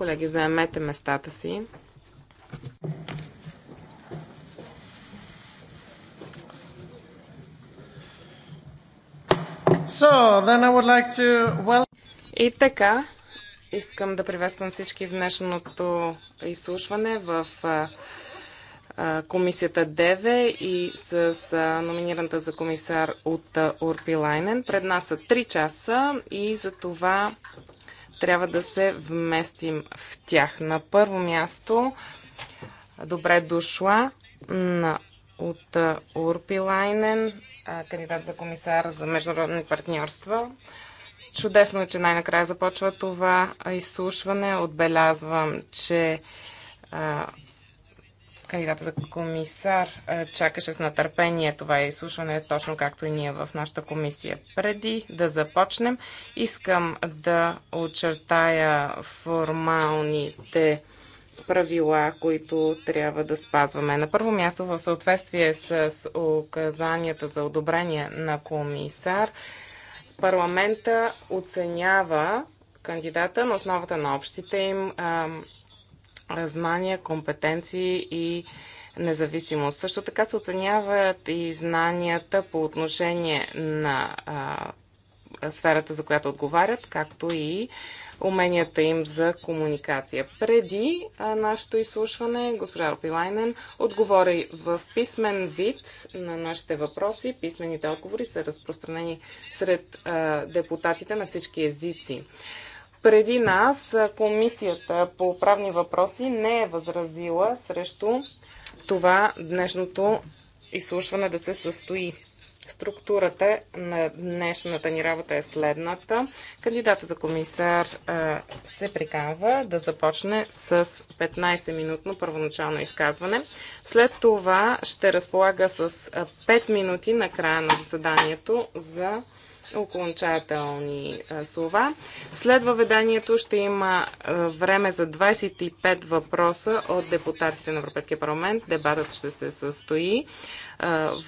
Колеги, заемете местата си. So, then I would like to... well... И така, искам да приветствам всички в днешното изслушване в комисията ДЕВЕ и с номинираната за комисар от Урпилайнен. Пред нас са 3 часа и за това трябва да се вместим в тях. На първо място, добре дошла на, от Урпилайнен, кандидат за комисар за международни партньорства. Чудесно е, че най-накрая започва това изслушване. Отбелязвам, че кандидата за комисар чакаше с натърпение това изслушване, точно както и ние в нашата комисия. Преди да започнем, искам да очертая формалните правила, които трябва да спазваме. На първо място, в съответствие с указанията за одобрение на комисар, парламента оценява кандидата на основата на общите им знания, компетенции и независимост. Също така се оценяват и знанията по отношение на а, сферата, за която отговарят, както и уменията им за комуникация. Преди а, нашето изслушване, госпожа Ропилайнен отговори в писмен вид на нашите въпроси. Писмените отговори са разпространени сред а, депутатите на всички езици преди нас Комисията по правни въпроси не е възразила срещу това днешното изслушване да се състои. Структурата на днешната ни работа е следната. Кандидата за комисар се приканва да започне с 15-минутно първоначално изказване. След това ще разполага с 5 минути на края на заседанието за окончателни слова. След въведанието ще има време за 25 въпроса от депутатите на Европейския парламент. Дебатът ще се състои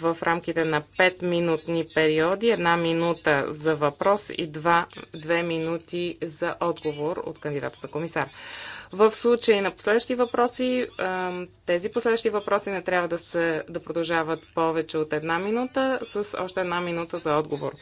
в рамките на 5-минутни периоди. Една минута за въпрос и 2, минути за отговор от кандидата за комисар. В случай на последващи въпроси, тези последващи въпроси не трябва да, се, да продължават повече от една минута, с още една минута за отговор.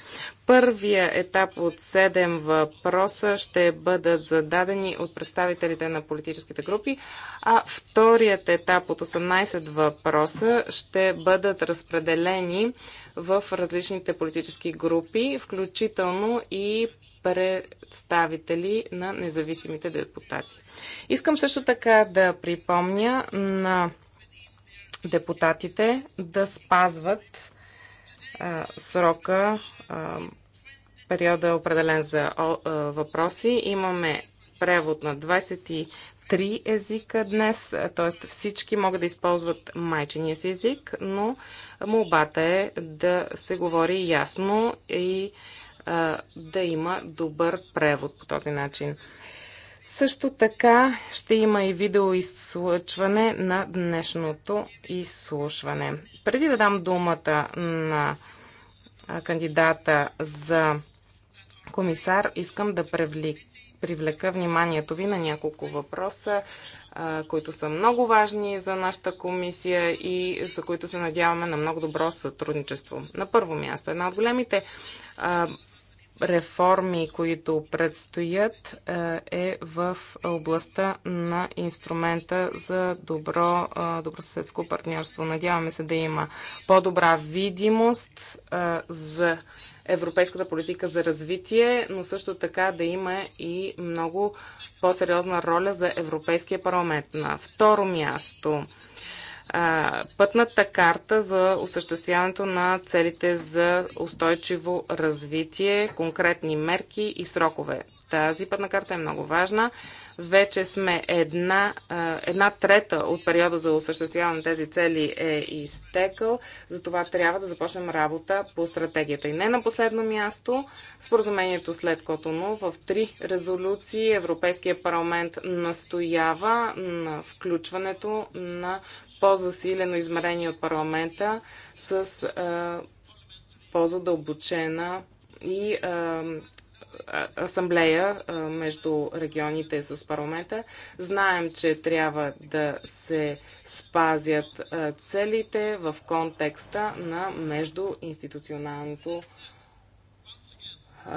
Първия етап от 7 въпроса ще бъдат зададени от представителите на политическите групи, а вторият етап от 18 въпроса ще бъдат разпределени в различните политически групи, включително и представители на независимите депутати. Искам също така да припомня на депутатите да спазват а, срока, а, периода е определен за а, въпроси. Имаме превод на три езика днес, е, т.е. всички могат да използват майчиния си език, но молбата е да се говори ясно и а, да има добър превод по този начин. Също така ще има и видеоизслъчване на днешното изслушване. Преди да дам думата на кандидата за комисар, искам да привлека привлека вниманието ви на няколко въпроса, които са много важни за нашата комисия и за които се надяваме на много добро сътрудничество. На първо място, една от големите реформи, които предстоят, е в областта на инструмента за добро добросъседско партньорство. Надяваме се да има по-добра видимост за европейската политика за развитие, но също така да има и много по-сериозна роля за Европейския парламент. На второ място пътната карта за осъществяването на целите за устойчиво развитие, конкретни мерки и срокове. Тази пътна карта е много важна. Вече сме една, една трета от периода за осъществяване на тези цели е изтекал. затова трябва да започнем работа по стратегията. И не на последно място, споразумението след Котоно в три резолюции Европейския парламент настоява на включването на по-засилено измерение от парламента с по-задълбочена и а, асамблея между регионите с парламента. Знаем, че трябва да се спазят целите в контекста на междуинституционалното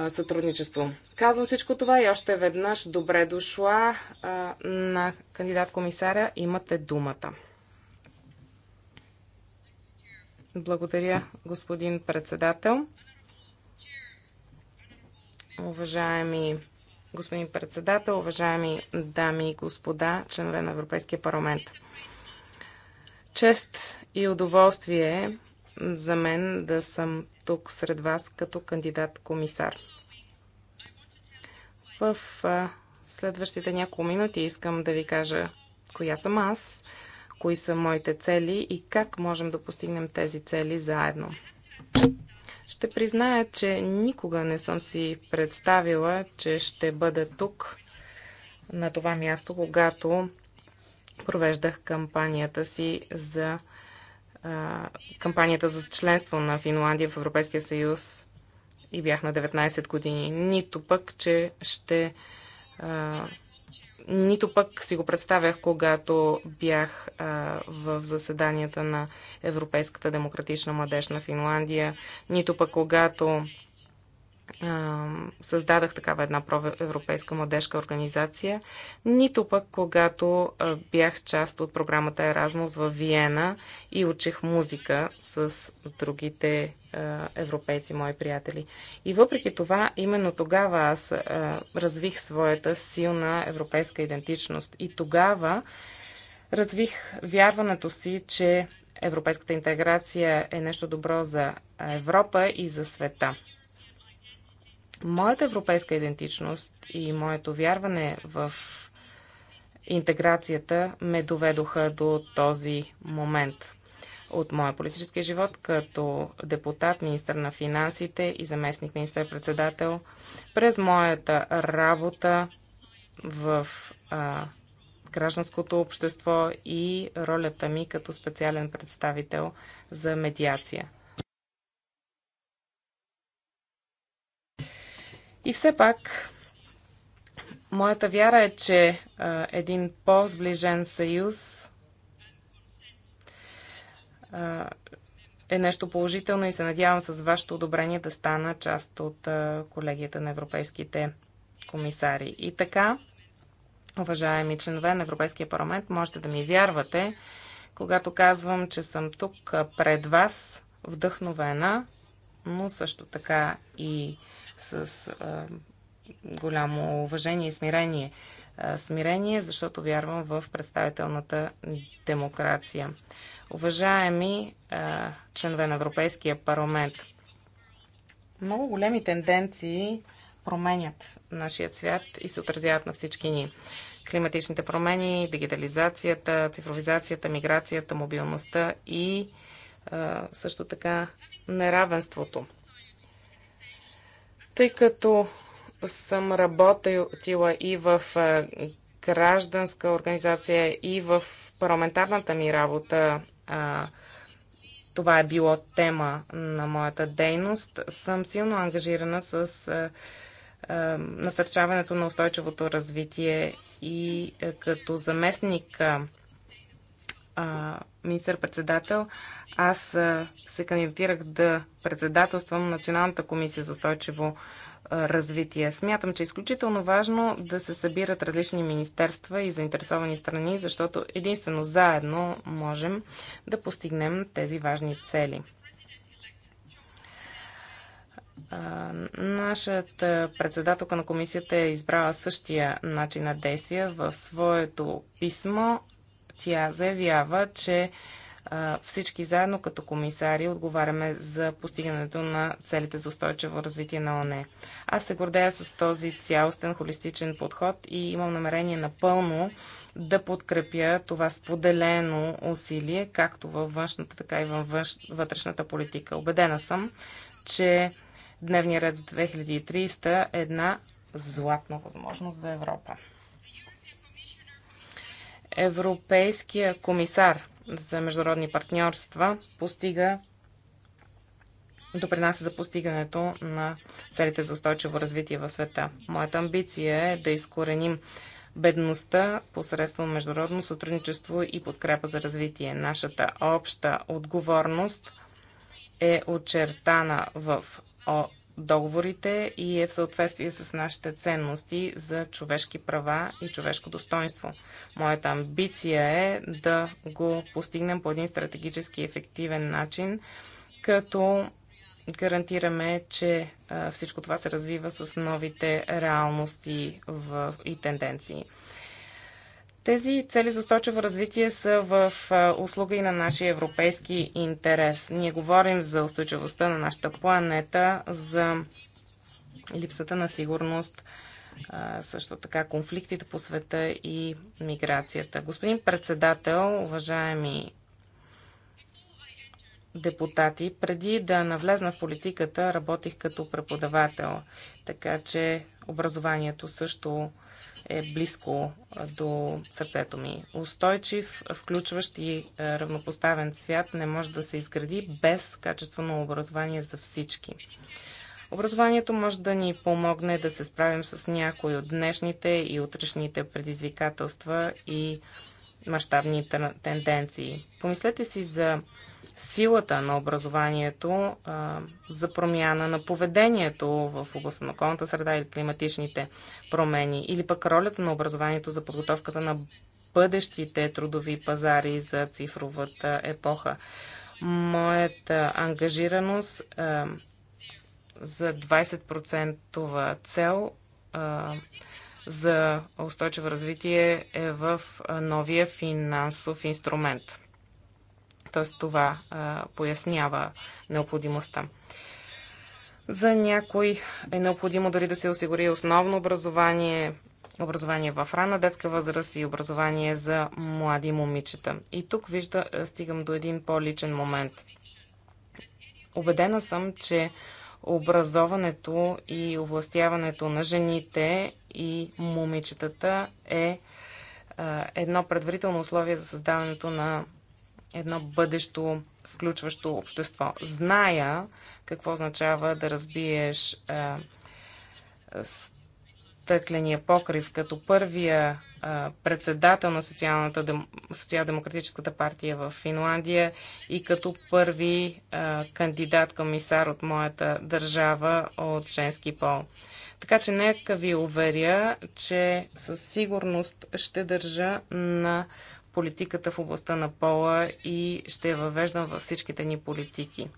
сътрудничество. Казвам всичко това и още веднъж добре дошла на кандидат-комисаря. Имате думата. Благодаря, господин председател. Уважаеми господин председател, уважаеми дами и господа, членове на Европейския парламент. Чест и удоволствие е за мен да съм тук сред вас като кандидат-комисар. В следващите няколко минути искам да ви кажа коя съм аз, кои са моите цели и как можем да постигнем тези цели заедно. Ще призная, че никога не съм си представила, че ще бъда тук на това място, когато провеждах кампанията си за а, кампанията за членство на Финландия в Европейския съюз и бях на 19 години. Нито пък, че ще а, нито пък си го представях, когато бях а, в заседанията на Европейската демократична младеж на Финландия, нито пък когато създадах такава една проевропейска младежка организация, нито пък когато бях част от програмата Еразмус в Виена и учих музика с другите европейци, мои приятели. И въпреки това, именно тогава аз развих своята силна европейска идентичност. И тогава развих вярването си, че европейската интеграция е нещо добро за Европа и за света. Моята европейска идентичност и моето вярване в интеграцията ме доведоха до този момент от моя политически живот като депутат, министър на финансите и заместник министър-председател, през моята работа в а, гражданското общество и ролята ми като специален представител за медиация. И все пак, моята вяра е, че а, един по-сближен съюз а, е нещо положително и се надявам с вашето одобрение да стана част от а, колегията на европейските комисари. И така, уважаеми членове на Европейския парламент, можете да ми вярвате, когато казвам, че съм тук пред вас, вдъхновена, но също така и с а, голямо уважение и смирение. А, смирение, защото вярвам в представителната демокрация. Уважаеми а, членове на Европейския парламент, много големи тенденции променят нашия свят и се отразяват на всички ни. Климатичните промени, дигитализацията, цифровизацията, миграцията, мобилността и а, също така неравенството. Тъй като съм работила и в е, гражданска организация, и в парламентарната ми работа, това е било тема на моята дейност, съм силно ангажирана с е, е, насърчаването на устойчивото развитие и като заместник министър-председател, аз а, се кандидатирах да председателствам Националната комисия за устойчиво развитие. Смятам, че е изключително важно да се събират различни министерства и заинтересовани страни, защото единствено заедно можем да постигнем тези важни цели. Нашата председателка на комисията е избрала същия начин на действие в своето писмо. Тя заявява, че всички заедно като комисари отговаряме за постигането на целите за устойчиво развитие на ОНЕ. Аз се гордея с този цялостен холистичен подход и имам намерение напълно да подкрепя това споделено усилие, както във външната, така и във вътрешната политика. Обедена съм, че дневният ред за 2300 е една златна възможност за Европа. Европейския комисар за международни партньорства постига допринася за постигането на целите за устойчиво развитие в света. Моята амбиция е да изкореним бедността посредством международно сътрудничество и подкрепа за развитие. Нашата обща отговорност е очертана в договорите и е в съответствие с нашите ценности за човешки права и човешко достоинство. Моята амбиция е да го постигнем по един стратегически ефективен начин, като гарантираме, че всичко това се развива с новите реалности и тенденции. Тези цели за устойчиво развитие са в услуга и на нашия европейски интерес. Ние говорим за устойчивостта на нашата планета, за липсата на сигурност, също така конфликтите по света и миграцията. Господин председател, уважаеми депутати, преди да навлезна в политиката, работих като преподавател, така че образованието също е близко до сърцето ми. Устойчив, включващ и равнопоставен свят не може да се изгради без качествено образование за всички. Образованието може да ни помогне да се справим с някои от днешните и утрешните предизвикателства и мащабни тенденции. Помислете си за силата на образованието а, за промяна на поведението в областта на околната среда или климатичните промени, или пък ролята на образованието за подготовката на бъдещите трудови пазари за цифровата епоха. Моята ангажираност а, за 20% цел а, за устойчиво развитие е в новия финансов инструмент т.е. това а, пояснява необходимостта. За някой е необходимо дори да се осигури основно образование, образование в рана детска възраст и образование за млади момичета. И тук вижда, е, стигам до един по-личен момент. Обедена съм, че образоването и овластяването на жените и момичетата е едно предварително условие за създаването на едно бъдещо включващо общество. Зная какво означава да разбиеш а, стъкления покрив като първия а, председател на Социал-демократическата партия в Финландия и като първи а, кандидат комисар от моята държава от женски пол. Така че нека ви уверя, че със сигурност ще държа на политиката в областта на пола и ще я въвеждам във всичките ни политики.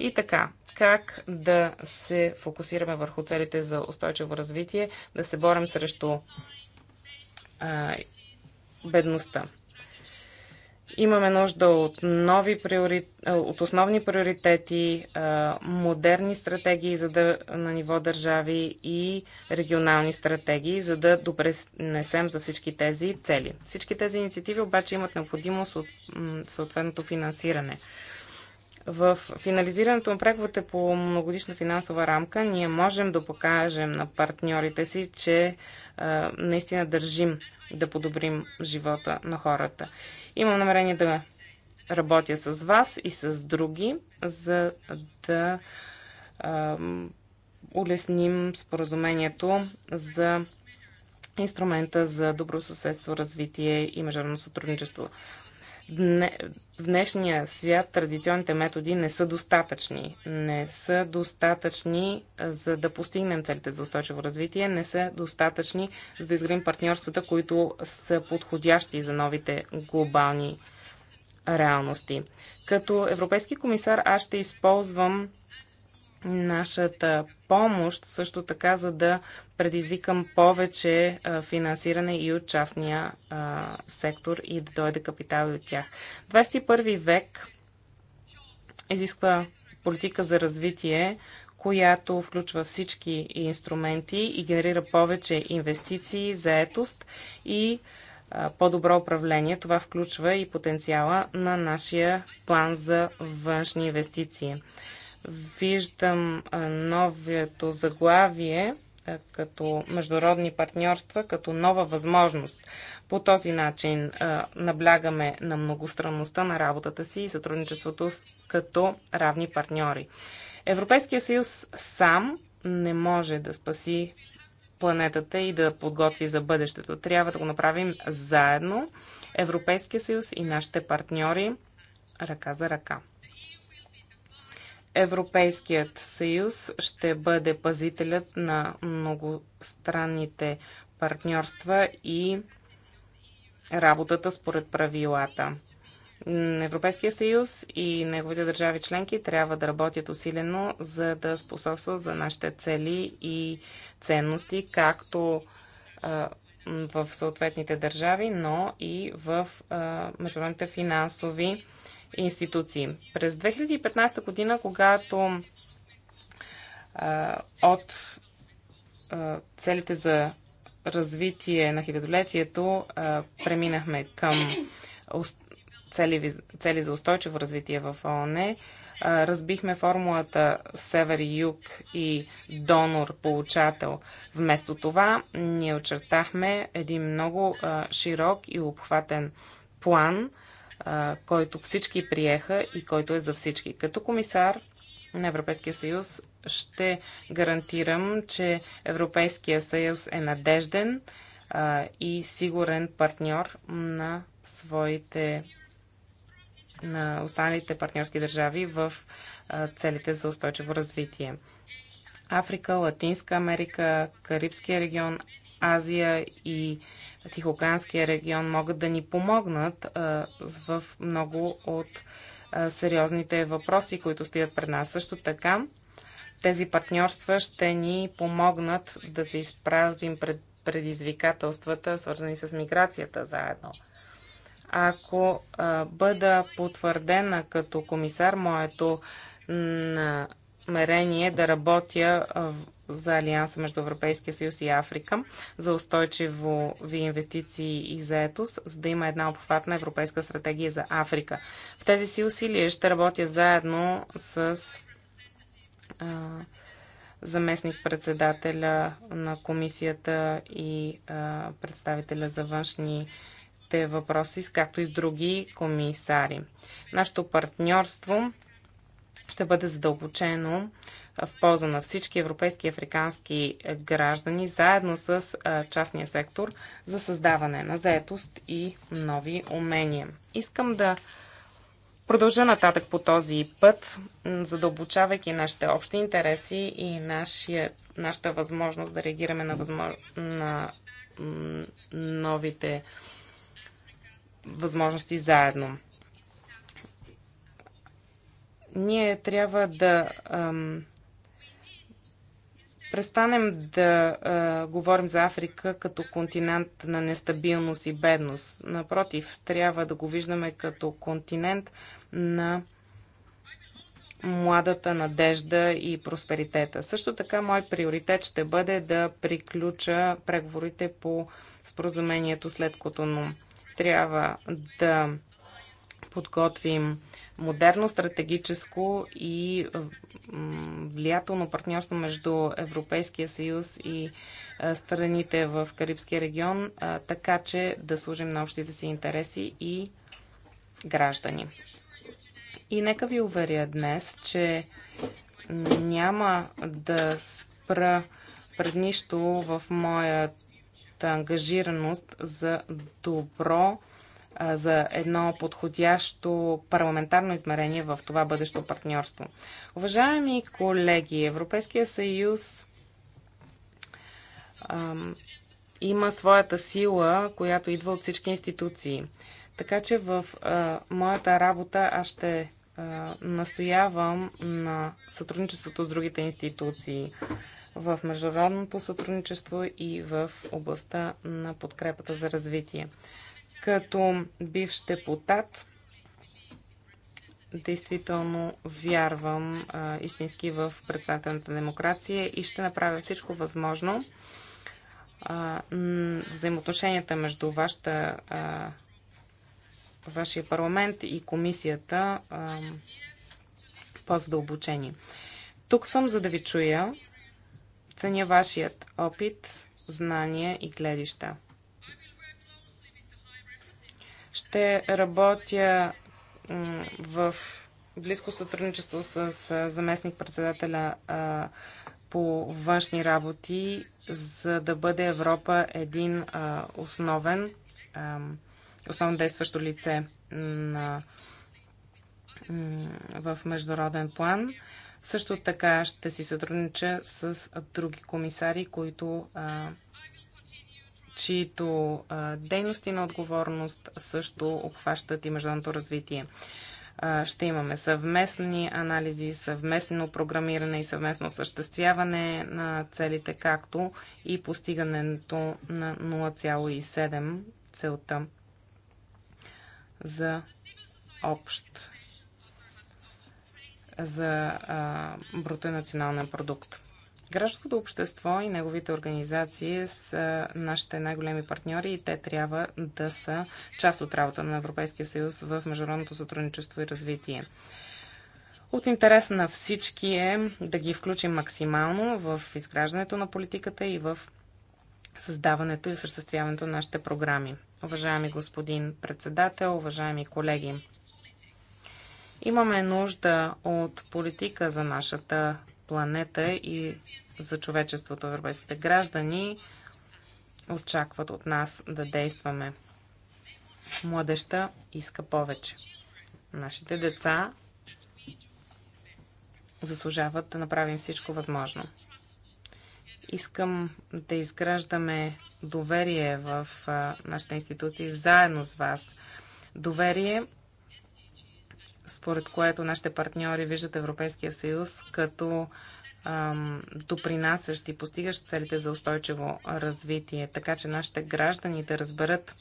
И така, как да се фокусираме върху целите за устойчиво развитие, да се борим срещу а, бедността. Имаме нужда от, нови приори... Е, от основни приоритети, е, модерни стратегии за да... на ниво държави и регионални стратегии, за да допренесем за всички тези цели. Всички тези инициативи обаче имат необходимост от съответното финансиране. В финализирането на преговорите по многодишна финансова рамка ние можем да покажем на партньорите си, че а, е, наистина държим да подобрим живота на хората. Имам намерение да работя с вас и с други, за да а, е, улесним споразумението за инструмента за добро съседство, развитие и международно сътрудничество в днешния свят традиционните методи не са достатъчни. Не са достатъчни за да постигнем целите за устойчиво развитие, не са достатъчни за да изградим партньорствата, които са подходящи за новите глобални реалности. Като европейски комисар аз ще използвам нашата помощ, също така, за да предизвикам повече а, финансиране и от частния а, сектор и да дойде капитал и от тях. 21 век изисква политика за развитие, която включва всички инструменти и генерира повече инвестиции, заетост и по-добро управление. Това включва и потенциала на нашия план за външни инвестиции виждам новието заглавие като международни партньорства, като нова възможност. По този начин наблягаме на многостранността на работата си и сътрудничеството като равни партньори. Европейския съюз сам не може да спаси планетата и да подготви за бъдещето. Трябва да го направим заедно, Европейския съюз и нашите партньори, ръка за ръка. Европейският съюз ще бъде пазителят на многостранните партньорства и работата според правилата. Европейския съюз и неговите държави членки трябва да работят усилено, за да способстват за нашите цели и ценности, както а, в съответните държави, но и в а, международните финансови институции. През 2015 година, когато а, от а, целите за развитие на хилядолетието а, преминахме към цели, цели за устойчиво развитие в ООН, разбихме формулата север-юг и донор-получател. Вместо това ние очертахме един много широк и обхватен план който всички приеха и който е за всички. Като комисар на Европейския съюз ще гарантирам, че Европейския съюз е надежден и сигурен партньор на своите на останалите партньорски държави в целите за устойчиво развитие. Африка, Латинска Америка, Карибския регион, Азия и Тихоканския регион могат да ни помогнат в много от сериозните въпроси, които стоят пред нас. Също така, тези партньорства ще ни помогнат да се изправим пред предизвикателствата, свързани с миграцията заедно. Ако а, бъда потвърдена като комисар, моето намерение е да работя за Алианса между Европейския съюз и Африка за устойчиво ви инвестиции и заетост, за да има една обхватна европейска стратегия за Африка. В тези си усилия ще работя заедно с а, заместник-председателя на комисията и а, представителя за външни въпроси, както и с други комисари. Нашето партньорство ще бъде задълбочено в полза на всички европейски и африкански граждани, заедно с частния сектор, за създаване на заетост и нови умения. Искам да продължа нататък по този път, задълбочавайки нашите общи интереси и нашия, нашата възможност да реагираме на, възмож... на новите възможности заедно ние трябва да ам, престанем да а, говорим за Африка като континент на нестабилност и бедност. Напротив, трябва да го виждаме като континент на младата надежда и просперитета. Също така, мой приоритет ще бъде да приключа преговорите по споразумението след Котону. Трябва да подготвим модерно, стратегическо и влиятелно партньорство между Европейския съюз и страните в Карибския регион, така че да служим на общите си интереси и граждани. И нека ви уверя днес, че няма да спра пред нищо в моята ангажираност за добро за едно подходящо парламентарно измерение в това бъдещо партньорство. Уважаеми колеги, Европейския съюз ам, има своята сила, която идва от всички институции. Така че в а, моята работа аз ще а, настоявам на сътрудничеството с другите институции в международното сътрудничество и в областта на подкрепата за развитие. Като бивш депутат, действително вярвам а, истински в председателната демокрация и ще направя всичко възможно а, взаимоотношенията между вашата, а, вашия парламент и комисията по-задълбочени. Тук съм, за да ви чуя. Ценя вашият опит, знания и гледища. Ще работя в близко сътрудничество с заместник-председателя по външни работи, за да бъде Европа един основен, основно действащо лице на, в международен план. Също така ще си сътруднича с други комисари, които а, чието дейности на отговорност също обхващат и международното развитие. Ще имаме съвместни анализи, съвместно програмиране и съвместно осъществяване на целите, както и постигането на 0,7 целта за общ за брутонационален брутен национален продукт. Гражданското общество и неговите организации са нашите най-големи партньори и те трябва да са част от работа на Европейския съюз в международното сътрудничество и развитие. От интерес на всички е да ги включим максимално в изграждането на политиката и в създаването и осъществяването на нашите програми. Уважаеми господин председател, уважаеми колеги, имаме нужда от политика за нашата планета и за човечеството. Европейските граждани очакват от нас да действаме. Младеща иска повече. Нашите деца заслужават да направим всичко възможно. Искам да изграждаме доверие в нашите институции заедно с вас. Доверие според което нашите партньори виждат Европейския съюз като допринасящ и постигащ целите за устойчиво развитие, така че нашите граждани да разберат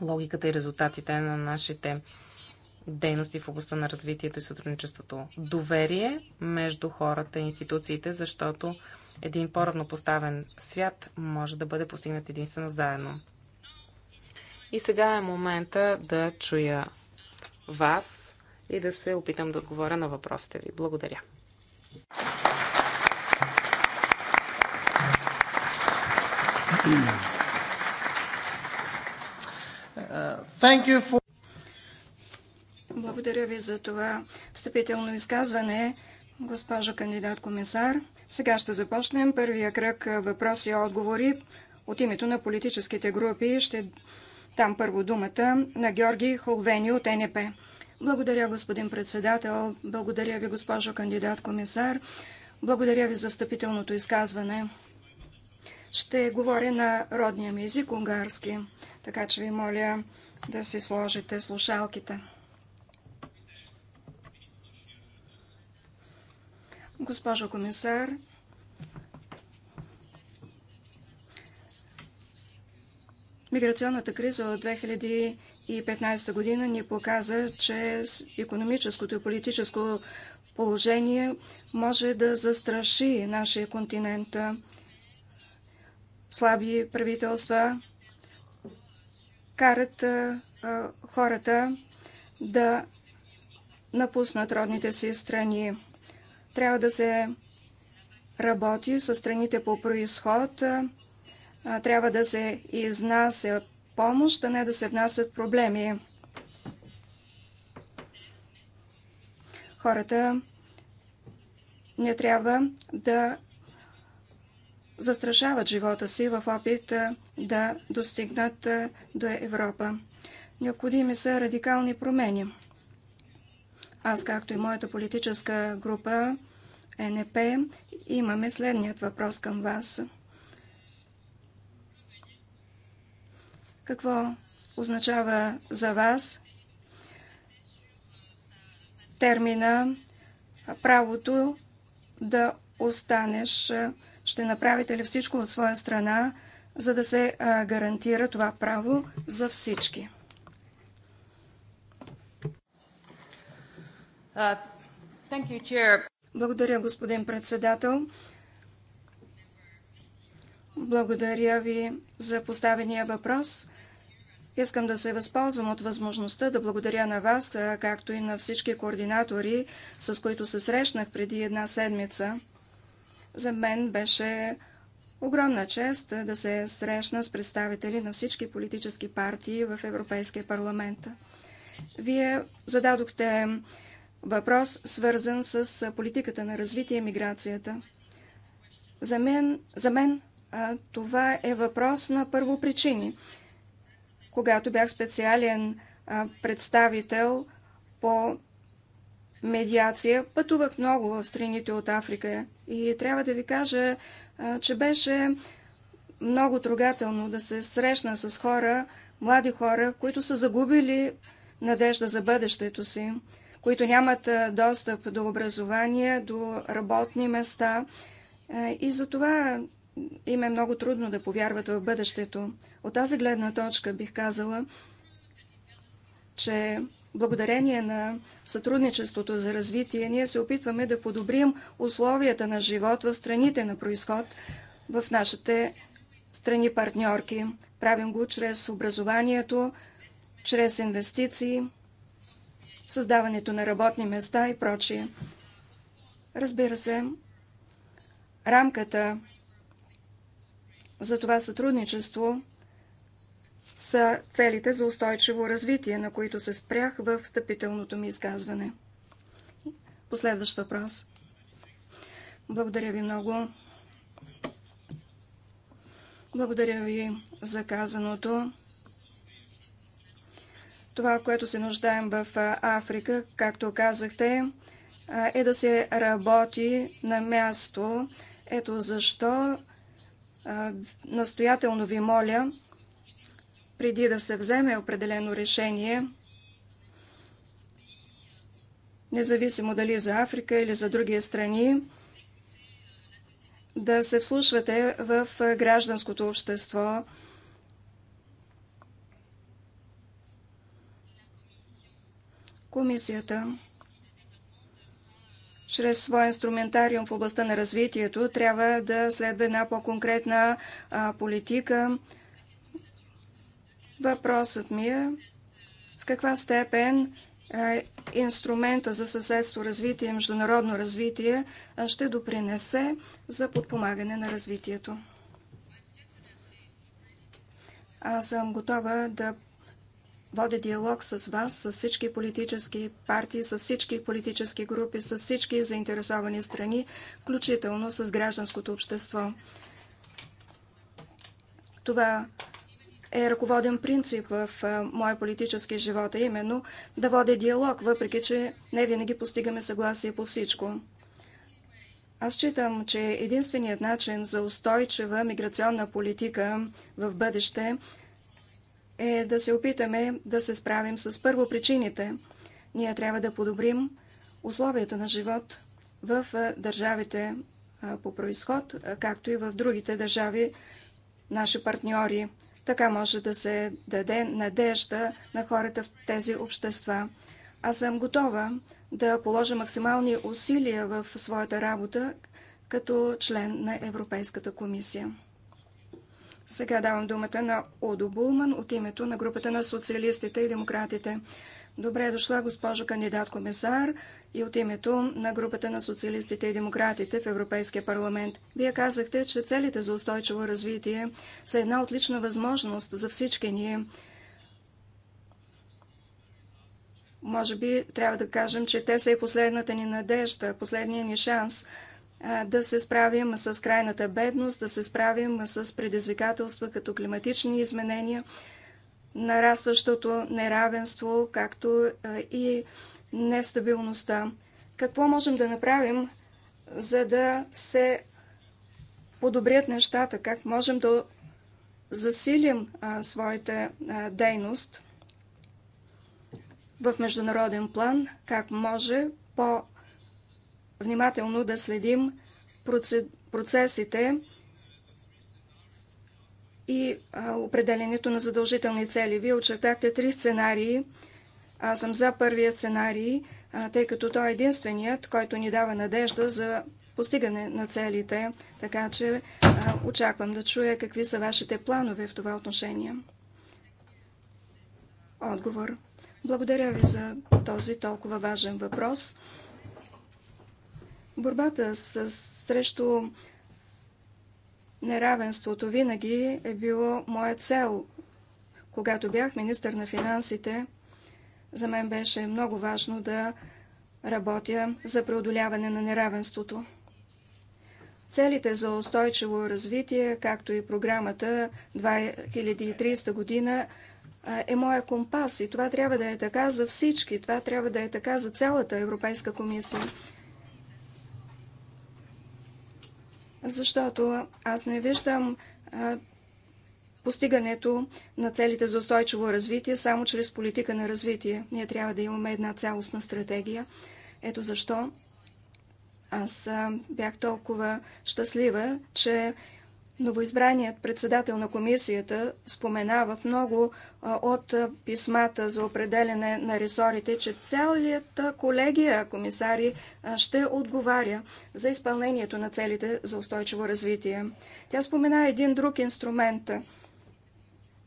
логиката и резултатите на нашите дейности в областта на развитието и сътрудничеството. Доверие между хората и институциите, защото един по-равнопоставен свят може да бъде постигнат единствено заедно. И сега е момента да чуя вас и да се опитам да отговоря на въпросите ви. Благодаря. For... Благодаря ви за това встъпително изказване, госпожо кандидат комисар. Сега ще започнем първия кръг въпроси и отговори от името на политическите групи. Ще там първо думата на Георги Холвени от НП. Благодаря, господин председател. Благодаря ви, госпожо кандидат-комисар. Благодаря ви за встъпителното изказване. Ще говоря на родния ми език, унгарски, така че ви моля да си сложите слушалките. Госпожо комисар, Миграционната криза от 2015 година ни показа, че економическото и политическо положение може да застраши нашия континент. Слаби правителства карат хората да напуснат родните си страни. Трябва да се работи с страните по происход, трябва да се изнася помощ, а не да се внасят проблеми. Хората не трябва да застрашават живота си в опит да достигнат до Европа. Необходими са радикални промени. Аз, както и моята политическа група е НП, имаме следният въпрос към вас – Какво означава за вас термина правото да останеш? Ще направите ли всичко от своя страна, за да се гарантира това право за всички? Uh, Благодаря, господин председател. Благодаря ви за поставения въпрос. Искам да се възползвам от възможността да благодаря на вас, както и на всички координатори, с които се срещнах преди една седмица. За мен беше огромна чест да се срещна с представители на всички политически партии в Европейския парламент. Вие зададохте въпрос, свързан с политиката на развитие и миграцията. За мен, за мен това е въпрос на първопричини. причини когато бях специален представител по медиация. Пътувах много в страните от Африка и трябва да ви кажа, че беше много трогателно да се срещна с хора, млади хора, които са загубили надежда за бъдещето си, които нямат достъп до образование, до работни места. Е, и затова им е много трудно да повярват в бъдещето. От тази гледна точка бих казала, че благодарение на сътрудничеството за развитие ние се опитваме да подобрим условията на живот в страните на происход, в нашите страни партньорки. Правим го чрез образованието, чрез инвестиции, създаването на работни места и прочие. Разбира се, рамката за това сътрудничество са целите за устойчиво развитие, на които се спрях в встъпителното ми изказване. Последващ въпрос. Благодаря ви много. Благодаря ви за казаното. Това, което се нуждаем в Африка, както казахте, е да се работи на място. Ето защо настоятелно ви моля, преди да се вземе определено решение, независимо дали за Африка или за други страни, да се вслушвате в гражданското общество. Комисията чрез своя инструментариум в областта на развитието трябва да следва една по-конкретна политика. Въпросът ми е в каква степен инструмента за съседство, развитие и международно развитие ще допринесе за подпомагане на развитието. Аз съм готова да водя диалог с вас, с всички политически партии, с всички политически групи, с всички заинтересовани страни, включително с гражданското общество. Това е ръководен принцип в моя политически живот, а именно да водя диалог, въпреки че не винаги постигаме съгласие по всичко. Аз считам, че единственият начин за устойчива миграционна политика в бъдеще е да се опитаме да се справим с първопричините. Ние трябва да подобрим условията на живот в държавите по происход, както и в другите държави, наши партньори. Така може да се даде надежда на хората в тези общества. Аз съм готова да положа максимални усилия в своята работа като член на Европейската комисия. Сега давам думата на Одо Булман от името на групата на социалистите и демократите. Добре дошла, госпожо кандидат комисар и от името на групата на социалистите и демократите в Европейския парламент. Вие казахте, че целите за устойчиво развитие са една отлична възможност за всички ние. Може би трябва да кажем, че те са и последната ни надежда, последния ни шанс – да се справим с крайната бедност, да се справим с предизвикателства като климатични изменения, нарастващото неравенство, както и нестабилността. Какво можем да направим, за да се подобрят нещата? Как можем да засилим а, своята а, дейност в международен план? Как може по- внимателно да следим процесите и определенето на задължителни цели. Вие очертахте три сценарии. Аз съм за първия сценарий, тъй като той е единственият, който ни дава надежда за постигане на целите. Така че очаквам да чуя какви са вашите планове в това отношение. Отговор. Благодаря ви за този толкова важен въпрос. Борбата с, срещу неравенството винаги е било моя цел. Когато бях министър на финансите, за мен беше много важно да работя за преодоляване на неравенството. Целите за устойчиво развитие, както и програмата 2030 година е моя компас и това трябва да е така за всички. Това трябва да е така за цялата Европейска комисия. защото аз не виждам постигането на целите за устойчиво развитие само чрез политика на развитие. Ние трябва да имаме една цялостна стратегия. Ето защо аз бях толкова щастлива, че Новоизбраният председател на комисията споменава в много от писмата за определене на ресорите, че цялата колегия комисари ще отговаря за изпълнението на целите за устойчиво развитие. Тя спомена един друг инструмент,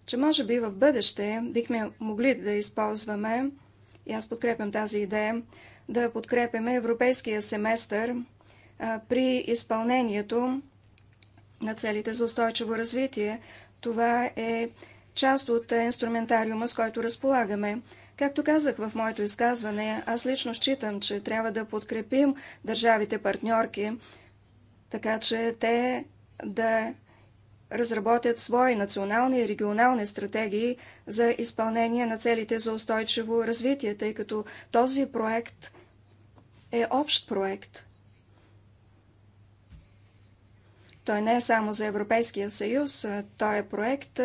че може би в бъдеще бихме могли да използваме, и аз подкрепям тази идея, да подкрепяме европейския семестър при изпълнението на целите за устойчиво развитие. Това е част от инструментариума, с който разполагаме. Както казах в моето изказване, аз лично считам, че трябва да подкрепим държавите партньорки, така че те да разработят свои национални и регионални стратегии за изпълнение на целите за устойчиво развитие, тъй като този проект е общ проект. Той не е само за Европейския съюз, той е проект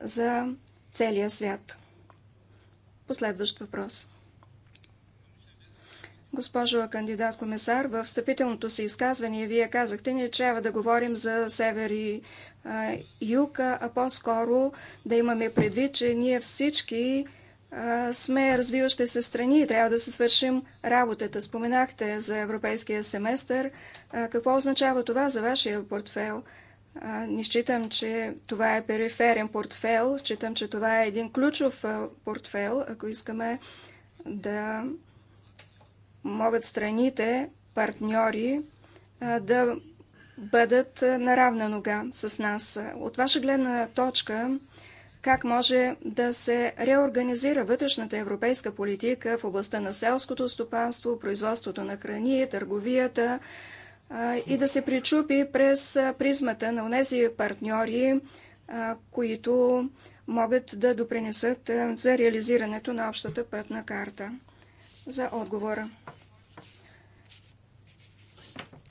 за целия свят. Последващ въпрос. Госпожо кандидат-комисар, в встъпителното си изказване вие казахте, ние трябва да говорим за север и юг, а по-скоро да имаме предвид, че ние всички сме развиващи се страни и трябва да се свършим работата. Споменахте за европейския семестър. Какво означава това за вашия портфел? Не считам, че това е периферен портфел. Считам, че това е един ключов портфел, ако искаме да могат страните, партньори, да бъдат на равна нога с нас. От ваша гледна точка, как може да се реорганизира вътрешната европейска политика в областта на селското стопанство, производството на храни, търговията и да се причупи през призмата на тези партньори, които могат да допринесат за реализирането на общата пътна карта. За отговора.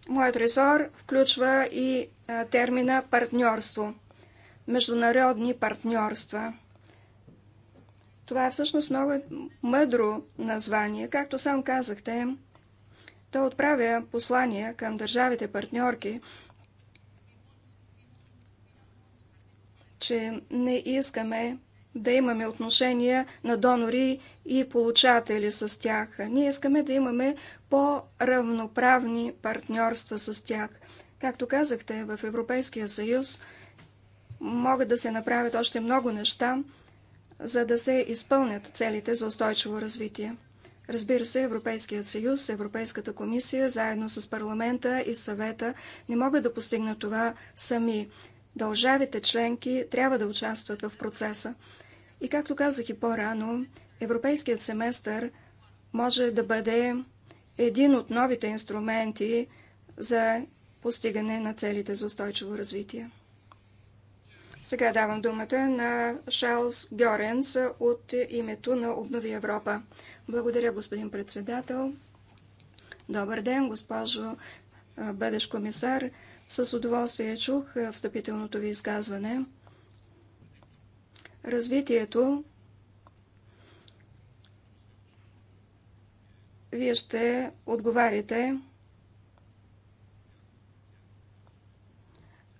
Моят ресор включва и термина партньорство – международни партньорства. Това е всъщност много мъдро название. Както сам казахте, то отправя послания към държавите партньорки, че не искаме да имаме отношения на донори и получатели с тях. Ние искаме да имаме по-равноправни партньорства с тях. Както казахте, в Европейския съюз – могат да се направят още много неща, за да се изпълнят целите за устойчиво развитие. Разбира се, Европейският съюз, Европейската комисия, заедно с парламента и съвета не могат да постигнат това сами. Дължавите членки трябва да участват в процеса. И както казах и по-рано, Европейският семестър може да бъде един от новите инструменти за постигане на целите за устойчиво развитие. Сега давам думата на Шарлз Гьоренс от името на Обнови Европа. Благодаря, господин председател. Добър ден, госпожо бъдещ комисар. С удоволствие чух встъпителното ви изказване. Развитието вие ще отговаряте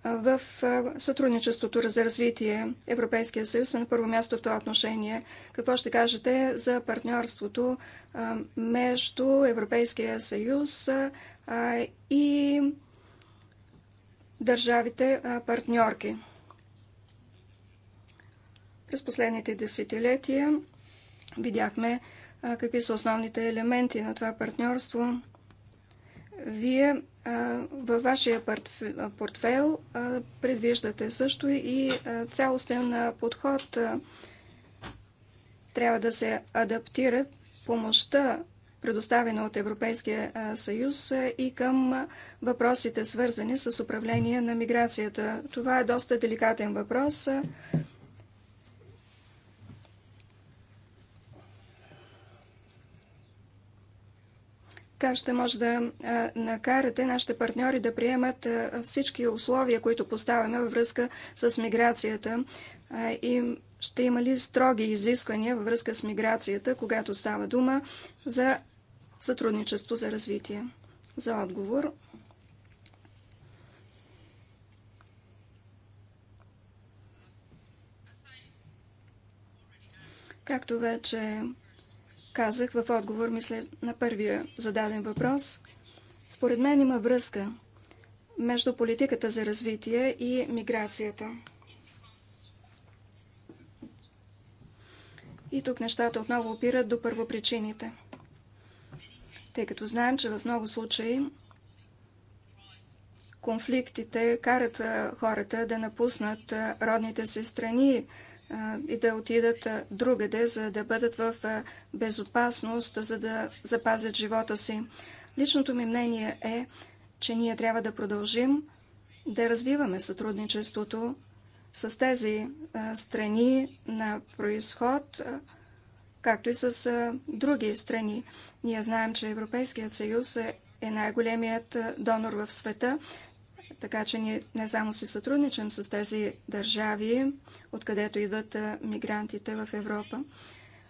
в сътрудничеството за развитие Европейския съюз на първо място в това отношение. Какво ще кажете за партньорството между Европейския съюз и държавите партньорки? През последните десетилетия видяхме какви са основните елементи на това партньорство. Вие във вашия портфел предвиждате също и цялостен подход. Трябва да се адаптират помощта, предоставена от Европейския съюз и към въпросите, свързани с управление на миграцията. Това е доста деликатен въпрос. Как ще може да накарате нашите партньори да приемат всички условия, които поставяме във връзка с миграцията? И ще има ли строги изисквания във връзка с миграцията, когато става дума за сътрудничество за развитие? За отговор Както вече казах в отговор, мисля, на първия зададен въпрос. Според мен има връзка между политиката за развитие и миграцията. И тук нещата отново опират до първопричините. Тъй като знаем, че в много случаи конфликтите карат хората да напуснат родните си страни, и да отидат другаде, за да бъдат в безопасност, за да запазят живота си. Личното ми мнение е, че ние трябва да продължим да развиваме сътрудничеството с тези страни на происход, както и с други страни. Ние знаем, че Европейският съюз е, е най-големият донор в света така че ние не само си сътрудничим с тези държави, откъдето идват мигрантите в Европа.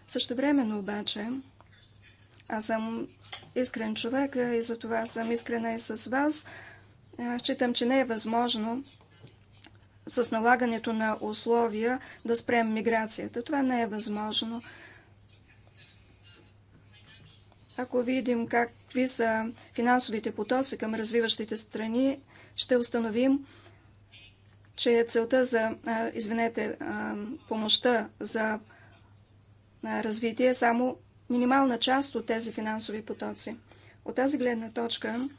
Също времено обаче, аз съм искрен човек и за това съм искрена и с вас. Считам, че не е възможно с налагането на условия да спрем миграцията. Това не е възможно. Ако видим какви са финансовите потоци към развиващите страни, ще установим, че целта за, извинете, помощта за развитие е само минимална част от тези финансови потоци. От тази гледна точка,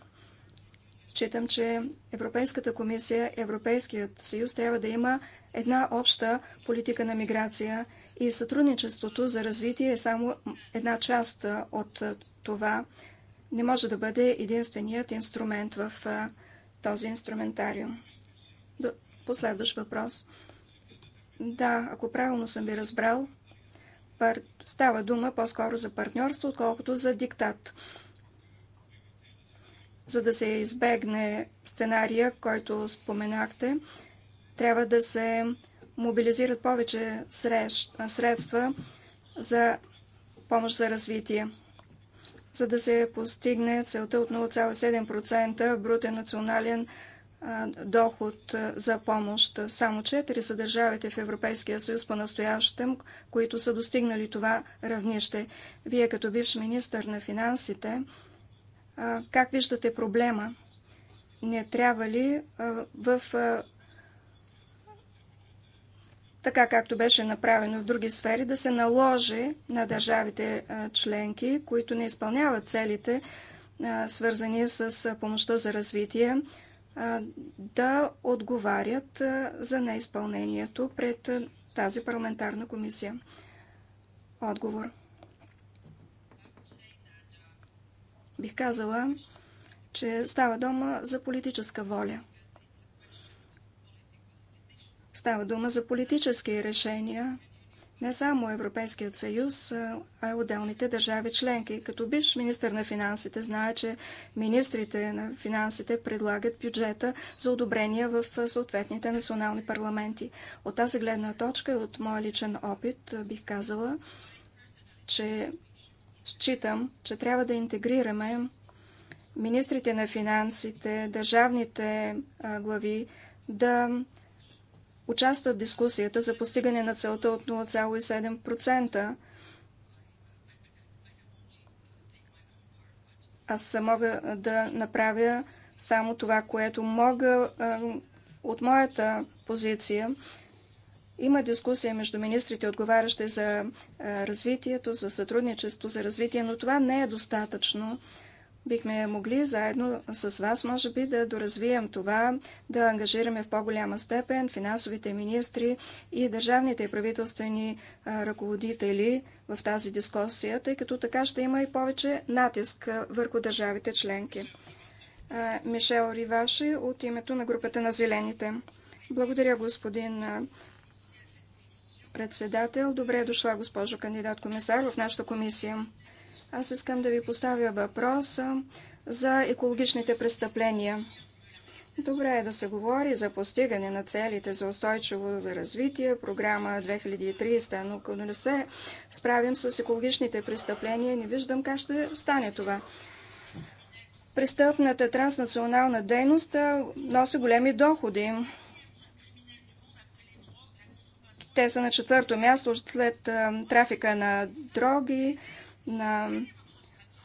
Читам, че Европейската комисия, Европейският съюз трябва да има една обща политика на миграция и сътрудничеството за развитие е само една част от това. Не може да бъде единственият инструмент в този инструментариум? Последващ въпрос. Да, ако правилно съм ви разбрал, пар... става дума по-скоро за партньорство, отколкото за диктат. За да се избегне сценария, който споменахте, трябва да се мобилизират повече средства за помощ за развитие за да се постигне целта от 0,7% брутен национален доход за помощ. Само 4 са държавите в Европейския съюз по-настоящем, които са достигнали това равнище. Вие като бивш министър на финансите, как виждате проблема? Не трябва ли в така както беше направено в други сфери, да се наложи на държавите членки, които не изпълняват целите, свързани с помощта за развитие, да отговарят за неизпълнението пред тази парламентарна комисия. Отговор. Бих казала, че става дума за политическа воля. Става дума за политически решения, не само Европейският съюз, а и отделните държави членки. Като бивш министр на финансите знае, че министрите на финансите предлагат бюджета за одобрение в съответните национални парламенти. От тази гледна точка и от моя личен опит бих казала, че считам, че трябва да интегрираме министрите на финансите, държавните глави, да участва в дискусията за постигане на целта от 0,7%. Аз мога да направя само това, което мога от моята позиция. Има дискусия между министрите, отговарящи за развитието, за сътрудничество, за развитие, но това не е достатъчно бихме могли заедно с вас, може би, да доразвием това, да ангажираме в по-голяма степен финансовите министри и държавните и правителствени ръководители в тази дискусия, тъй като така ще има и повече натиск върху държавите членки. Мишел Риваши от името на групата на Зелените. Благодаря, господин председател. Добре е дошла, госпожо кандидат комисар, в нашата комисия. Аз искам да ви поставя въпрос за екологичните престъпления. Добре е да се говори за постигане на целите за устойчиво за развитие, програма 2300, но като не се справим с екологичните престъпления, не виждам как ще стане това. Престъпната транснационална дейност носи големи доходи. Те са на четвърто място след трафика на дроги, на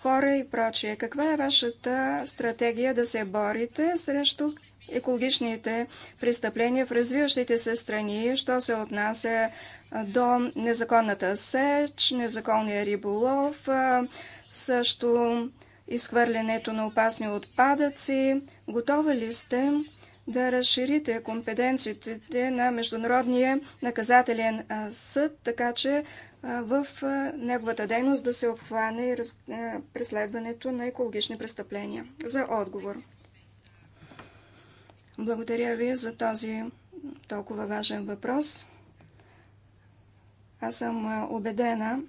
хора и прочие. Каква е вашата стратегия да се борите срещу екологичните престъпления в развиващите се страни, що се отнася до незаконната сеч, незаконния риболов, също изхвърлянето на опасни отпадъци. Готова ли сте да разширите компетенциите на Международния наказателен съд, така че в неговата дейност да се обхване преследването на екологични престъпления. За отговор. Благодаря ви за този толкова важен въпрос. Аз съм убедена,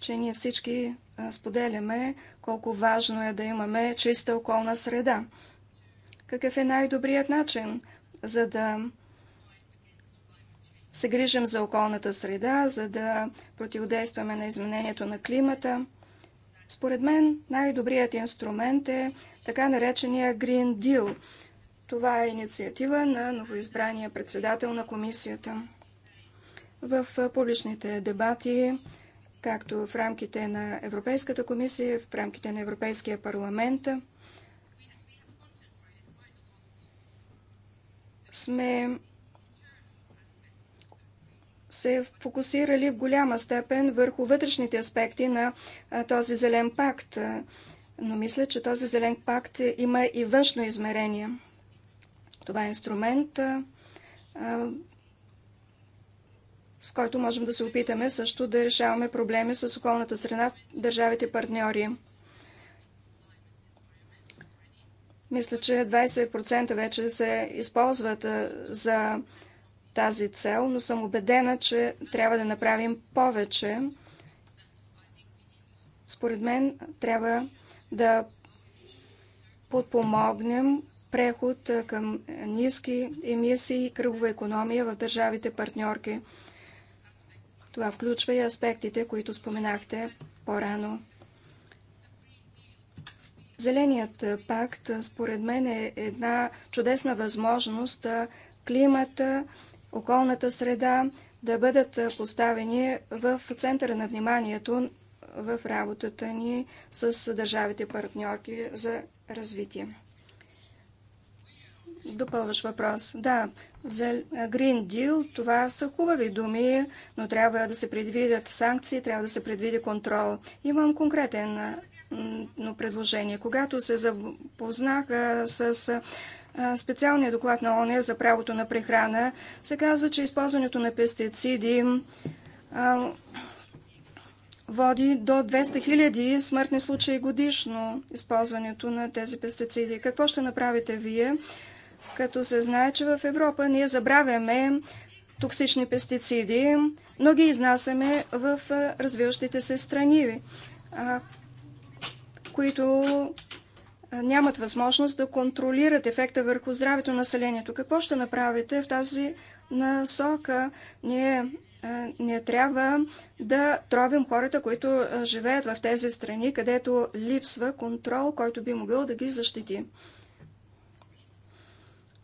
че ние всички споделяме колко важно е да имаме чиста околна среда. Какъв е най-добрият начин, за да се грижим за околната среда, за да противодействаме на изменението на климата. Според мен най-добрият инструмент е така наречения Green Deal. Това е инициатива на новоизбрания председател на комисията. В публичните дебати, както в рамките на Европейската комисия, в рамките на Европейския парламент, сме се фокусирали в голяма степен върху вътрешните аспекти на този зелен пакт. Но мисля, че този зелен пакт има и външно измерение. Това е инструмент, с който можем да се опитаме също да решаваме проблеми с околната среда в държавите партньори. Мисля, че 20% вече се използват за тази цел, но съм убедена, че трябва да направим повече. Според мен трябва да подпомогнем преход към ниски емисии и кръгова економия в държавите партньорки. Това включва и аспектите, които споменахте по-рано. Зеленият пакт, според мен, е една чудесна възможност климата околната среда да бъдат поставени в центъра на вниманието в работата ни с държавите партньорки за развитие. Допълваш въпрос. Да, за Green Deal това са хубави думи, но трябва да се предвидят санкции, трябва да се предвиди контрол. Имам конкретен но предложение. Когато се запознаха с специалния доклад на ООН за правото на прехрана се казва, че използването на пестициди води до 200 хиляди смъртни случаи годишно използването на тези пестициди. Какво ще направите вие, като се знае, че в Европа ние забравяме токсични пестициди, но ги изнасяме в развиващите се страни, които нямат възможност да контролират ефекта върху здравето на населението. Какво ще направите в тази насока? Ние не трябва да тровим хората, които живеят в тези страни, където липсва контрол, който би могъл да ги защити.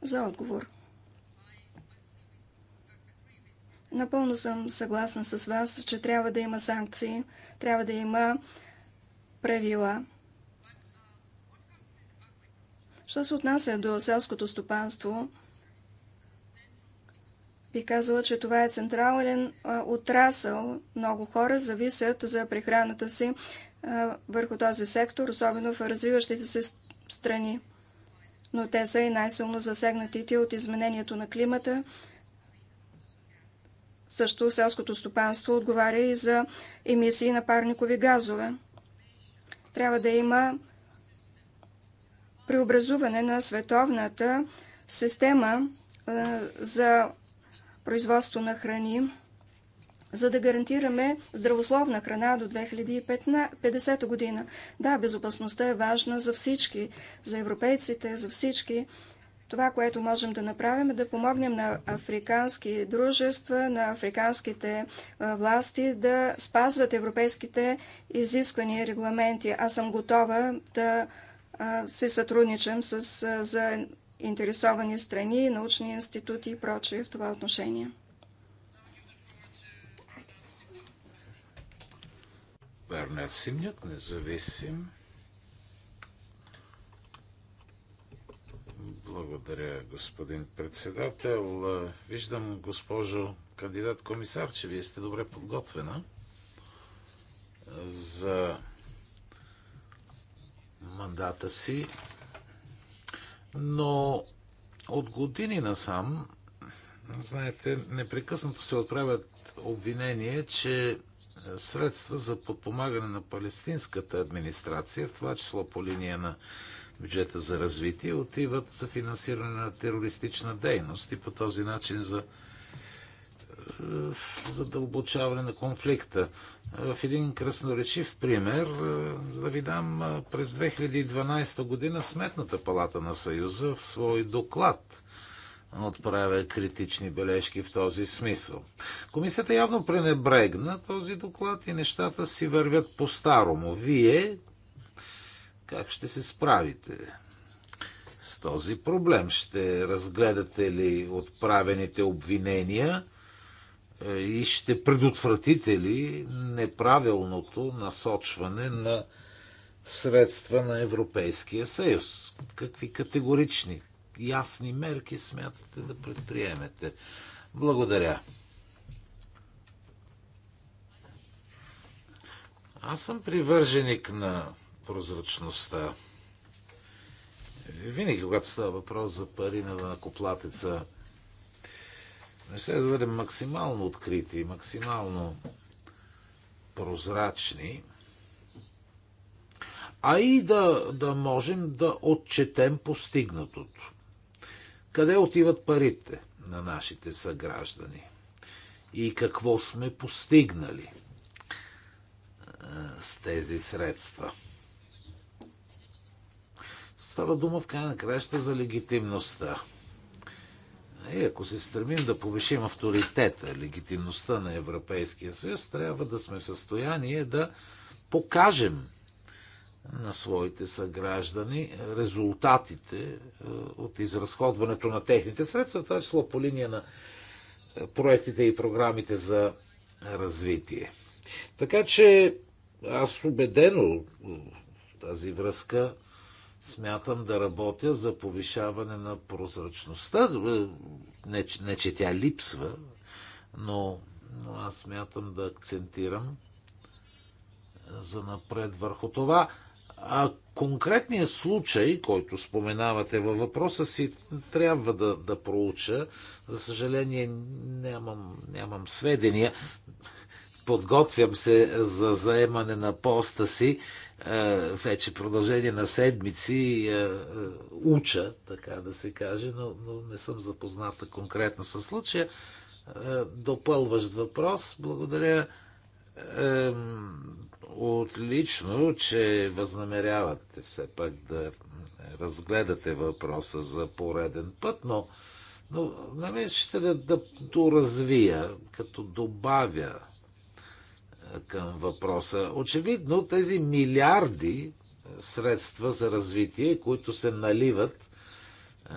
За отговор. Напълно съм съгласна с вас, че трябва да има санкции, трябва да има правила. Що се отнася до селското стопанство, би казала, че това е централен отрасъл. Много хора зависят за прехраната си върху този сектор, особено в развиващите се страни. Но те са и най-силно засегнатите от изменението на климата. Също селското стопанство отговаря и за емисии на парникови газове. Трябва да има преобразуване на световната система за производство на храни, за да гарантираме здравословна храна до 2050 година. Да, безопасността е важна за всички, за европейците, за всички. Това, което можем да направим е да помогнем на африкански дружества, на африканските власти да спазват европейските изисквания и регламенти. Аз съм готова да се сътрудничам с заинтересовани страни, научни институти и прочие в това отношение. Бернер симнят, независим. Благодаря, господин председател. Виждам, госпожо кандидат комисар, че вие сте добре подготвена за мандата си, но от години насам, знаете, непрекъснато се отправят обвинения, че средства за подпомагане на палестинската администрация, в това число по линия на бюджета за развитие, отиват за финансиране на терористична дейност и по този начин за е, задълбочаване на конфликта. Е, в един красноречив пример е, да ви дам през 2012 година Сметната палата на Съюза в свой доклад отправя критични бележки в този смисъл. Комисията явно пренебрегна този доклад и нещата си вървят по-старому. Вие как ще се справите? с този проблем? Ще разгледате ли отправените обвинения и ще предотвратите ли неправилното насочване на средства на Европейския съюз? Какви категорични, ясни мерки смятате да предприемете? Благодаря. Аз съм привърженик на прозрачността. Винаги, когато става въпрос за пари на накоплатеца, не Следва да бъдем максимално открити, максимално прозрачни, а и да, да можем да отчетем постигнатото. Къде отиват парите на нашите съграждани? И какво сме постигнали с тези средства? Става дума в крайна краща за легитимността. И е, ако се стремим да повишим авторитета, легитимността на Европейския съюз, трябва да сме в състояние да покажем на своите съграждани резултатите е, от изразходването на техните средства, това число по линия на е, проектите и програмите за развитие. Така че аз убедено тази връзка смятам да работя за повишаване на прозрачността. Не, не че тя липсва, но, но аз смятам да акцентирам за напред върху това. А конкретният случай, който споменавате във въпроса си, трябва да, да проуча. За съжаление, нямам, нямам сведения. Подготвям се за заемане на поста си вече продължение на седмици уча, така да се каже, но, но не съм запозната конкретно със случая. Допълващ въпрос. Благодаря. Отлично, че възнамерявате все пак да разгледате въпроса за пореден път, но, но на мен ще да, да доразвия, като добавя към въпроса. Очевидно тези милиарди средства за развитие, които се наливат е,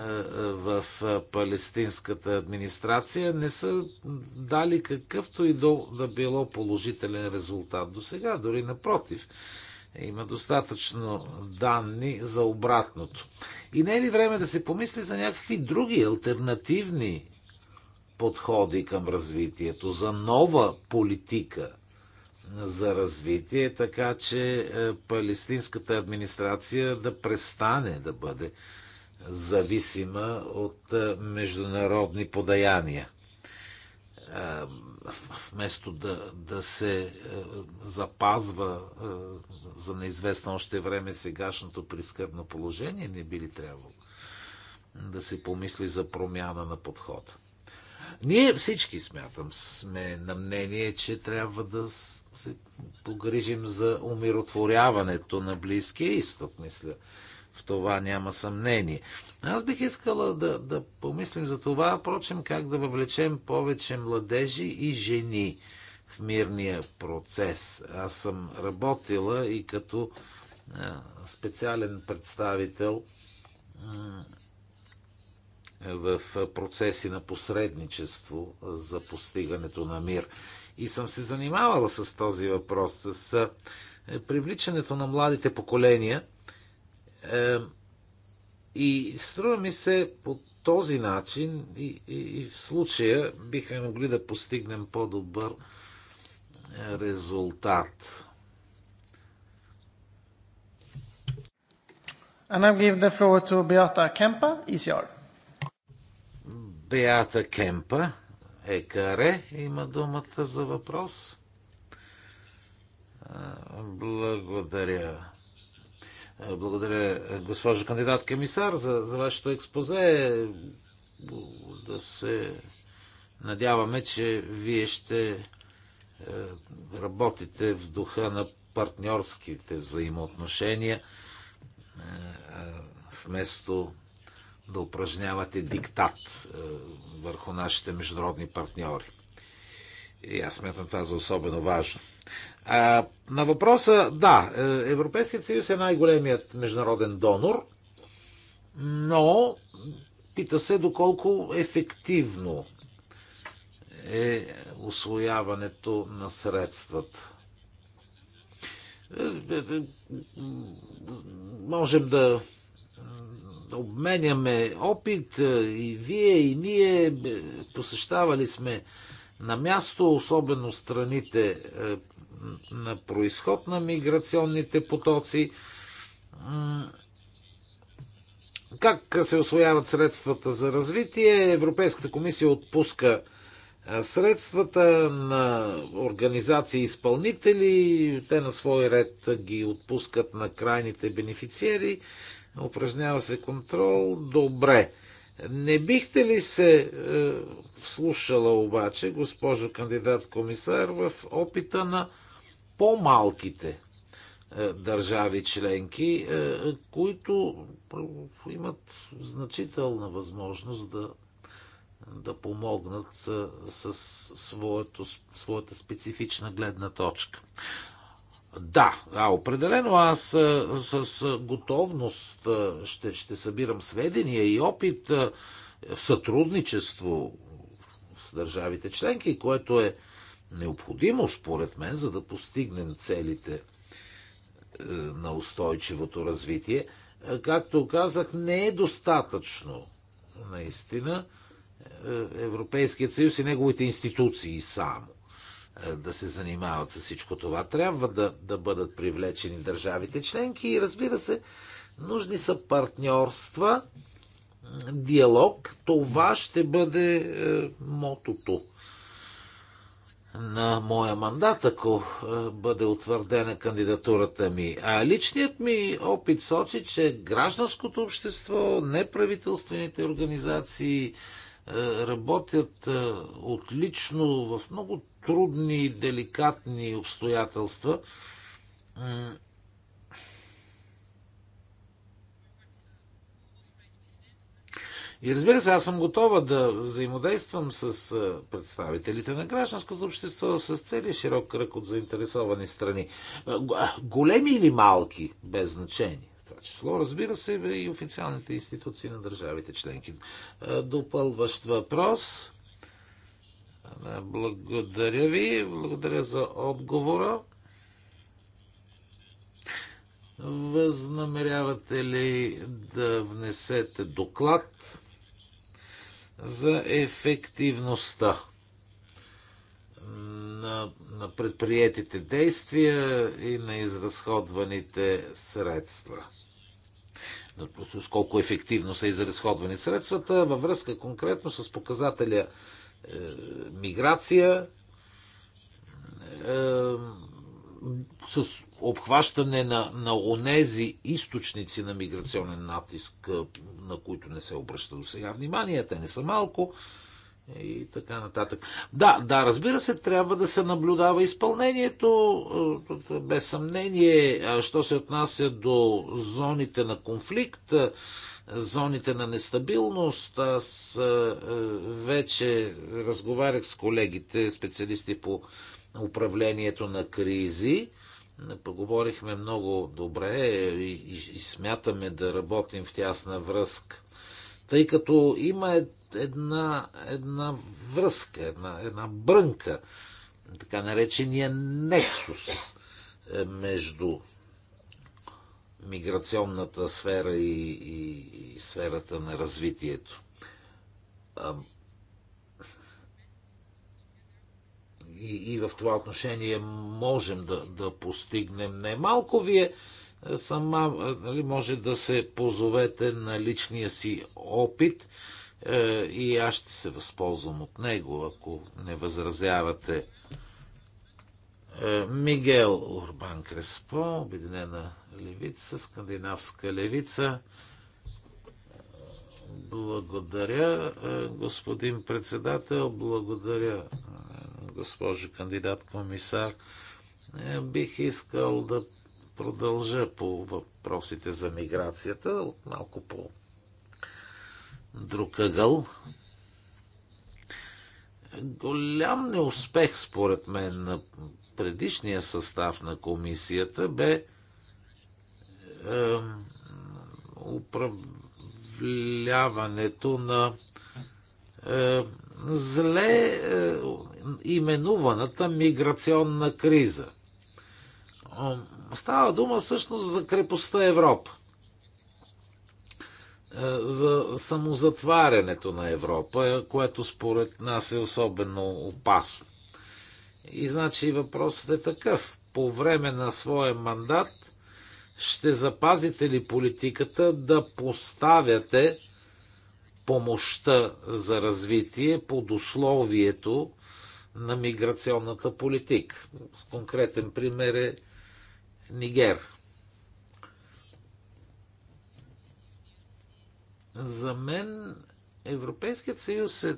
в е, палестинската администрация, не са дали какъвто и до, да било положителен резултат до сега, дори напротив. Има достатъчно данни за обратното. И не е ли време да се помисли за някакви други альтернативни подходи към развитието, за нова политика за развитие, така че е, палестинската администрация да престане да бъде зависима от е, международни подаяния. Е, вместо да, да се запазва за неизвестно още време сегашното прискърбно положение, не би ли трябвало да се помисли за промяна на подхода. Ние всички, смятам, сме на мнение, че трябва да се погрижим за умиротворяването на Близкия изток, мисля. В това няма съмнение. Аз бих искала да, да помислим за това, впрочем, как да въвлечем повече младежи и жени в мирния процес. Аз съм работила и като специален представител в процеси на посредничество за постигането на мир. И съм се занимавал с този въпрос, с е, привличането на младите поколения. Е, и струва ми се по този начин и, и, и в случая бихме могли да постигнем по-добър е, резултат. And I'll give the floor to Beata Kempa, ECR. Beata Kempa. Екаре има думата за въпрос. Благодаря. Благодаря, госпожо кандидат Кемисар, за, за вашето експозе. Да се надяваме, че вие ще е, работите в духа на партньорските взаимоотношения е, вместо да упражнявате диктат е, върху нашите международни партньори. И аз смятам това за особено важно. А, на въпроса, да, е, Европейският съюз е най-големият международен донор, но пита се доколко ефективно е освояването на средствата. Е, можем да обменяме опит е, и вие, и ние. Е, посещавали сме на място, особено страните е, на происход на миграционните потоци. Как се освояват средствата за развитие? Европейската комисия отпуска средствата на организации изпълнители, те на свой ред ги отпускат на крайните бенефициери упражнява се контрол, добре. Не бихте ли се е, вслушала обаче, госпожо кандидат-комисар, в опита на по-малките е, държави членки, е, които имат значителна възможност да, да помогнат с, е, с своето, своята специфична гледна точка? Да, а определено аз с, с готовност ще, ще събирам сведения и опит в сътрудничество с държавите членки, което е необходимо, според мен, за да постигнем целите е, на устойчивото развитие. Както казах, не е достатъчно наистина е, Европейският съюз и неговите институции само е, да се занимават с всичко това. Трябва да, да бъдат привлечени държавите членки и разбира се, нужни са партньорства, диалог. Това ще бъде е, мотото на моя мандат, ако е, бъде утвърдена кандидатурата ми. А личният ми опит сочи, че гражданското общество, неправителствените организации, е, работят е, отлично в много трудни и деликатни обстоятелства. И разбира се, аз съм готова да взаимодействам с е, представителите на гражданското общество, с цели широк кръг от заинтересовани страни. Големи или малки, без значение число, разбира се, и официалните институции на държавите членки. Допълващ въпрос. Благодаря ви. Благодаря за отговора. Възнамерявате ли да внесете доклад за ефективността на, на предприетите действия и на изразходваните средства? с колко ефективно са изразходвани средствата, във връзка конкретно с показателя е, миграция, е, с обхващане на, на онези източници на миграционен натиск, е, на които не се обръща до сега внимание, те не са малко. Е, и така нататък. Да, да, разбира се, трябва да се наблюдава изпълнението, е, без съмнение, що се отнася до зоните на конфликт, е, зоните на нестабилност. Аз е, вече разговарях с колегите, специалисти по управлението на кризи. Поговорихме много добре и, и смятаме да работим в тясна връзка тъй като има е, една, една връзка, една, една брънка, така наречения нексус е, между миграционната сфера и, и, и сферата на развитието. И, и в това отношение можем да, да постигнем немалко. Вие сама нали, може да се позовете на личния си опит е, и аз ще се възползвам от него, ако не възразявате. Е, Мигел Урбан Креспо, Обединена левица, Скандинавска левица. Благодаря, е, господин председател, благодаря, е, госпожо кандидат комисар. Е, бих искал да продължа по въпросите за миграцията от малко по друг ъгъл. Голям неуспех, според мен, на предишния състав на комисията бе е, управляването на е, зле е, именуваната миграционна криза Става дума всъщност за крепостта Европа. Е, за самозатварянето на Европа, е, което според нас е особено опасно. И значи въпросът е такъв. По време на своя мандат ще запазите ли политиката да поставяте помощта за развитие под условието на миграционната политика? Конкретен пример е Нигер. За мен Европейският съюз е,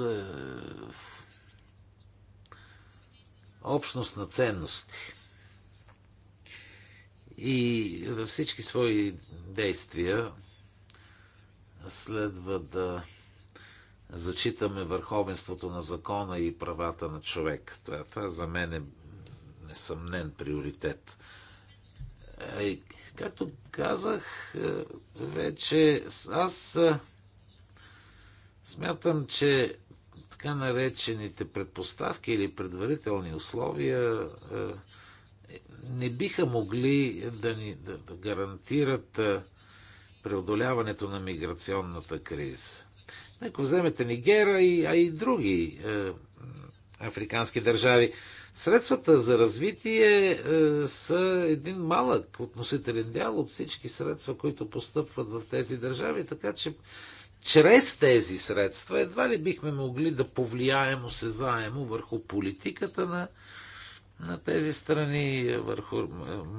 е общност на ценности. И във всички свои действия следва да зачитаме върховенството на закона и правата на човек. Това, това за мен е несъмнен приоритет. Е, и, както казах, е, вече аз е, смятам, че така наречените предпоставки или предварителни условия не биха могли да ни да, да гарантират преодоляването на миграционната криза. Нека вземете Нигера, и, а и други африкански държави. Средствата за развитие е, са един малък относителен дял от всички средства, които постъпват в тези държави, така че чрез тези средства едва ли бихме могли да повлияем осезаемо върху политиката на, на тези страни, върху е,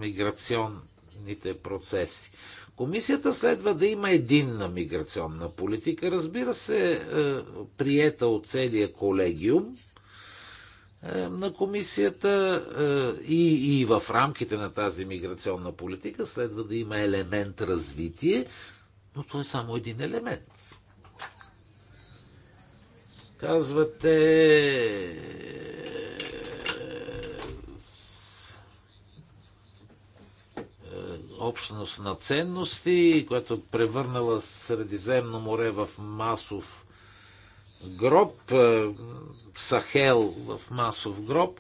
миграционните процеси. Комисията следва да има единна миграционна политика, разбира се, е, приета от целия колегиум, е, на комисията е, и, и в рамките на тази миграционна политика следва да има елемент развитие, но той е само един елемент. Казвате. Е, общност на ценности, която превърнала Средиземно море в масов гроб. Сахел в масов гроб,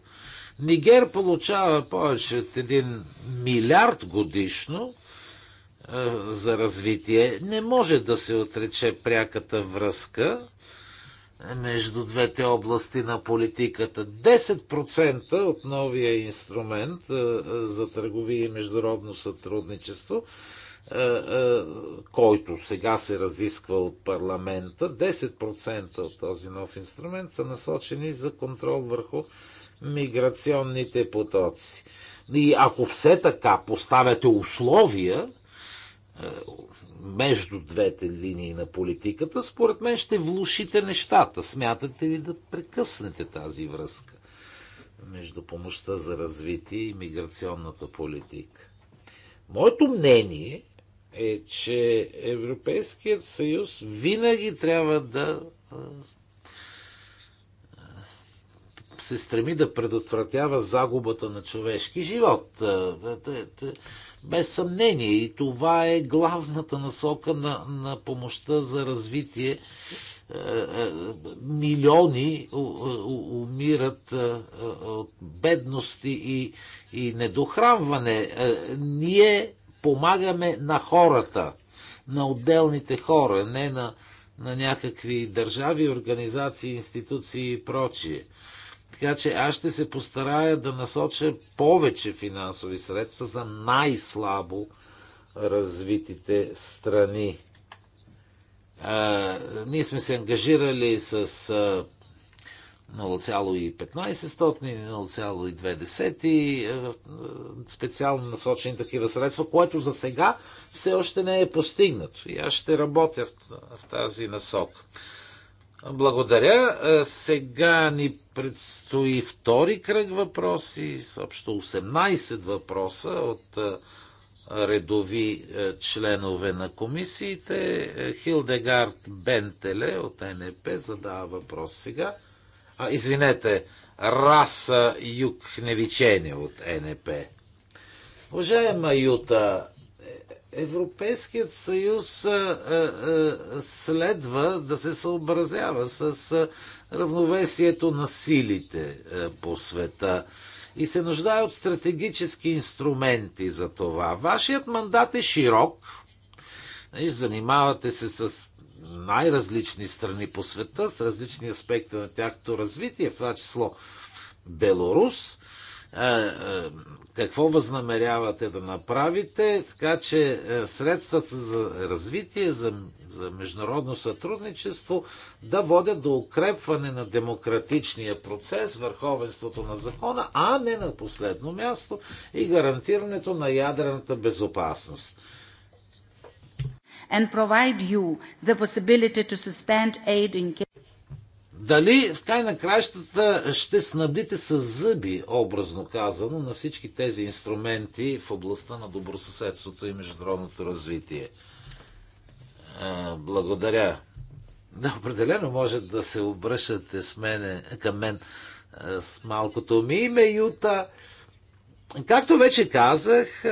Нигер получава повече от 1 милиард годишно е, за развитие. Не може да се отрече пряката връзка е, между двете области на политиката. 10% от новия инструмент е, за търговия и международно сътрудничество е, е, който сега се разисква от парламента, 10% от този нов инструмент са насочени за контрол върху миграционните потоци. И ако все така поставяте условия е, между двете линии на политиката, според мен ще влушите нещата. Смятате ли да прекъснете тази връзка между помощта за развитие и миграционната политика? Моето мнение е, е, че Европейският съюз винаги трябва да се стреми да предотвратява загубата на човешки живот. Без съмнение. И това е главната насока на, на помощта за развитие. Милиони умират от бедности и, и недохранване. Ние помагаме на хората, на отделните хора, не на, на някакви държави, организации, институции и прочие. Така че аз ще се постарая да насоча повече финансови средства за най-слабо развитите страни. А, ние сме се ангажирали с а, 0,15, 0,2, е, е, специално насочени такива средства, което за сега все още не е постигнато. И аз ще работя в тази насок. Благодаря. Е, сега ни предстои втори кръг въпроси, съобщо общо 18 въпроса от редови членове на комисиите. Хилдегард Бентеле от НП задава въпрос сега. А, извинете, Раса Юг невичене от НП. Уважаема Юта, Европейският съюз а, а, следва да се съобразява с а, равновесието на силите по света и се нуждае от стратегически инструменти за това. Вашият мандат е широк. Занимавате се с най-различни страни по света с различни аспекти на тяхното развитие, в това число Белорус. Е, е, какво възнамерявате да направите, така че е, средствата за развитие, за, за международно сътрудничество да водят до укрепване на демократичния процес, върховенството на закона, а не на последно място и гарантирането на ядрената безопасност and provide you the possibility to suspend aid in case дали в край на краищата ще снабдите с зъби, образно казано, на всички тези инструменти в областта на добросъседството и международното развитие? Благодаря. Да, определено може да се обръщате с мене, към мен с малкото ми име Юта. Както вече казах,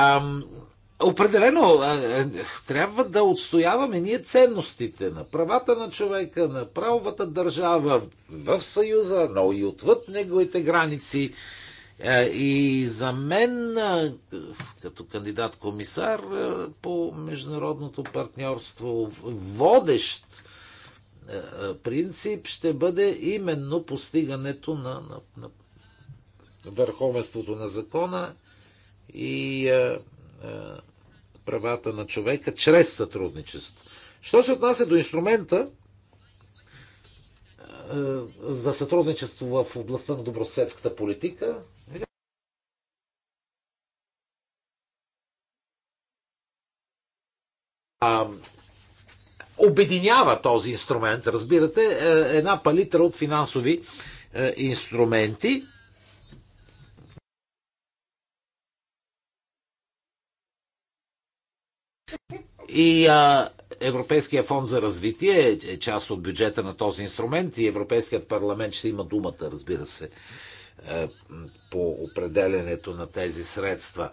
Ам, Определено трябва да отстояваме ние ценностите на правата на човека, на правовата държава в Съюза, но и отвъд неговите граници. Е, и за мен, като кандидат-комисар по международното партньорство, водещ принцип ще бъде именно постигането на, на, на върховенството на закона и а, а, правата на човека чрез сътрудничество. Що се отнася до инструмента а, за сътрудничество в областта на добросъседската политика, а, обединява този инструмент, разбирате, е, една палитра от финансови е, инструменти. И а, Европейския фонд за развитие е част от бюджета на този инструмент и Европейският парламент ще има думата, разбира се, е, по определенето на тези средства.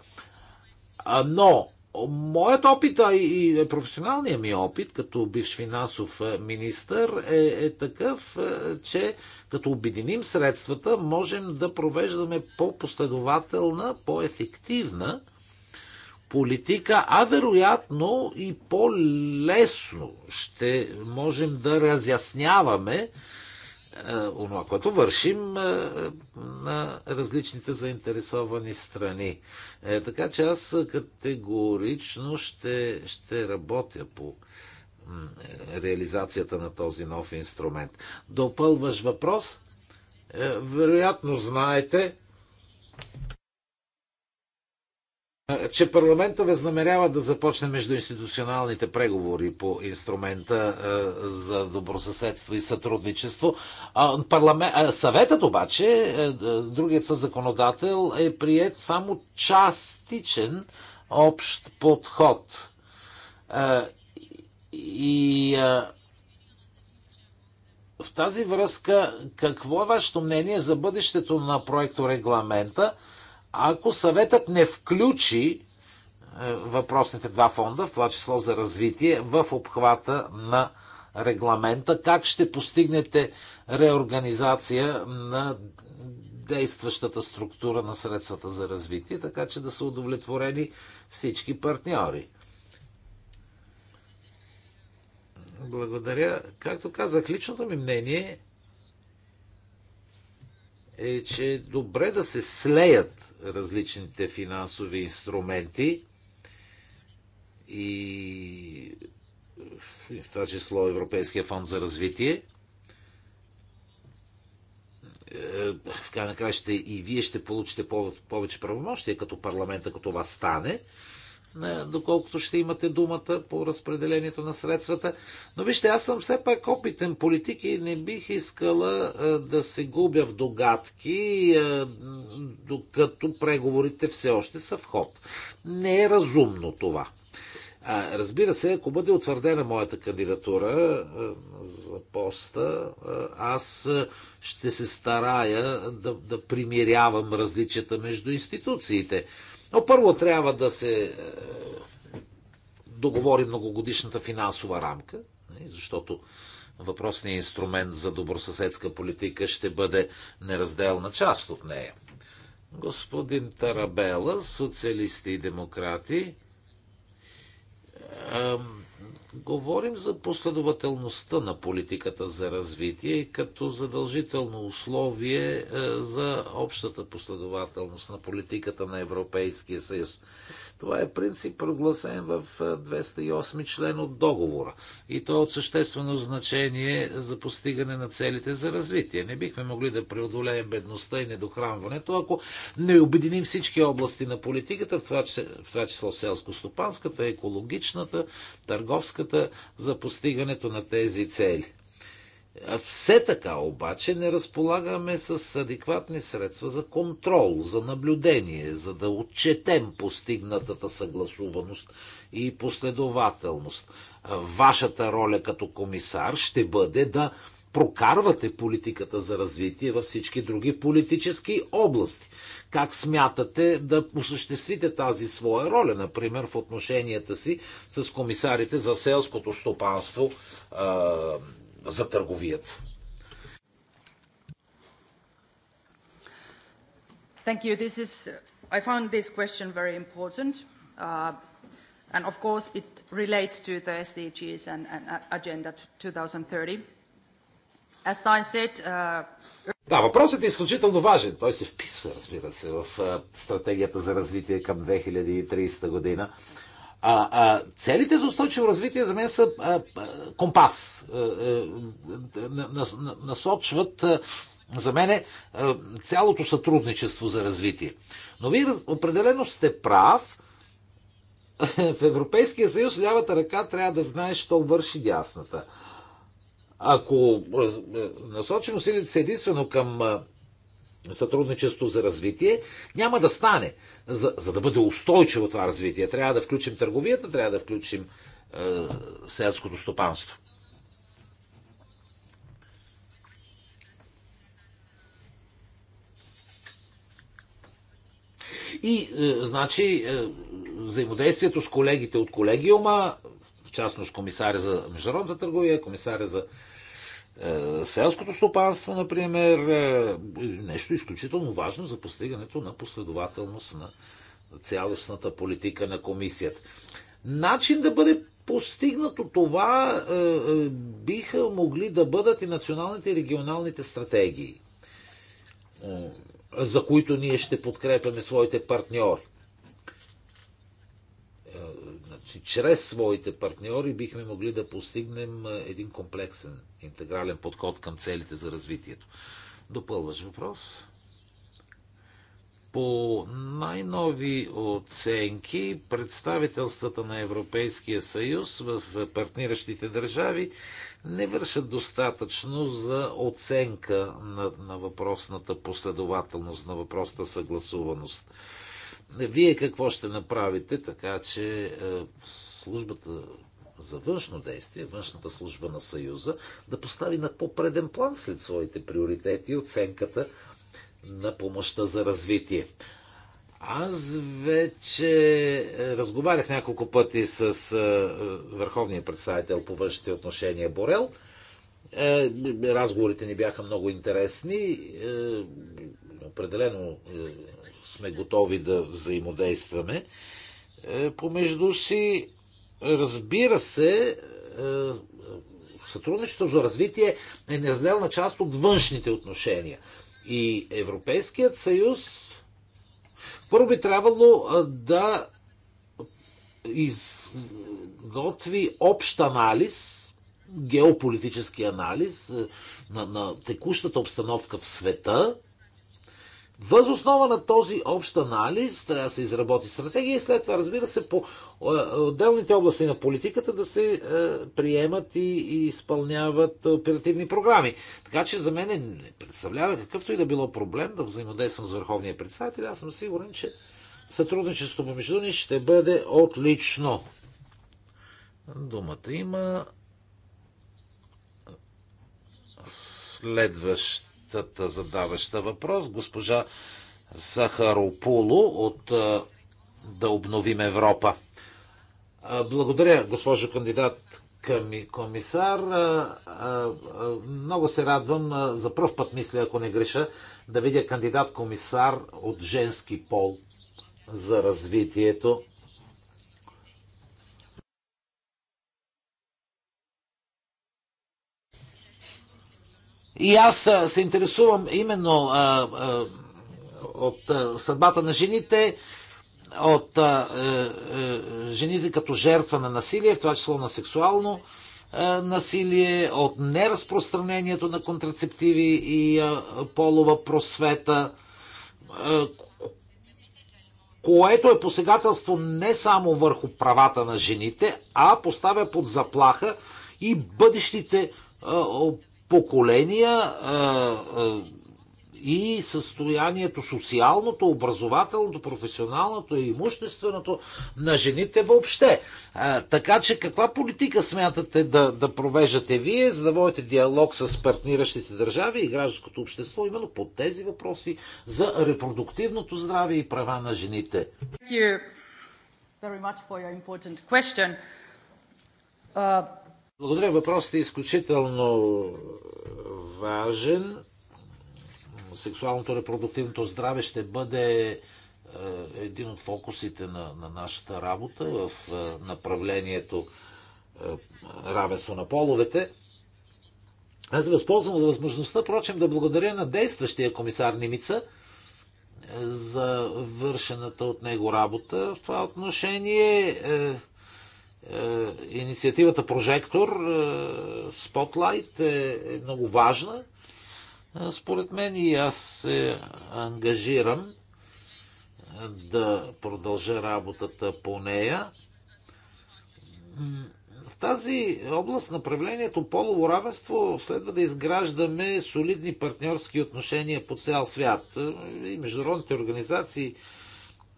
Но моят опит а и е професионалният ми опит като бивш финансов е, министр е, е такъв, че като обединим средствата, можем да провеждаме по-последователна, по-ефективна политика, а вероятно и по-лесно ще можем да разясняваме е, онова, което вършим е, на различните заинтересовани страни. Е, така че аз категорично ще, ще работя по е, реализацията на този нов инструмент. Допълваш въпрос? Е, вероятно знаете, че парламента възнамерява да започне междуинституционалните преговори по инструмента за добросъседство и сътрудничество. Парламент... Съветът обаче, другият със законодател, е прият само частичен общ подход. И в тази връзка, какво е вашето мнение за бъдещето на проекто регламента? ако съветът не включи е, въпросните два фонда, в това число за развитие, в обхвата на регламента. Как ще постигнете реорганизация на действащата структура на средствата за развитие, така че да са удовлетворени всички партньори? Благодаря. Както казах, личното ми мнение е, че е добре да се слеят различните финансови инструменти и в това число Европейския фонд за развитие. Е, в край на края ще и вие ще получите повече правомощия като парламента, като това стане доколкото ще имате думата по разпределението на средствата. Но вижте, аз съм все пак опитен политик и не бих искала да се губя в догадки, докато преговорите все още са в ход. Не е разумно това. Разбира се, ако бъде утвърдена моята кандидатура за поста, аз ще се старая да, да примирявам различията между институциите. Но първо трябва да се е, договори многогодишната финансова рамка, нали, защото въпросният инструмент за добросъседска политика ще бъде неразделна част от нея. Господин Тарабела, социалисти и демократи, Говорим за последователността на политиката за развитие като задължително условие е, за общата последователност на политиката на Европейския съюз. Това е принцип прогласен в 208 член от договора. И то е от съществено значение за постигане на целите за развитие. Не бихме могли да преодолеем бедността и недохранването, ако не обединим всички области на политиката, в това, в това число селско-стопанската, екологичната, търговската, за постигането на тези цели. Все така обаче не разполагаме с адекватни средства за контрол, за наблюдение, за да отчетем постигнатата съгласуваност и последователност. Вашата роля като комисар ще бъде да прокарвате политиката за развитие във всички други политически области. Как смятате да осъществите тази своя роля, например в отношенията си с комисарите за селското стопанство, за търговията. Thank you. This is, I found this question very important. Uh, and of course, it relates to the SDGs and, and Agenda 2030. As I said, uh, да, въпросът е изключително важен. Той се вписва, разбира се, в стратегията за развитие към 2030 година. А, а целите за устойчиво развитие за мен са а, компас. А, а, насочват а, за мен цялото сътрудничество за развитие. Но вие определено сте прав. В Европейския съюз лявата ръка трябва да знае, що върши дясната. Ако насочим усилите се единствено към сътрудничество за развитие, няма да стане. За, за да бъде устойчиво това развитие, трябва да включим търговията, трябва да включим е, селското стопанство. И, е, значи, е, взаимодействието с колегите от колегиума, в частност комисаря за международната търговия, комисаря за е, селското стопанство, например, е, нещо изключително важно за постигането на последователност на цялостната политика на комисията. Начин да бъде постигнато това е, биха могли да бъдат и националните и регионалните стратегии, за които ние ще подкрепяме своите партньори общности, значи, чрез своите партньори, бихме могли да постигнем един комплексен, интегрален подход към целите за развитието. Допълваш въпрос? По най-нови оценки, представителствата на Европейския съюз в партниращите държави не вършат достатъчно за оценка на, на въпросната последователност, на въпросната съгласуваност. Вие какво ще направите, така че е, службата за външно действие, външната служба на Съюза, да постави на по-преден план след своите приоритети оценката на помощта за развитие. Аз вече е, разговарях няколко пъти с е, върховния представител по външните отношения Борел. Разговорите ни бяха много интересни. Определено сме готови да взаимодействаме е, помежду си. Разбира се, е, сътрудничеството за развитие е неразделна част от външните отношения. И Европейският съюз първо би трябвало е, да изготви общ анализ, геополитически анализ на, на текущата обстановка в света Въз основа на този общ анализ трябва да се изработи стратегия и след това, разбира се, по е, отделните области на политиката да се е, приемат и, изпълняват оперативни програми. Така че за мен е, не представлява какъвто и да било проблем да взаимодействам с върховния представител. Аз съм сигурен, че сътрудничеството между ни ще бъде отлично. Думата има следващ следващата задаваща въпрос, госпожа Сахарополо от Да обновим Европа. Благодаря, госпожо кандидат комисар. Много се радвам, за първ път мисля, ако не греша, да видя кандидат комисар от женски пол за развитието И аз се интересувам именно а, а, от а, съдбата на жените, от а, а, е, е, жените като жертва на насилие, в това число на сексуално а, насилие, от неразпространението на контрацептиви и а, полова просвета, а, което е посегателство не само върху правата на жените, а поставя под заплаха и бъдещите поколения и състоянието социалното, образователното, професионалното и имущественото на жените въобще. А, така че каква политика смятате да, да провеждате вие, за да водите диалог с партниращите държави и гражданското общество, именно по тези въпроси за репродуктивното здраве и права на жените? Thank you very much for your important question. Uh... Благодаря. Въпросът е изключително е, важен. Сексуалното репродуктивното здраве ще бъде е, един от фокусите на, на нашата работа в е, направлението равенство на половете. Аз се възползвам от възможността, прочим, да благодаря на действащия комисар Нимица за вършената от него работа в това отношение. Е, инициативата Прожектор е, Spotlight е, е много важна, според мен, и аз се ангажирам да продължа работата по нея. В тази област направлението полово равенство следва да изграждаме солидни партньорски отношения по цял свят. И международните организации,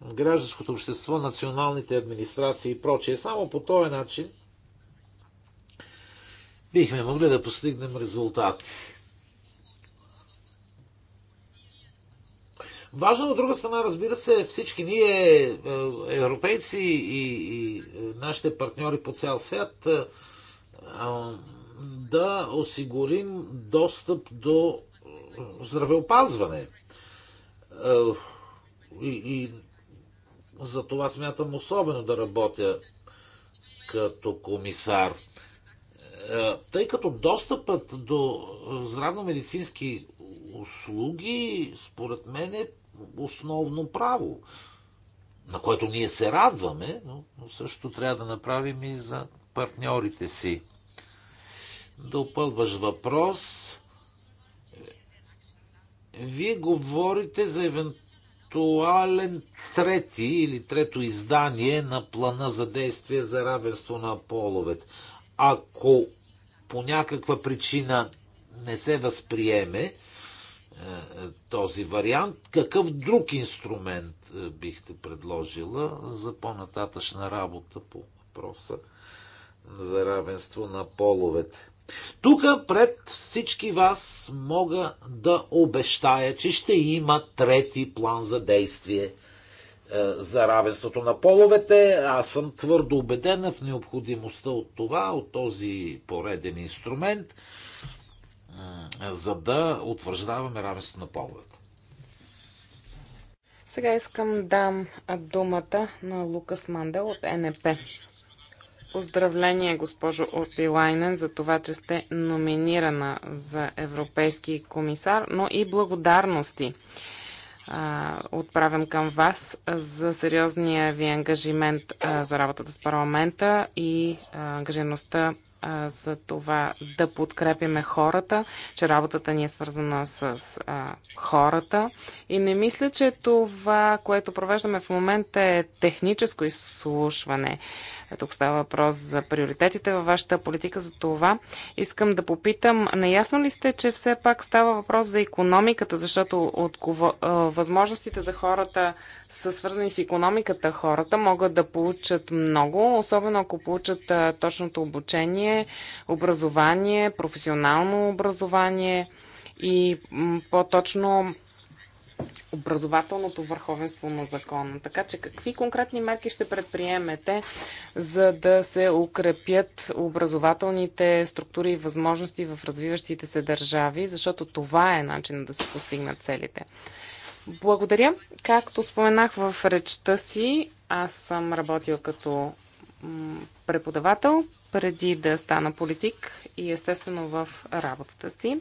гражданското общество, националните администрации и прочие. Само по този начин бихме могли да постигнем резултати. Важно от друга страна, разбира се, всички ние, е, европейци и, и е, нашите партньори по цял свят, е, да осигурим достъп до здравеопазване. И, и за това смятам особено да работя като комисар. Е, тъй като достъпът до здравно-медицински услуги, според мен, е основно право, на което ние се радваме, но също трябва да направим и за партньорите си. Допълваш въпрос. Вие говорите за евентуално актуален трети или трето издание на плана за действие за равенство на половете. Ако по някаква причина не се възприеме е, е, този вариант, какъв друг инструмент е, бихте предложила за по-нататъчна работа по въпроса за равенство на половете? Тук пред всички вас мога да обещая, че ще има трети план за действие е, за равенството на половете. Аз съм твърдо убедена в необходимостта от това, от този пореден инструмент, е, за да утвърждаваме равенството на половете. Сега искам дам думата на Лукас Мандел от НП. Поздравление, госпожо Опилайнен, за това, че сте номинирана за европейски комисар, но и благодарности а, отправям към вас за сериозния ви ангажимент а, за работата с парламента и а, ангажираността за това да подкрепиме хората, че работата ни е свързана с а, хората. И не мисля, че това, което провеждаме в момента е техническо изслушване. Е, тук става въпрос за приоритетите във вашата политика. За това искам да попитам, наясно ли сте, че все пак става въпрос за економиката, защото отговор... възможностите за хората са свързани с економиката. Хората могат да получат много, особено ако получат а, точното обучение образование, образование, професионално образование и по-точно образователното върховенство на закона. Така че какви конкретни мерки ще предприемете, за да се укрепят образователните структури и възможности в развиващите се държави, защото това е начинът да се постигнат целите. Благодаря. Както споменах в речта си, аз съм работил като преподавател преди да стана политик и естествено в работата си.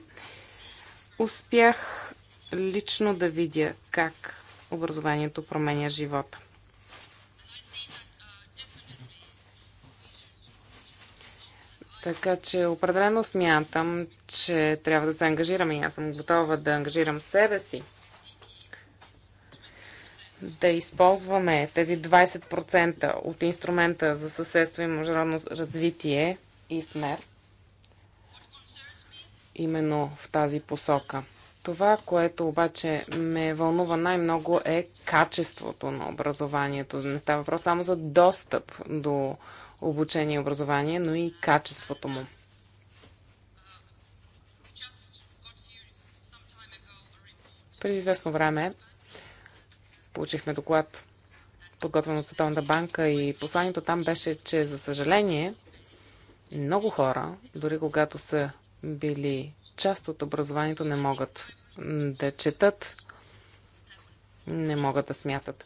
Успях лично да видя как образованието променя живота. Така че определено смятам, че трябва да се ангажирам и аз съм готова да ангажирам себе си да използваме тези 20% от инструмента за съседство и международно развитие и СМЕР именно в тази посока. Това, което обаче ме вълнува най-много е качеството на образованието. Не става въпрос само за достъп до обучение и образование, но и качеството му. Преди известно време получихме доклад, подготвен от Световната банка и посланието там беше, че за съжаление много хора, дори когато са били част от образованието, не могат да четат, не могат да смятат.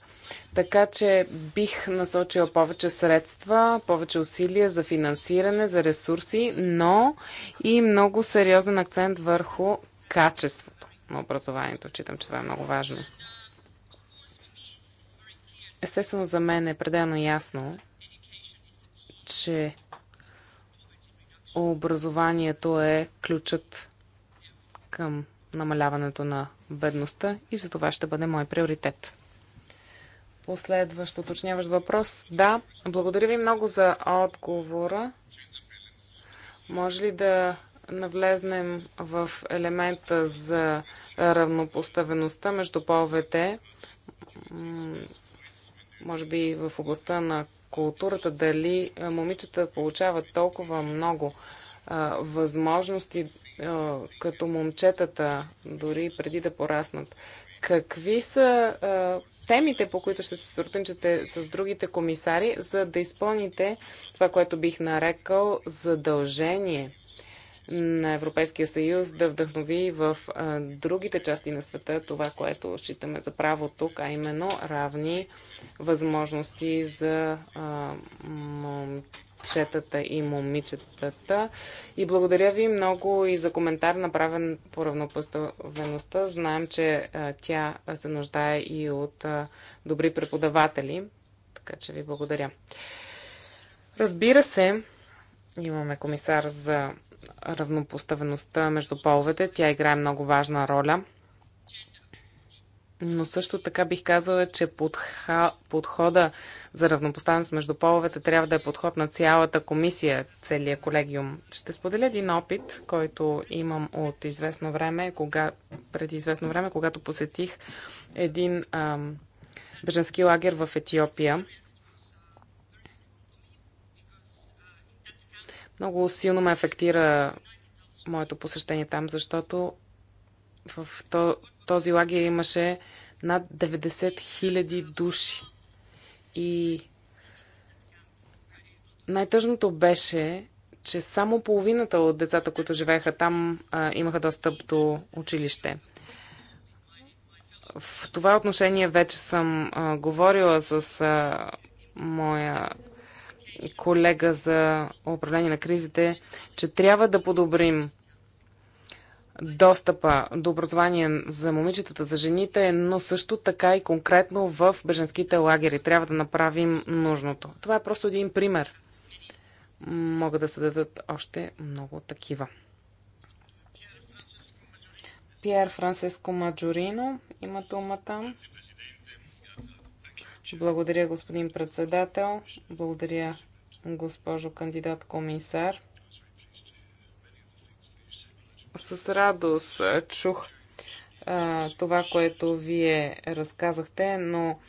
Така че бих насочила повече средства, повече усилия за финансиране, за ресурси, но и много сериозен акцент върху качеството на образованието. Читам, че това е много важно. Естествено за мен е пределно ясно, че образованието е ключът към намаляването на бедността и за това ще бъде мой приоритет. Последващ уточняващ въпрос. Да, благодаря ви много за отговора. Може ли да навлезнем в елемента за равнопоставеността между половете? може би в областта на културата, дали момичета получават толкова много а, възможности а, като момчетата, дори преди да пораснат. Какви са а, темите, по които ще се сътрудничате с другите комисари, за да изпълните това, което бих нарекал задължение? на Европейския съюз да вдъхнови в а, другите части на света това, което считаме за право тук, а именно равни възможности за а, момчетата и момичетата. И благодаря ви много и за коментар, направен по равнопоставеността. Знаем, че а, тя се нуждае и от а, добри преподаватели, така че ви благодаря. Разбира се, имаме комисар за равнопоставеността между половете. Тя играе много важна роля. Но също така бих казала, че подхода за равнопоставеност между половете трябва да е подход на цялата комисия, целият колегиум. Ще споделя един опит, който имам от известно време, кога, преди известно време, когато посетих един ам, беженски лагер в Етиопия. Много силно ме афектира моето посещение там, защото в този лагер имаше над 90 000 души. И най-тъжното беше, че само половината от децата, които живееха там, имаха достъп до училище. В това отношение вече съм говорила с моя колега за управление на кризите, че трябва да подобрим достъпа до образование за момичетата, за жените, но също така и конкретно в беженските лагери. Трябва да направим нужното. Това е просто един пример. Могат да се дадат още много такива. Пьер Франциско Маджорино има думата. Благодаря, господин председател. Благодаря, госпожо кандидат комисар. С радост чух това, което вие разказахте, но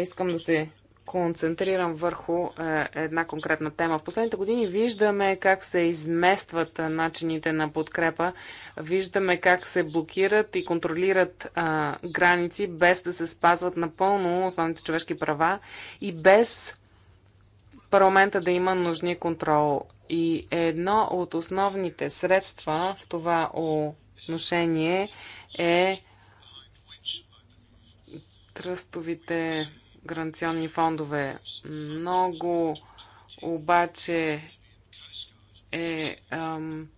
искам да се концентрирам върху е, една конкретна тема. В последните години виждаме как се изместват е, начините на подкрепа, виждаме как се блокират и контролират е, граници, без да се спазват напълно основните човешки права и без парламента да има нужния контрол. И едно от основните средства в това отношение е тръстовите гаранционни фондове. Много обаче е ам,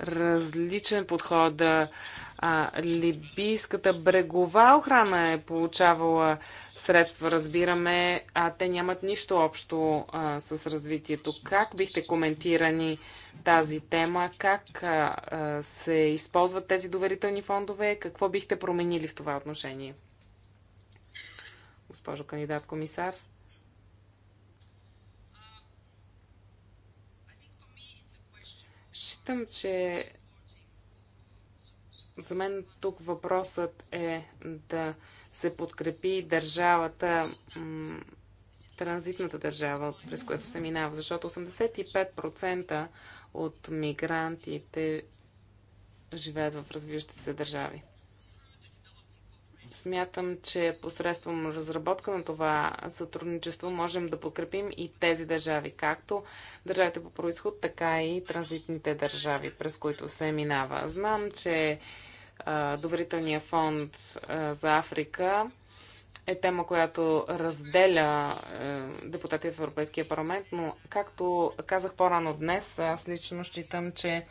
различен подход. а, либийската брегова охрана е получавала средства, разбираме, а те нямат нищо общо а, с развитието. Как бихте коментирани тази тема? Как а, а, се използват тези доверителни фондове? Какво бихте променили в това отношение? госпожо кандидат комисар. Считам, че за мен тук въпросът е да се подкрепи държавата, транзитната държава, през която се минава, защото 85% от мигрантите живеят в развиващите се държави. Смятам, че посредством разработка на това сътрудничество можем да подкрепим и тези държави, както държавите по происход, така и транзитните държави, през които се минава. Знам, че Доверителния фонд за Африка е тема, която разделя депутатите в Европейския парламент, но както казах по-рано днес, аз лично считам, че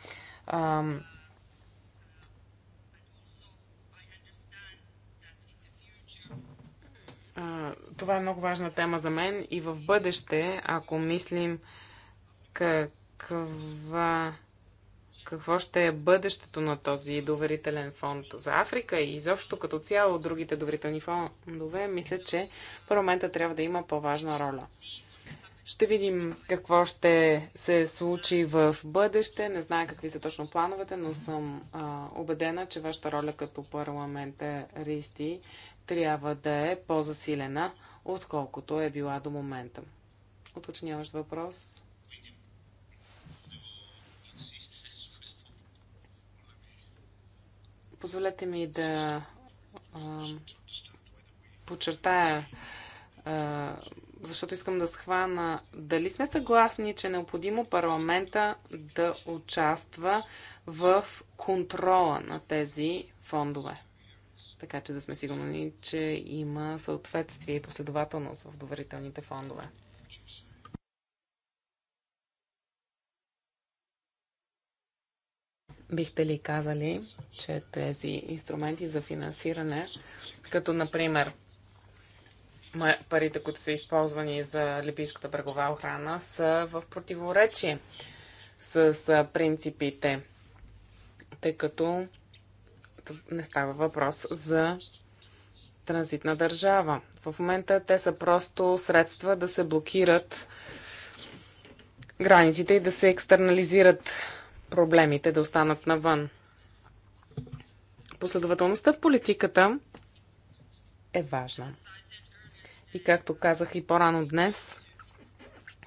това е много важна тема за мен и в бъдеще, ако мислим каква, какво ще е бъдещето на този доверителен фонд за Африка и изобщо като цяло другите доверителни фондове, мисля, че парламента трябва да има по-важна роля. Ще видим какво ще се случи в бъдеще. Не знае какви са точно плановете, но съм а, убедена, че вашата роля като парламентаристи трябва да е по-засилена, отколкото е била до момента. Уточняващ въпрос? Позволете ми да а, подчертая, а, защото искам да схвана дали сме съгласни, че е необходимо парламента да участва в контрола на тези фондове така че да сме сигурни, че има съответствие и последователност в доверителните фондове. Бихте ли казали, че тези инструменти за финансиране, като например парите, които са използвани за Либийската брегова охрана, са в противоречие с принципите, тъй като не става въпрос за транзитна държава. В момента те са просто средства да се блокират границите и да се екстернализират проблемите, да останат навън. Последователността в политиката е важна. И както казах и по-рано днес,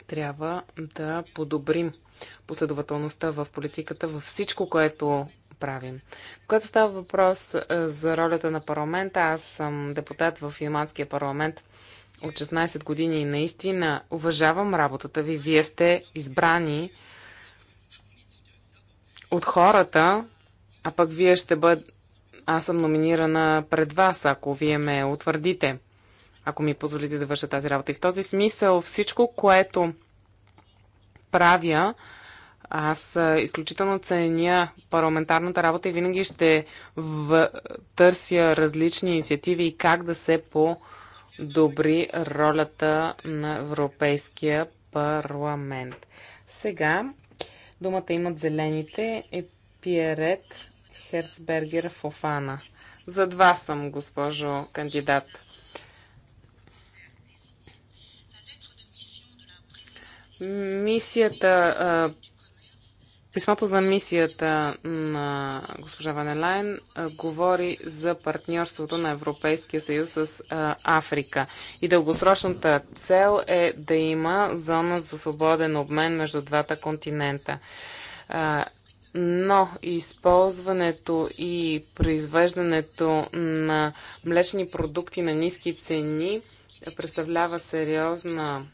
трябва да подобрим последователността в политиката във всичко, което правим. Когато става въпрос е, за ролята на парламента, аз съм депутат в иманския парламент от 16 години и наистина уважавам работата ви. Вие сте избрани от хората, а пък вие ще бъд... Аз съм номинирана пред вас, ако вие ме утвърдите, ако ми позволите да върша тази работа. И в този смисъл всичко, което правя, аз изключително ценя парламентарната работа и винаги ще в... търся различни инициативи и как да се подобри ролята на Европейския парламент. Сега думата имат зелените е Пиерет Херцбергер Фофана. Зад вас съм, госпожо кандидат. Мисията Писмото за мисията на госпожа Ванелайн говори за партньорството на Европейския съюз с Африка. И дългосрочната цел е да има зона за свободен обмен между двата континента. но използването и произвеждането на млечни продукти на ниски цени представлява сериозна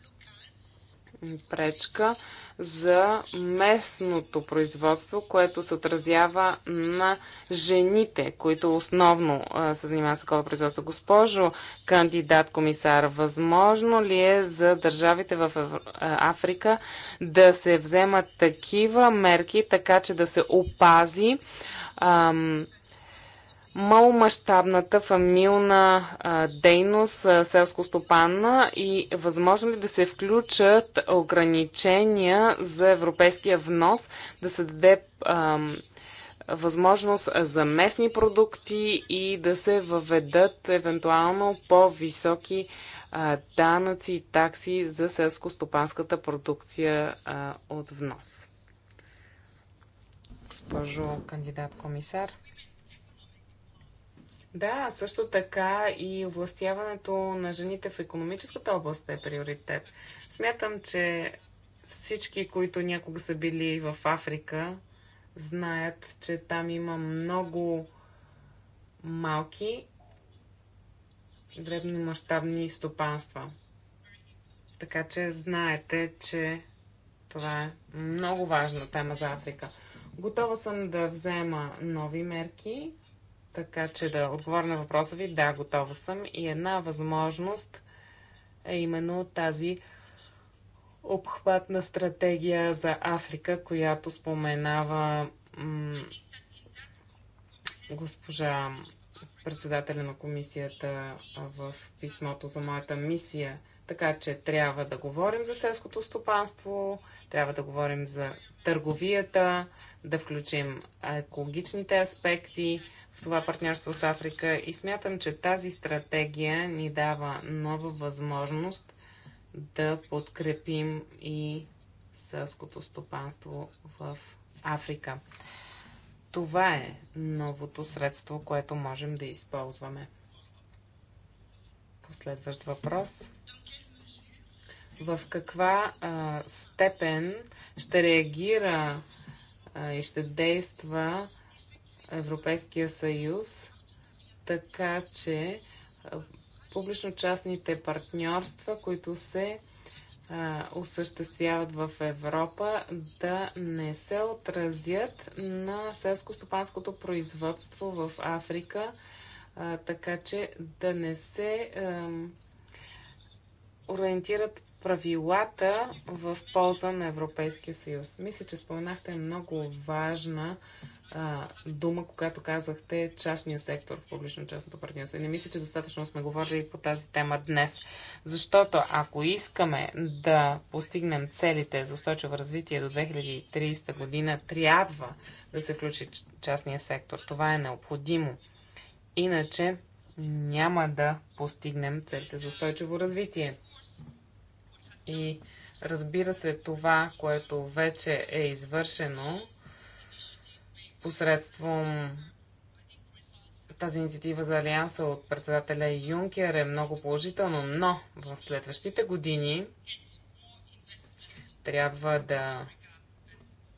пречка за местното производство, което се отразява на жените, които основно а, се занимават с такова производство. Госпожо кандидат комисар, възможно ли е за държавите в Африка да се вземат такива мерки, така че да се опази ам, малмащабната фамилна а, дейност селско-стопанна и възможно ли да се включат ограничения за европейския внос, да се даде а, възможност за местни продукти и да се въведат евентуално по-високи данъци и такси за селско-стопанската продукция а, от внос. Госпожо кандидат комисар. Да, също така и овластяването на жените в економическата област е приоритет. Смятам, че всички, които някога са били в Африка, знаят, че там има много малки дребномащабни стопанства. Така че знаете, че това е много важна тема за Африка. Готова съм да взема нови мерки така че да отговоря на въпроса ви, да, готова съм. И една възможност е именно тази обхватна стратегия за Африка, която споменава госпожа председателя на комисията в писмото за моята мисия. Така че трябва да говорим за селското стопанство, трябва да говорим за търговията, да включим екологичните аспекти, в това партньорство с Африка и смятам, че тази стратегия ни дава нова възможност да подкрепим и съското стопанство в Африка. Това е новото средство, което можем да използваме. Последващ въпрос. В каква а, степен ще реагира а, и ще действа Европейския съюз, така че публично-частните партньорства, които се осъществяват в Европа, да не се отразят на селско-стопанското производство в Африка, така че да не се ориентират правилата в полза на Европейския съюз. Мисля, че споменахте много важна а, дума, когато казахте частния сектор в публично-частното партньорство. И не мисля, че достатъчно сме говорили по тази тема днес. Защото ако искаме да постигнем целите за устойчиво развитие до 2030 година, трябва да се включи частния сектор. Това е необходимо. Иначе няма да постигнем целите за устойчиво развитие. И разбира се, това, което вече е извършено, посредством тази инициатива за Алианса от председателя Юнкер е много положително, но в следващите години трябва да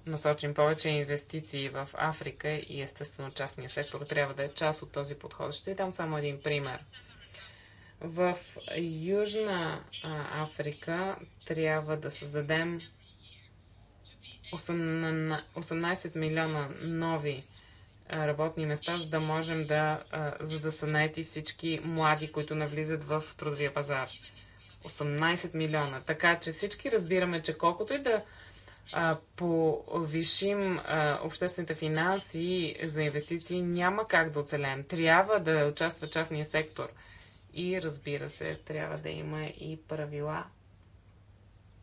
насочим повече инвестиции в Африка и естествено частния сектор трябва да е част от този подход. Ще ви дам само един пример. В Южна Африка трябва да създадем 18 милиона нови работни места, за да можем да, за да са наети всички млади, които навлизат в трудовия пазар. 18 милиона. Така че всички разбираме, че колкото и да повишим обществените финанси за инвестиции, няма как да оцелеем. Трябва да участва частния сектор. И разбира се, трябва да има и правила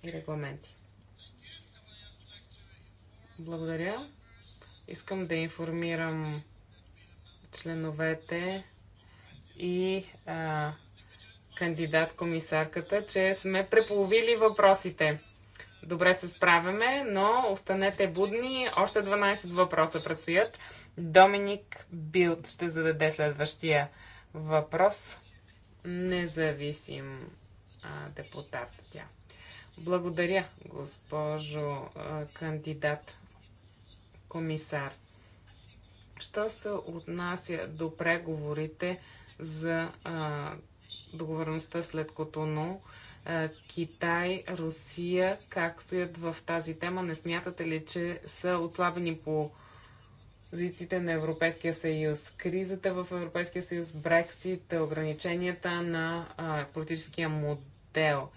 и регламенти. Благодаря. Искам да информирам членовете и а, кандидат-комисарката, че сме преполовили въпросите. Добре се справяме, но останете будни. Още 12 въпроса предстоят. Доминик Билд ще зададе следващия въпрос. Независим а, депутат тя. Благодаря, госпожо а, кандидат комисар. Що се отнася до преговорите за а, договорността след Котоно, а, Китай, Русия, как стоят в тази тема? Не смятате ли, че са отслабени по позициите на Европейския съюз, кризата в Европейския съюз, Брексит, ограниченията на а, политическия модел?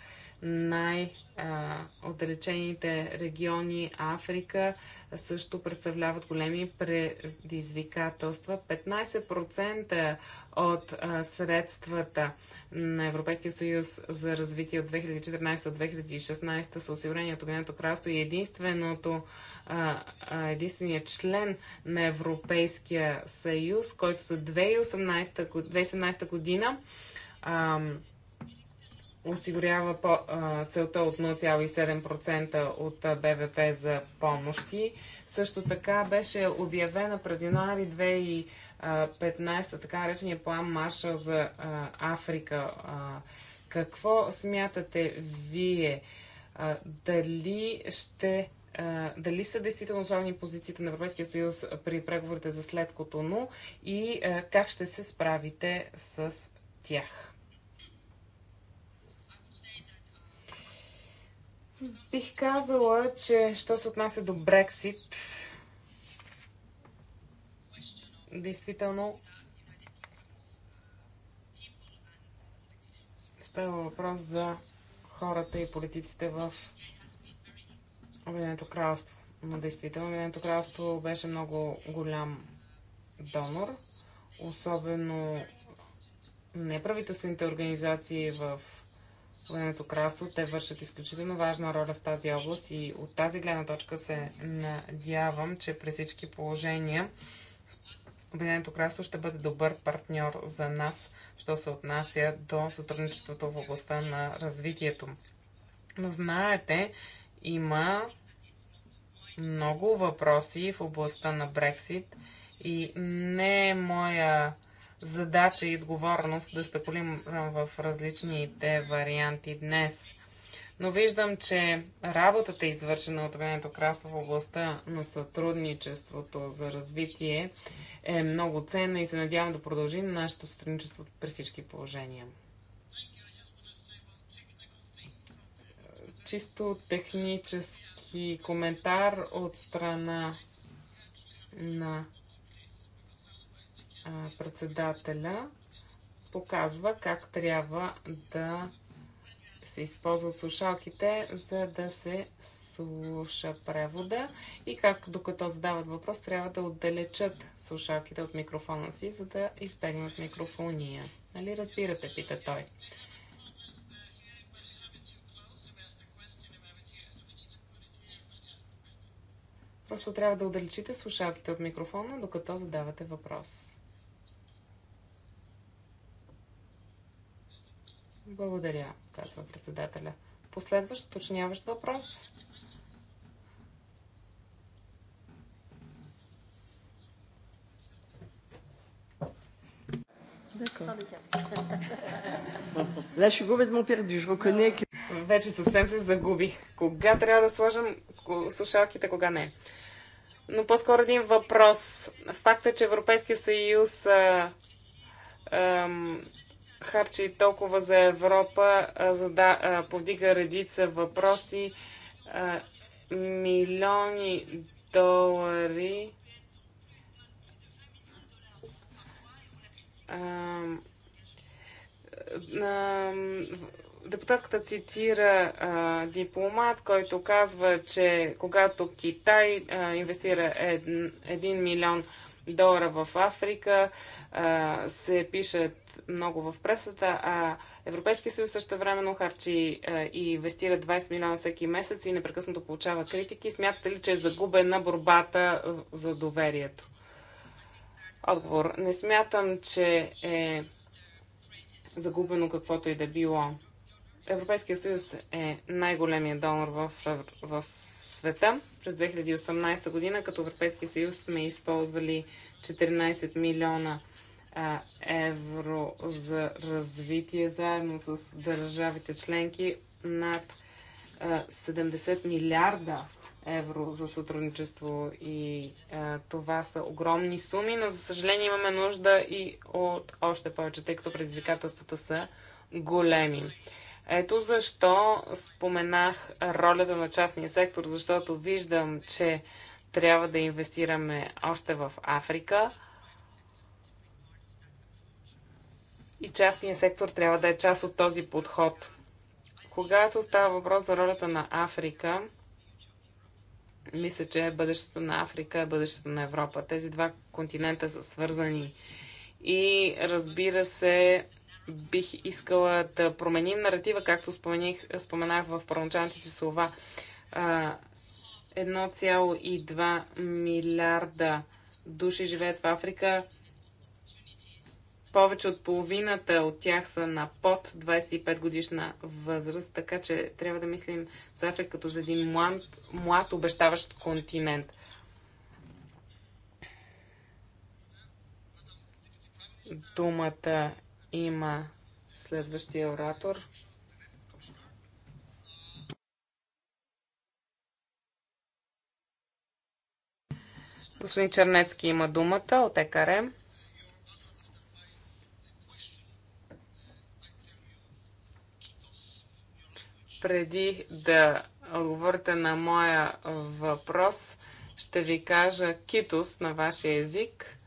най-отдалечените региони Африка също представляват големи предизвикателства. 15% от средствата на Европейския съюз за развитие от 2014-2016 са осигурени от Обединеното кралство и единственото, единственият член на Европейския съюз, който за 2018, 2017 година осигурява по, а, целта от 0,7% от БВП за помощи. Също така беше обявена през януари 2015 така наречения план Маршал за а, Африка. А, какво смятате вие? А, дали ще дали са действително основни позициите на Европейския съюз при преговорите за след Котону и как ще се справите с тях? Бих казала, че що се отнася до Брексит, действително става въпрос за хората и политиците в Обединеното кралство. Но действително Обединеното кралство беше много голям донор, особено неправителствените организации в Обединеното кралство. Те вършат изключително важна роля в тази област и от тази гледна точка се надявам, че при всички положения Обединеното кралство ще бъде добър партньор за нас, що се отнася до сътрудничеството в областта на развитието. Но знаете, има много въпроси в областта на Брексит и не е моя задача и отговорност да спекулирам в различните варианти днес. Но виждам, че работата, извършена от Обединеното кралство в областта на сътрудничеството за развитие, е много ценна и се надявам да продължи нашето сътрудничество при всички положения. Чисто технически коментар от страна на председателя показва как трябва да се използват слушалките, за да се слуша превода и как докато задават въпрос трябва да отдалечат слушалките от микрофона си, за да избегнат микрофония. Нали разбирате, пита той. Просто трябва да отдалечите слушалките от микрофона, докато задавате въпрос. Благодаря, казва председателя. Последващ уточняващ въпрос? Вече съвсем се загубих. Кога трябва да сложим слушалките, кога не. Но по-скоро един въпрос. Факта, е, че Европейския съюз а, а, харчи толкова за Европа, за да повдига редица въпроси. Милиони долари депутатката цитира дипломат, който казва, че когато Китай инвестира 1 милион долара в Африка, се пишат много в пресата, а Европейския съюз също времено харчи и инвестира 20 милиона всеки месец и непрекъснато получава критики. Смятате ли, че е загубена борбата за доверието? Отговор. Не смятам, че е загубено каквото и да било. Европейския съюз е най-големия донор в, в света. През 2018 година като Европейски съюз сме използвали 14 милиона а, евро за развитие заедно с държавите членки над а, 70 милиарда евро за сътрудничество и а, това са огромни суми, но за съжаление имаме нужда и от още повече, тъй като предизвикателствата са големи. Ето защо споменах ролята на частния сектор, защото виждам, че трябва да инвестираме още в Африка. И частния сектор трябва да е част от този подход. Когато става въпрос за ролята на Африка, мисля, че бъдещето на Африка е бъдещето на Европа. Тези два континента са свързани. И разбира се, бих искала да променим наратива, както спомених, споменах в първоначалните си слова. 1,2 милиарда души живеят в Африка. Повече от половината от тях са на под 25 годишна възраст, така че трябва да мислим за Африка като за един млад, млад обещаващ континент. Думата има следващия оратор. Господин Чернецки има думата от ЕКРМ. преди да отговорите на моя въпрос, ще ви кажа китос на вашия език.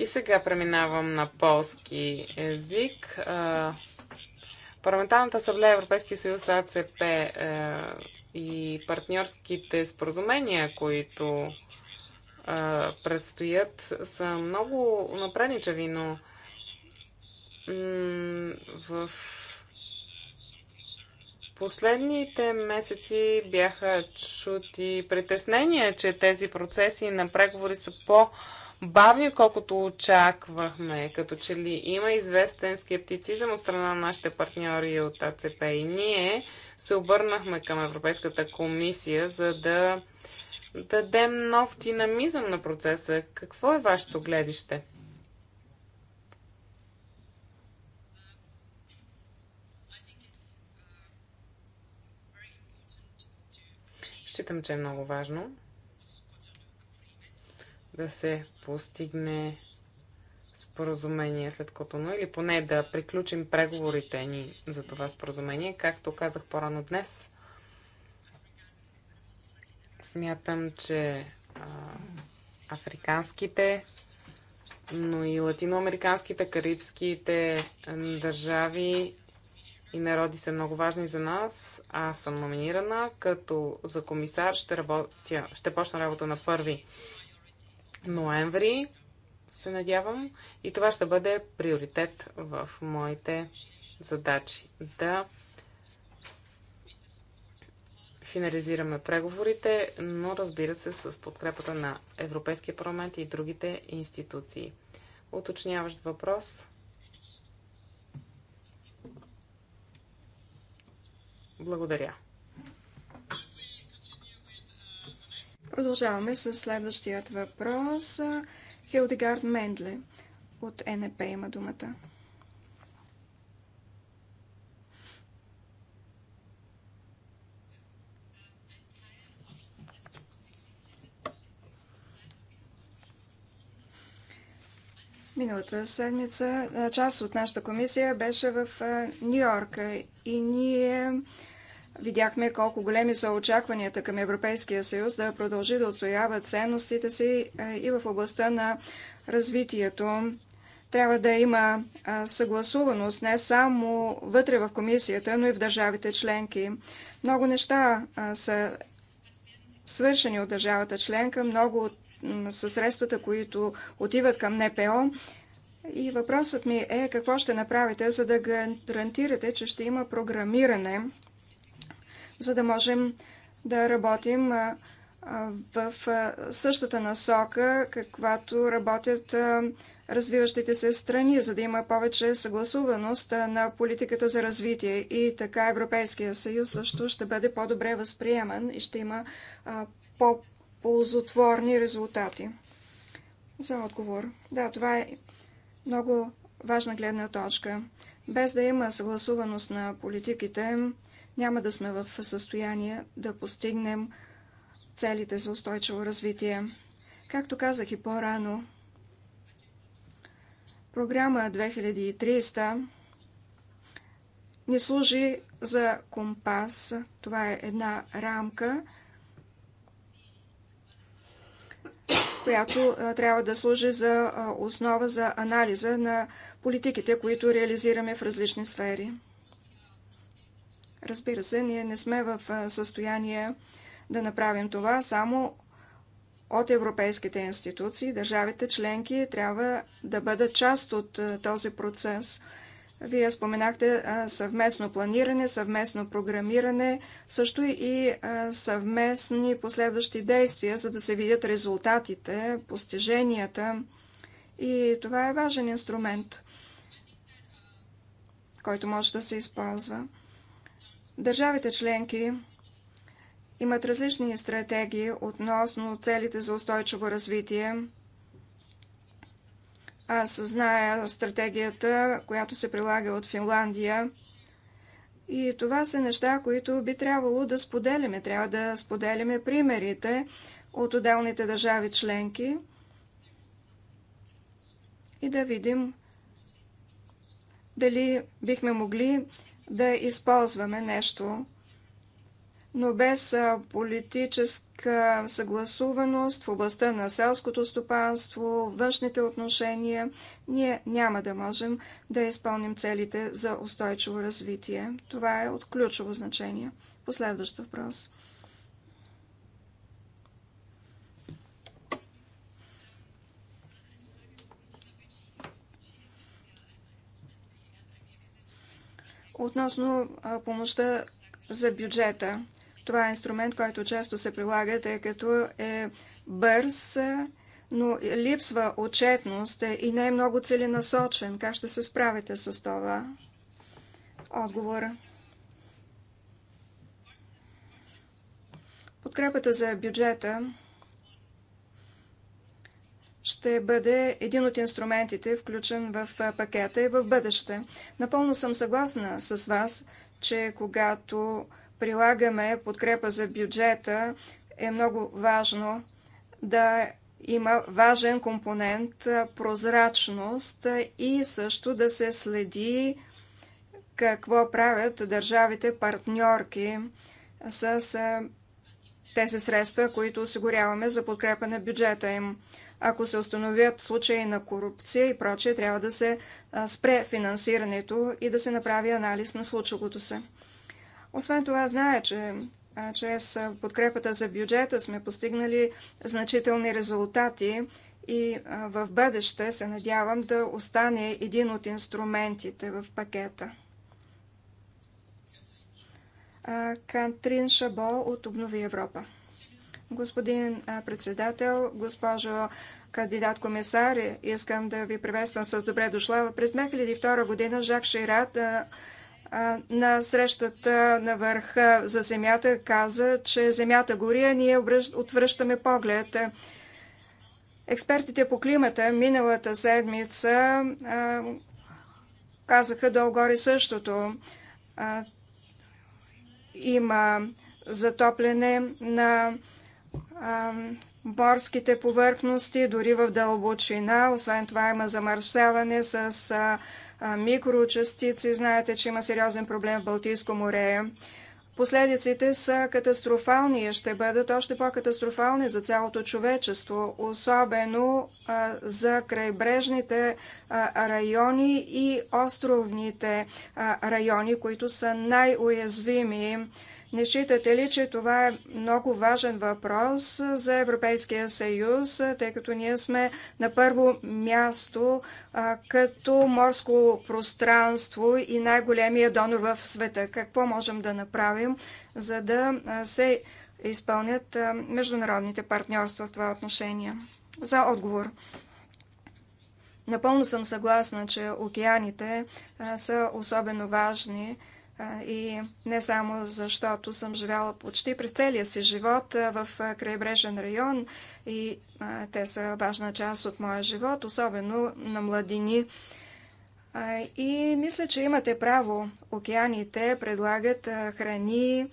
И сега преминавам на полски език. Парламентарната асамблея Европейски съюз АЦП е, и партньорските споразумения, които предстоят, са много напредничави, но в последните месеци бяха чути притеснения, че тези процеси на преговори са по- бавни, колкото очаквахме. Като че ли има известен скептицизъм от страна на нашите партньори от АЦП и ние се обърнахме към Европейската комисия, за да дадем нов динамизъм на процеса. Какво е вашето гледище? Считам, че е много важно да се постигне споразумение след Котоно или поне да приключим преговорите ни за това споразумение. Както казах по-рано днес, смятам, че а, африканските, но и латиноамериканските, карибските държави и народи са много важни за нас. Аз съм номинирана като за комисар. Ще, работя, ще почна работа на първи ноември, се надявам. И това ще бъде приоритет в моите задачи. Да финализираме преговорите, но разбира се с подкрепата на Европейския парламент и другите институции. Уточняващ въпрос. Благодаря. Продължаваме с следващият въпрос. Хилдегард Мендле от НП има думата. Миналата седмица част от нашата комисия беше в Нью Йорк и ние Видяхме колко големи са очакванията към Европейския съюз да продължи да отстоява ценностите си е, и в областта на развитието. Трябва да има съгласуваност не само вътре в комисията, но и в държавите членки. Много неща са свършени от държавата членка, много от средствата, които отиват към НПО. И въпросът ми е какво ще направите, за да гарантирате, че ще има програмиране за да можем да работим в същата насока, каквато работят развиващите се страни, за да има повече съгласуваност на политиката за развитие. И така Европейския съюз също ще бъде по-добре възприеман и ще има по-ползотворни резултати. За отговор. Да, това е много важна гледна точка. Без да има съгласуваност на политиките, няма да сме в състояние да постигнем целите за устойчиво развитие. Както казах и по-рано, програма 2300 ни служи за компас. Това е една рамка, която трябва да служи за основа за анализа на политиките, които реализираме в различни сфери. Разбира се, ние не сме в състояние да направим това само от европейските институции. Държавите членки трябва да бъдат част от този процес. Вие споменахте съвместно планиране, съвместно програмиране, също и съвместни последващи действия, за да се видят резултатите, постиженията. И това е важен инструмент, който може да се използва. Държавите членки имат различни стратегии относно целите за устойчиво развитие. Аз зная стратегията, която се прилага от Финландия. И това са неща, които би трябвало да споделяме. Трябва да споделяме примерите от отделните държави членки и да видим дали бихме могли да използваме нещо, но без политическа съгласуваност в областта на селското стопанство, външните отношения, ние няма да можем да изпълним целите за устойчиво развитие. Това е от ключово значение. Последващ въпрос. Относно помощта за бюджета. Това е инструмент, който често се прилага, тъй като е бърз, но липсва отчетност и не е много целенасочен. Как ще се справите с това? Отговор. Подкрепата за бюджета ще бъде един от инструментите, включен в пакета и в бъдеще. Напълно съм съгласна с вас, че когато прилагаме подкрепа за бюджета, е много важно да има важен компонент прозрачност и също да се следи какво правят държавите партньорки с тези средства, които осигуряваме за подкрепа на бюджета им. Ако се установят случаи на корупция и прочее, трябва да се спре финансирането и да се направи анализ на случилото се. Освен това, знае, че чрез подкрепата за бюджета сме постигнали значителни резултати и в бъдеще се надявам да остане един от инструментите в пакета. Кантрин Шабо от Обнови Европа господин председател, госпожо кандидат-комисар. Искам да ви приветствам с добре дошла. През 2002 година Жак Шират на срещата на върха за земята каза, че земята гори, а ние отвръщаме поглед. Експертите по климата миналата седмица казаха долу-горе същото. Има затопляне на борските повърхности, дори в дълбочина. Освен това има замърсяване с микрочастици. Знаете, че има сериозен проблем в Балтийско море. Последиците са катастрофални и ще бъдат още по-катастрофални за цялото човечество, особено а, за крайбрежните а, райони и островните а, райони, които са най-уязвими. Не считате ли, че това е много важен въпрос за Европейския съюз, тъй като ние сме на първо място а, като морско пространство и най-големия донор в света? Какво можем да направим, за да се изпълнят международните партньорства в това отношение? За отговор. Напълно съм съгласна, че океаните а, са особено важни и не само защото съм живяла почти през целия си живот в крайбрежен район и те са важна част от моя живот, особено на младини. И мисля, че имате право. Океаните предлагат храни,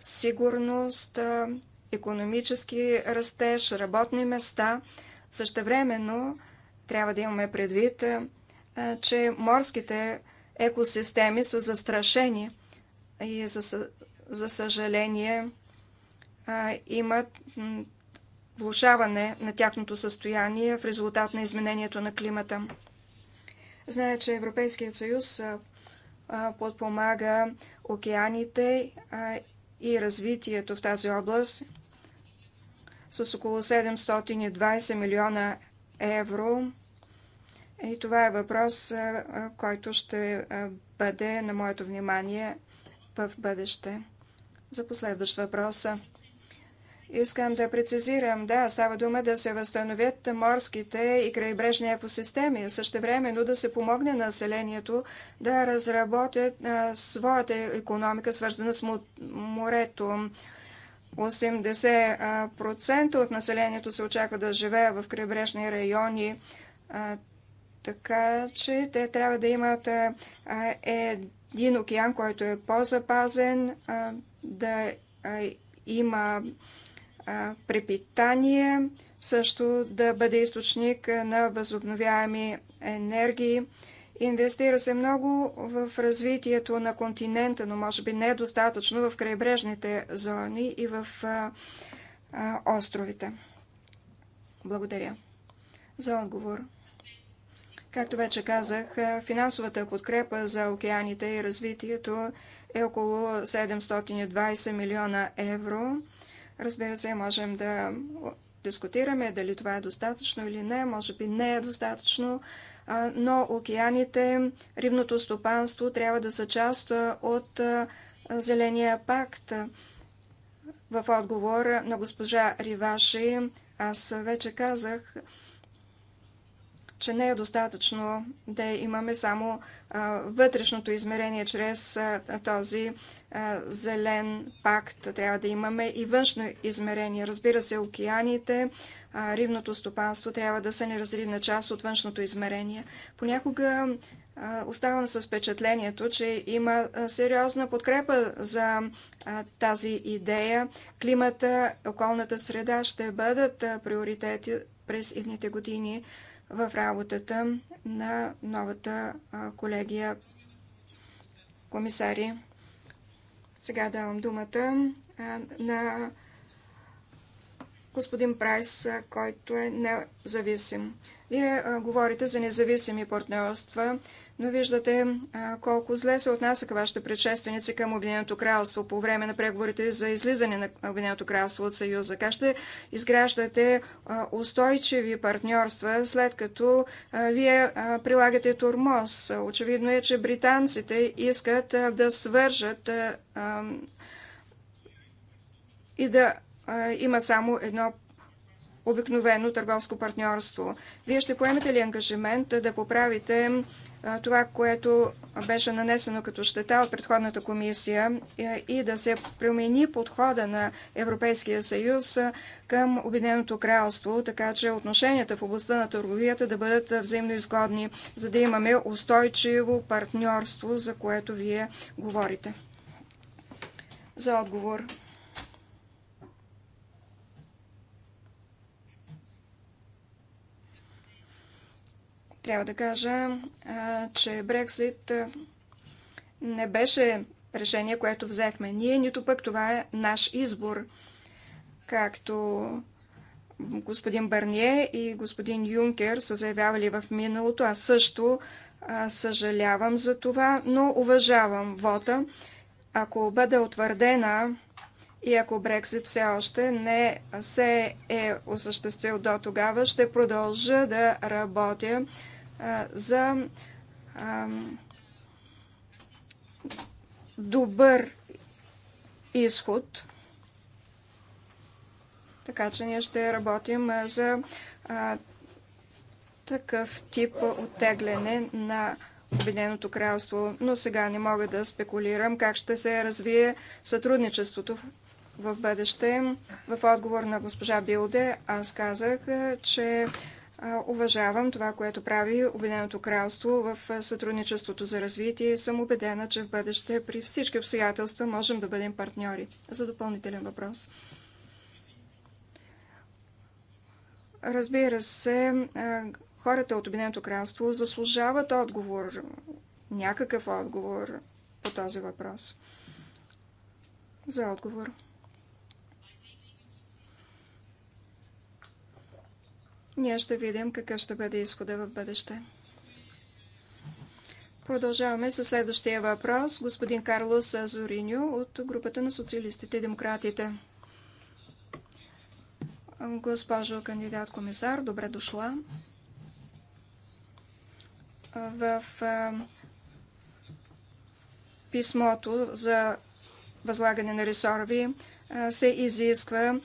сигурност, економически растеж, работни места. Същевременно трябва да имаме предвид, че морските екосистеми са застрашени и за, за съжаление имат влушаване на тяхното състояние в резултат на изменението на климата. Знае, че Европейският съюз подпомага океаните и развитието в тази област с около 720 милиона евро и това е въпрос, който ще бъде на моето внимание в бъдеще. За последващ въпрос. Искам да прецизирам, да, става дума да се възстановят морските и крайбрежни екосистеми, също но да се помогне населението да разработят а, своята економика, свързана с морето. 80% от населението се очаква да живее в крайбрежни райони. Така че те трябва да имат е, един океан, който е по-запазен, да има препитание, също да бъде източник на възобновяеми енергии. Инвестира се много в развитието на континента, но може би недостатъчно е в крайбрежните зони и в островите. Благодаря за отговор. Както вече казах, финансовата подкрепа за океаните и развитието е около 720 милиона евро. Разбира се, можем да дискутираме дали това е достатъчно или не. Може би не е достатъчно, но океаните, рибното стопанство трябва да са част от Зеления пакт. В отговор на госпожа Риваши, аз вече казах, че не е достатъчно да имаме само вътрешното измерение чрез този зелен пакт. Трябва да имаме и външно измерение. Разбира се, океаните, рибното стопанство трябва да са неразривна част от външното измерение. Понякога оставам с впечатлението, че има сериозна подкрепа за тази идея. Климата, околната среда ще бъдат приоритети през идните години в работата на новата колегия комисари. Сега давам думата на господин Прайс, който е независим. Вие говорите за независими партньорства но виждате колко зле се към вашите предшественици към Обединеното кралство по време на преговорите за излизане на Обединеното кралство от Съюза. Как ще изграждате устойчиви партньорства, след като вие прилагате турмоз? Очевидно е, че британците искат да свържат и да има само едно обикновено търговско партньорство. Вие ще поемете ли ангажимент да поправите това, което беше нанесено като щета от предходната комисия е, и да се промени подхода на Европейския съюз към Обединеното кралство, така че отношенията в областта на търговията да бъдат взаимно изгодни, за да имаме устойчиво партньорство, за което вие говорите. За отговор. Трябва да кажа, че Брекзит не беше решение, което взехме ние, нито пък това е наш избор. Както господин Барние и господин Юнкер са заявявали в миналото, аз също съжалявам за това, но уважавам вота. Ако бъде утвърдена и ако Брексит все още не се е осъществил до тогава, ще продължа да работя за добър изход. Така че ние ще работим за такъв тип оттегляне на Обединеното кралство, но сега не мога да спекулирам как ще се развие сътрудничеството в бъдеще. В отговор на госпожа Билде аз казах, че уважавам това, което прави Обединеното кралство в сътрудничеството за развитие и съм убедена, че в бъдеще при всички обстоятелства можем да бъдем партньори. За допълнителен въпрос. Разбира се, хората от Обединеното кралство заслужават отговор, някакъв отговор по този въпрос. За отговор. Ние ще видим какъв ще бъде изхода в бъдеще. Продължаваме с следващия въпрос. Господин Карлос Азориньо от групата на социалистите и демократите. Госпожо кандидат комисар, добре дошла. В писмото за възлагане на ресорви се изисква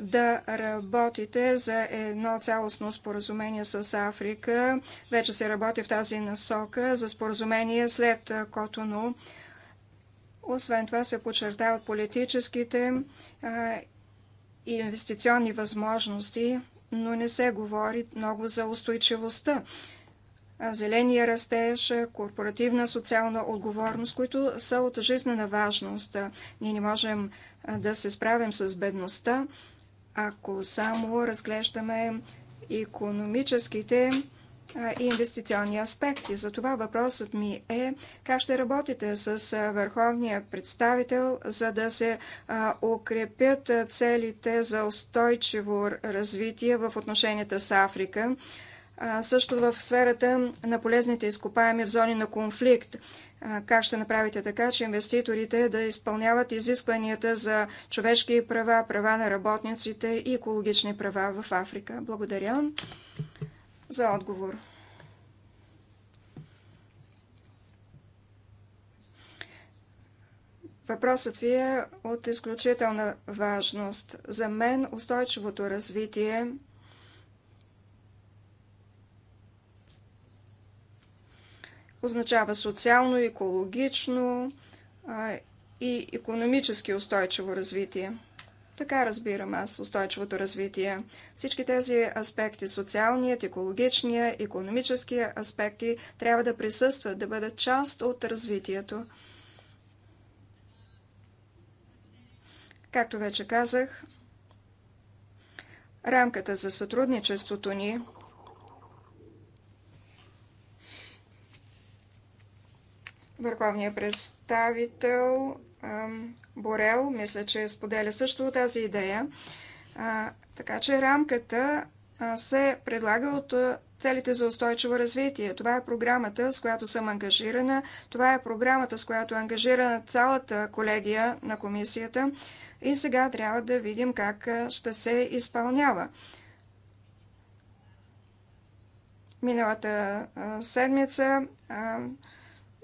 да работите за едно цялостно споразумение с Африка. Вече се работи в тази насока за споразумение след Котоно. Освен това се подчертават политическите и инвестиционни възможности, но не се говори много за устойчивостта. Зеления растеж, корпоративна социална отговорност, които са от жизнена важност. Ние не можем да се справим с бедността, ако само разглеждаме економическите и инвестиционни аспекти. Затова въпросът ми е как ще работите с върховния представител, за да се укрепят целите за устойчиво развитие в отношенията с Африка, също в сферата на полезните изкопаеми в зони на конфликт как ще направите така, че инвеститорите да изпълняват изискванията за човешки права, права на работниците и екологични права в Африка? Благодаря за отговор. Въпросът ви е от изключителна важност. За мен устойчивото развитие означава социално, екологично а, и економически устойчиво развитие. Така разбирам аз устойчивото развитие. Всички тези аспекти, социалният, екологичният, економическият аспекти, трябва да присъстват, да бъдат част от развитието. Както вече казах, рамката за сътрудничеството ни Върховният представител Борел, мисля, че споделя също тази идея. Така че рамката се предлага от целите за устойчиво развитие. Това е програмата, с която съм ангажирана. Това е програмата, с която е ангажирана цялата колегия на комисията. И сега трябва да видим как ще се изпълнява. Миналата седмица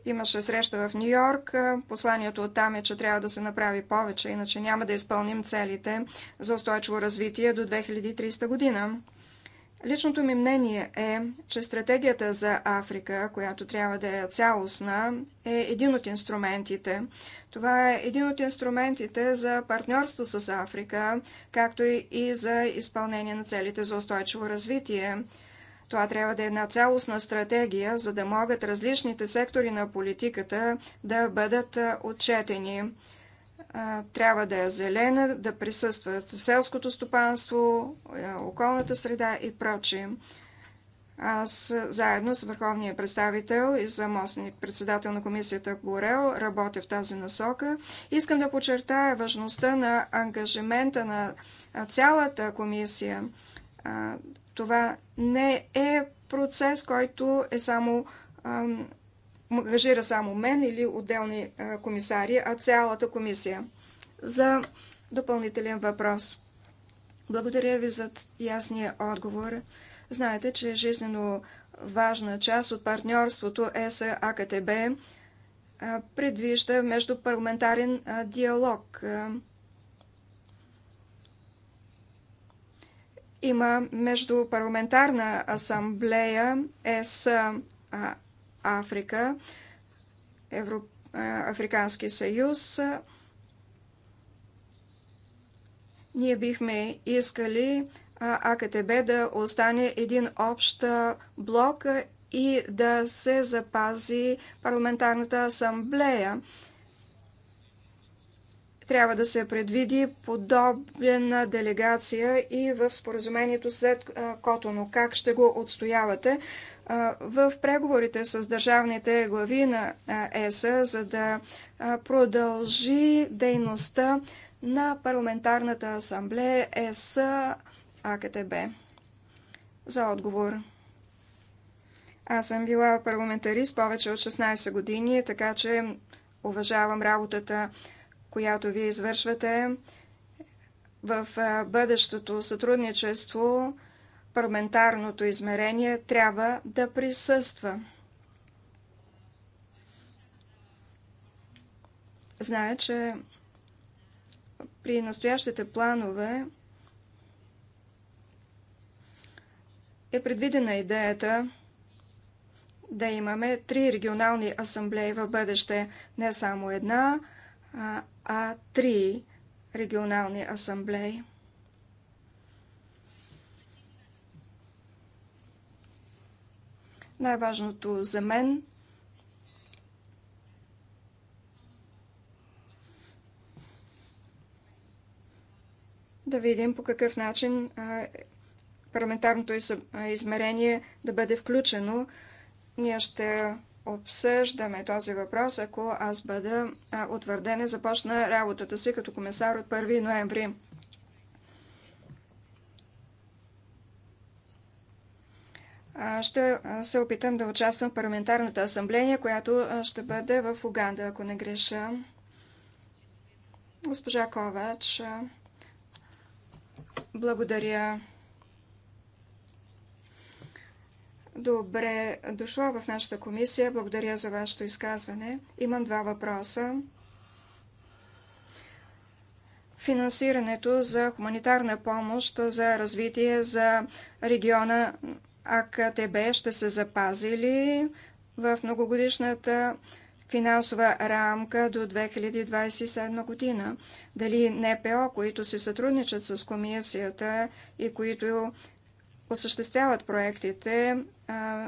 Имаше среща в Нью Йорк. Посланието от там е, че трябва да се направи повече, иначе няма да изпълним целите за устойчиво развитие до 2300 година. Личното ми мнение е, че стратегията за Африка, която трябва да е цялостна, е един от инструментите. Това е един от инструментите за партньорство с Африка, както и за изпълнение на целите за устойчиво развитие. Това трябва да е една цялостна стратегия, за да могат различните сектори на политиката да бъдат отчетени. Трябва да е зелена, да присъстват селското стопанство, околната среда и прочие. Аз заедно с върховния представител и замостник председател на комисията Борел работя в тази насока. Искам да подчертая важността на ангажимента на цялата комисия това не е процес, който е само ангажира само мен или отделни комисари, а цялата комисия. За допълнителен въпрос. Благодаря ви за ясния отговор. Знаете, че жизнено важна част от партньорството ЕСА-АКТБ предвижда междупарламентарен диалог. Има Междупарламентарна асамблея ЕС Африка, Евро... Африкански съюз. Ние бихме искали АКТБ да остане един общ блок и да се запази парламентарната асамблея. Трябва да се предвиди подобна делегация и в споразумението след Котоно. Как ще го отстоявате в преговорите с държавните глави на ЕСА, за да продължи дейността на парламентарната асамблея ЕС АКТБ? За отговор. Аз съм била парламентарист повече от 16 години, така че уважавам работата която вие извършвате в бъдещото сътрудничество, парламентарното измерение трябва да присъства. Зная, че при настоящите планове е предвидена идеята да имаме три регионални асамблеи в бъдеще, не само една, а три регионални асамблеи. Най-важното за мен да видим по какъв начин парламентарното измерение да бъде включено. Ние ще обсъждаме този въпрос, ако аз бъда утвърден и започна работата си като комисар от 1 ноември. Ще се опитам да участвам в парламентарната асамблея, която ще бъде в Уганда, ако не греша. Госпожа Ковач, благодаря. Добре дошла е в нашата комисия. Благодаря за вашето изказване. Имам два въпроса. Финансирането за хуманитарна помощ за развитие за региона АКТБ ще се запази ли в многогодишната финансова рамка до 2027 година. Дали НПО, които се сътрудничат с комисията и които осъществяват проектите,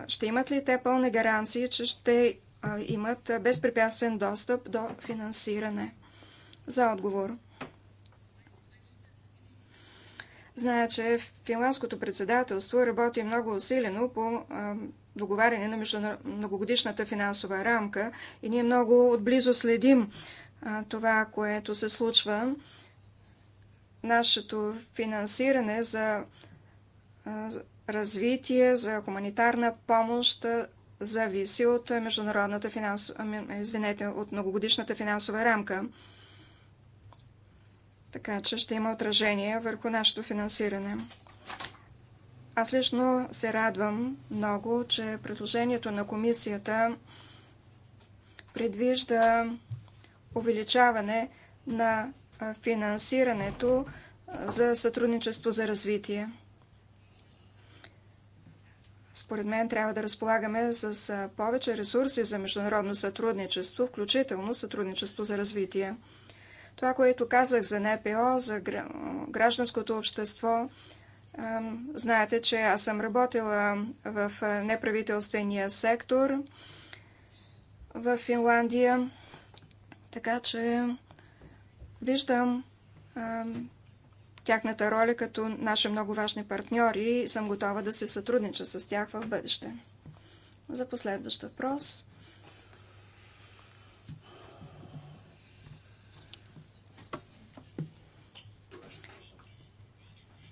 ще имат ли те пълни гаранции, че ще имат безпрепятствен достъп до финансиране? За отговор. Зная, че финландското председателство работи много усилено по договаряне на многогодишната финансова рамка и ние много отблизо следим това, което се случва. Нашето финансиране за развитие, за хуманитарна помощ зависи от международната финансова, ами, извинете, от многогодишната финансова рамка. Така че ще има отражение върху нашето финансиране. Аз лично се радвам много, че предложението на комисията предвижда увеличаване на финансирането за сътрудничество за развитие. Според мен трябва да разполагаме с повече ресурси за международно сътрудничество, включително сътрудничество за развитие. Това, което казах за НПО, за гражданското общество, знаете, че аз съм работила в неправителствения сектор в Финландия, така че виждам тяхната роля като наши много важни партньори и съм готова да се сътруднича с тях в бъдеще. За последващ въпрос.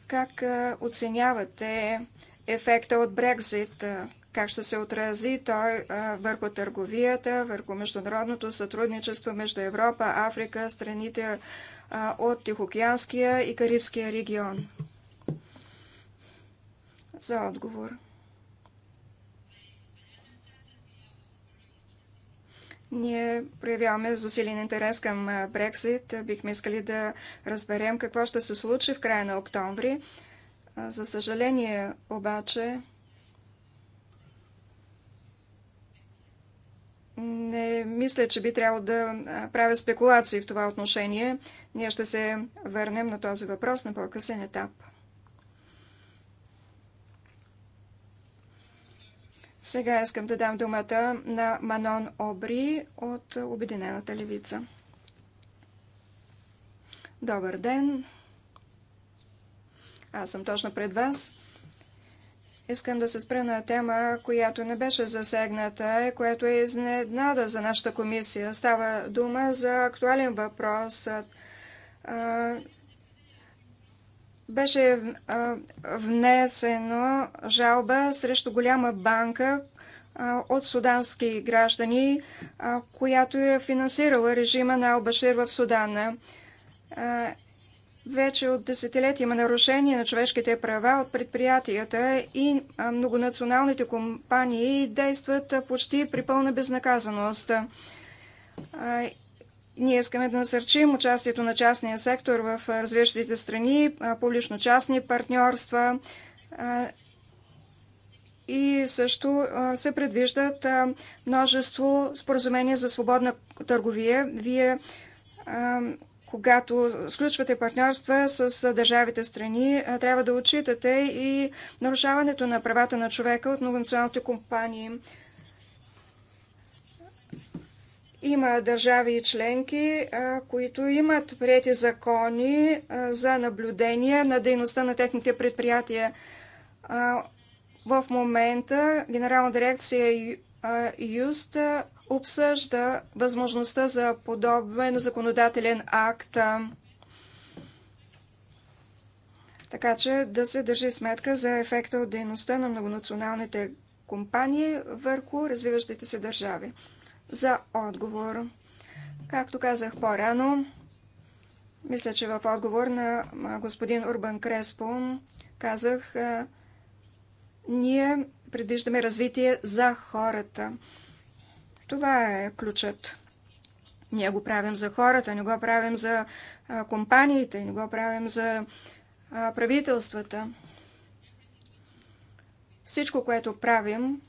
Как оценявате ефекта от Брекзит? Как ще се отрази той върху търговията, върху международното сътрудничество между Европа, Африка, страните от Тихоокеанския и Карибския регион? За отговор. Ние проявяваме засилен интерес към Брексит. Бихме искали да разберем какво ще се случи в края на октомври. За съжаление обаче, не мисля, че би трябвало да правя спекулации в това отношение. Ние ще се върнем на този въпрос на по-късен етап. Сега искам да дам думата на Манон Обри от Обединената левица. Добър ден! Аз съм точно пред вас. Искам да се спра на тема, която не беше засегната и която е изненада за нашата комисия. Става дума за актуален въпрос. Беше внесено жалба срещу голяма банка от судански граждани, която е финансирала режима на Албашир в Судана вече от десетилетия има нарушение на човешките права от предприятията и многонационалните компании действат почти при пълна безнаказаност. Ние искаме да насърчим участието на частния сектор в развиващите страни, публично-частни партньорства и също се предвиждат множество споразумения за свободна търговия. Вие когато сключвате партньорства с държавите страни, трябва да отчитате и нарушаването на правата на човека от многонационалните компании. Има държави и членки, които имат прияти закони за наблюдение на дейността на техните предприятия. В момента Генерална дирекция Юст обсъжда възможността за подобен законодателен акт, така че да се държи сметка за ефекта от дейността на многонационалните компании върху развиващите се държави. За отговор. Както казах по-рано, мисля, че в отговор на господин Урбан Креспо казах, ние предвиждаме развитие за хората. Това е ключът. Ние го правим за хората, не го правим за компаниите, не го правим за правителствата. Всичко, което правим,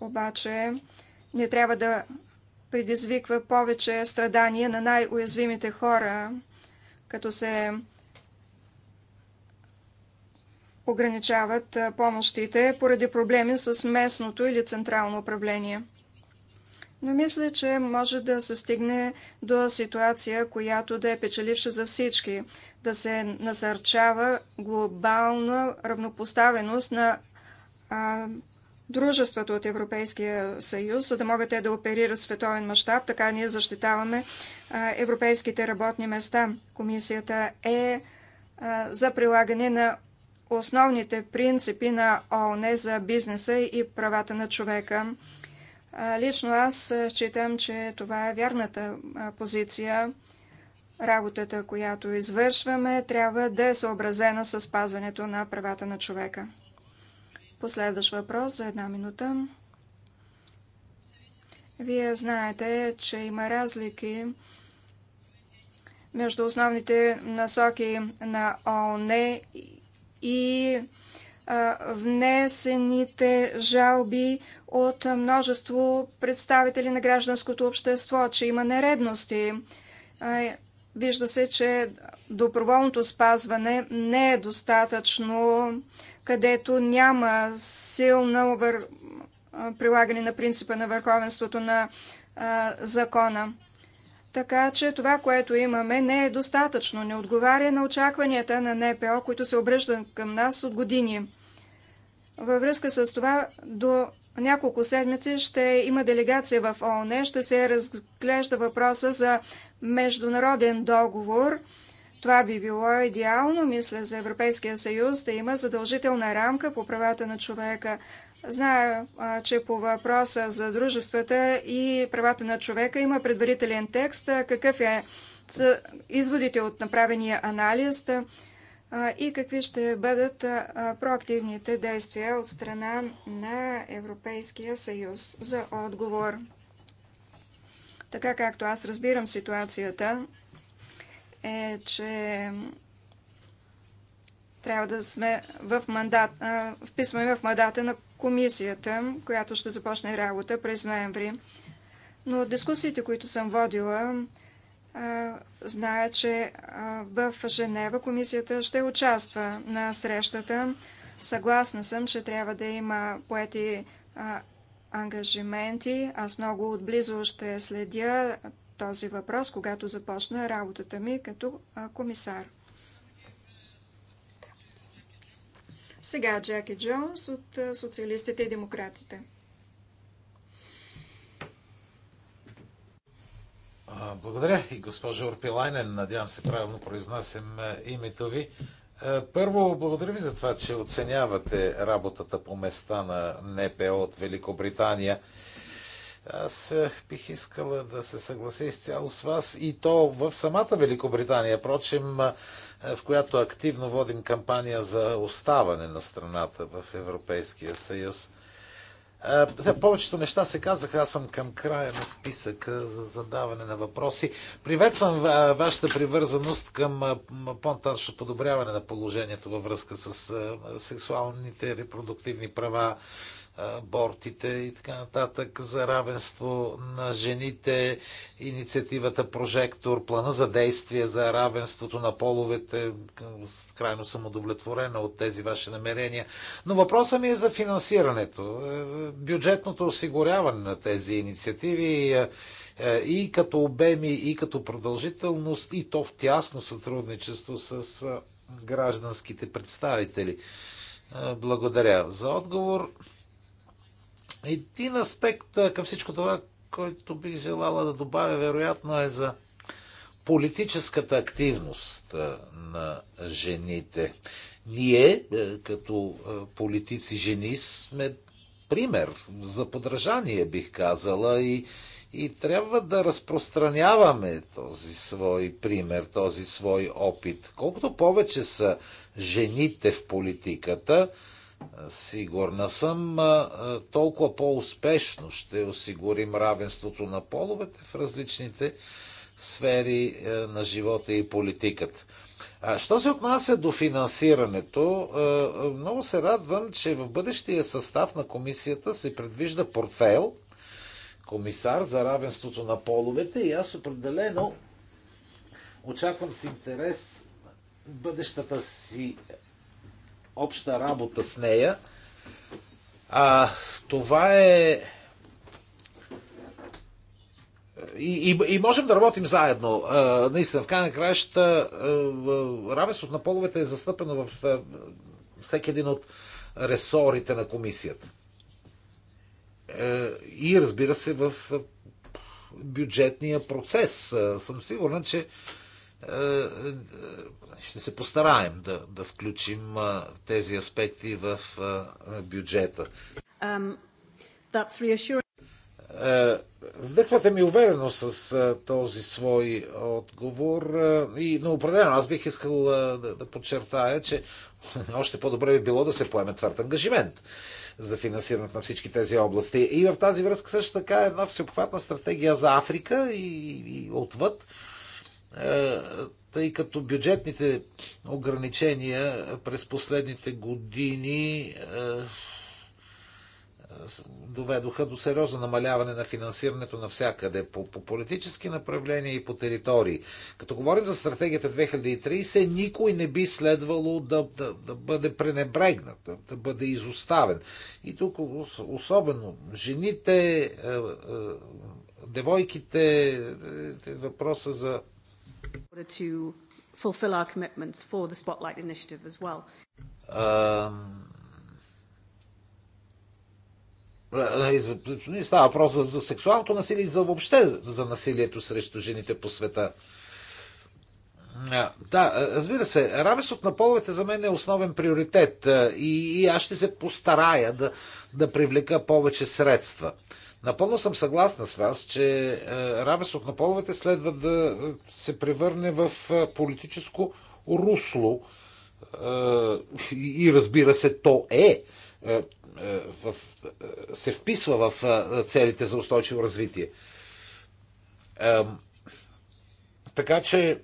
обаче не трябва да предизвиква повече страдания на най-уязвимите хора, като се ограничават помощите поради проблеми с местното или централно управление. Но мисля, че може да се стигне до ситуация, която да е печеливша за всички, да се насърчава глобална равнопоставеност на а, дружеството от Европейския съюз, за да могат те да оперират световен мащаб. Така ние защитаваме а, европейските работни места. Комисията е а, за прилагане на основните принципи на ООН за бизнеса и правата на човека. Лично аз считам, че това е вярната позиция. Работата, която извършваме, трябва да е съобразена с спазването на правата на човека. Последващ въпрос за една минута. Вие знаете, че има разлики между основните насоки на ООН и внесените жалби от множество представители на гражданското общество, че има нередности. Вижда се, че доброволното спазване не е достатъчно, където няма силно прилагане на принципа на върховенството на закона. Така че това, което имаме, не е достатъчно, не отговаря на очакванията на НПО, които се обръщат към нас от години. Във връзка с това до няколко седмици ще има делегация в ООН, ще се разглежда въпроса за международен договор. Това би било идеално, мисля, за Европейския съюз да има задължителна рамка по правата на човека. Знае, че по въпроса за дружествата и правата на човека има предварителен текст. Какъв е изводите от направения анализ? и какви ще бъдат проактивните действия от страна на Европейския съюз за отговор. Така както аз разбирам ситуацията, е, че трябва да сме в мандат, вписваме в мандата на комисията, която ще започне работа през ноември. Но дискусиите, които съм водила, зная, че в Женева комисията ще участва на срещата. Съгласна съм, че трябва да има поети ангажименти. Аз много отблизо ще следя този въпрос, когато започна работата ми като комисар. Сега Джаки Джонс от Социалистите и Демократите. Благодаря и госпожа Орпилайнен. Надявам се правилно произнасям е, името ви. Е, първо, благодаря ви за това, че оценявате работата по места на НПО от Великобритания. Аз е, бих искала да се съглася изцяло с вас и то в самата Великобритания, прочим, в която активно водим кампания за оставане на страната в Европейския съюз. Повечето неща се казаха, аз съм към края на списъка за задаване на въпроси. Приветствам вашата привързаност към по-нататъчно подобряване на положението във връзка с сексуалните репродуктивни права, абортите и така нататък, за равенство на жените, инициативата Прожектор, плана за действие за равенството на половете. Крайно съм удовлетворена от тези ваши намерения. Но въпросът ми е за финансирането, е, бюджетното осигуряване на тези инициативи е, е, и като обеми, и като продължителност, и то в тясно сътрудничество с гражданските представители. Благодаря за отговор. Един аспект към всичко това, който бих желала да добавя, вероятно е за политическата активност на жените. Ние, като политици жени, сме пример за подражание, бих казала, и, и трябва да разпространяваме този свой пример, този свой опит. Колкото повече са жените в политиката, сигурна съм, толкова по-успешно ще осигурим равенството на половете в различните сфери е, на живота и политиката. А що се отнася до финансирането, е, е, много се радвам, че в бъдещия състав на комисията се предвижда портфел, комисар за равенството на половете и аз определено очаквам с интерес бъдещата си обща работа с нея. А, това е. И, и, и можем да работим заедно. А, наистина, в крайна краища, равенството на половете е застъпено в а, всеки един от ресорите на комисията. А, е, и разбира се, в бюджетния процес. Съм сигурен, че е, е, ще се постараем да, да включим е, тези аспекти в бюджета. Um, вдъхвате ми уверено с този свой отговор и на определено аз бих искал да, да подчертая, че още по-добре би било да се поеме твърд ангажимент за финансирането на всички тези области. И в тази връзка също така е една всеобхватна стратегия за Африка и, и отвъд е, тъй като бюджетните ограничения през последните години е, доведоха до сериозно намаляване на финансирането навсякъде, по, по политически направления и по територии. Като говорим за стратегията 2030, никой не би следвало да, да, да бъде пренебрегнат, да, да бъде изоставен. И тук особено жените, е, девойките, въпроса за Well. Не Става въпрос за сексуалното насилие и за въобще за насилието срещу жените по света. Да, е, разбира се, равенството на половете за мен е основен приоритет е, и, и аз ще се постарая да, да привлека повече средства. Напълно съм съгласна с вас, че е, равенството на половете следва да е, се превърне в е, политическо русло. И разбира се, то е. В, се вписва в целите за устойчиво развитие. Така че,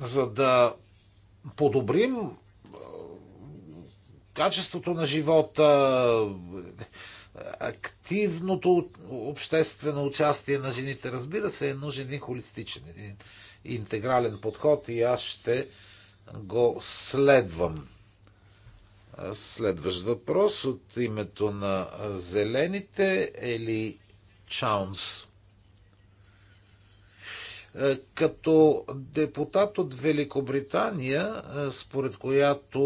за да подобрим качеството на живота, активното обществено участие на жените. Разбира се, е нужен един холистичен, един интегрален подход и аз ще го следвам. Следващ въпрос от името на Зелените или Чаунс. Като депутат от Великобритания, според която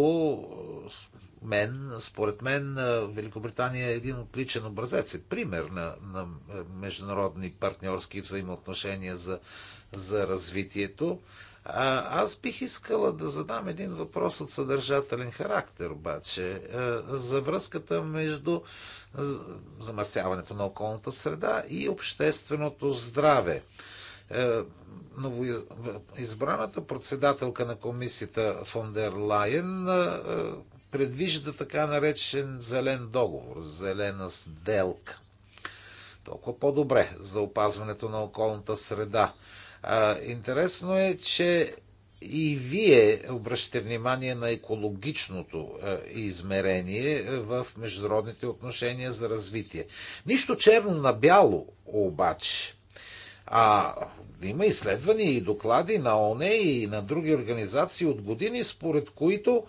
мен, според мен, Великобритания е един отличен образец, е пример на, на международни партньорски взаимоотношения за, за развитието. А, аз бих искала да задам един въпрос от съдържателен характер, обаче, за връзката между замърсяването на околната среда и общественото здраве е, новоизбраната председателка на комисията фон Лайен е, е, предвижда така наречен зелен договор, зелена сделка. Толкова по-добре за опазването на околната среда. А, интересно е, че и вие обръщате внимание на екологичното измерение в международните отношения за развитие. Нищо черно на бяло обаче. А има изследвания и доклади на ОНЕ и на други организации от години, според които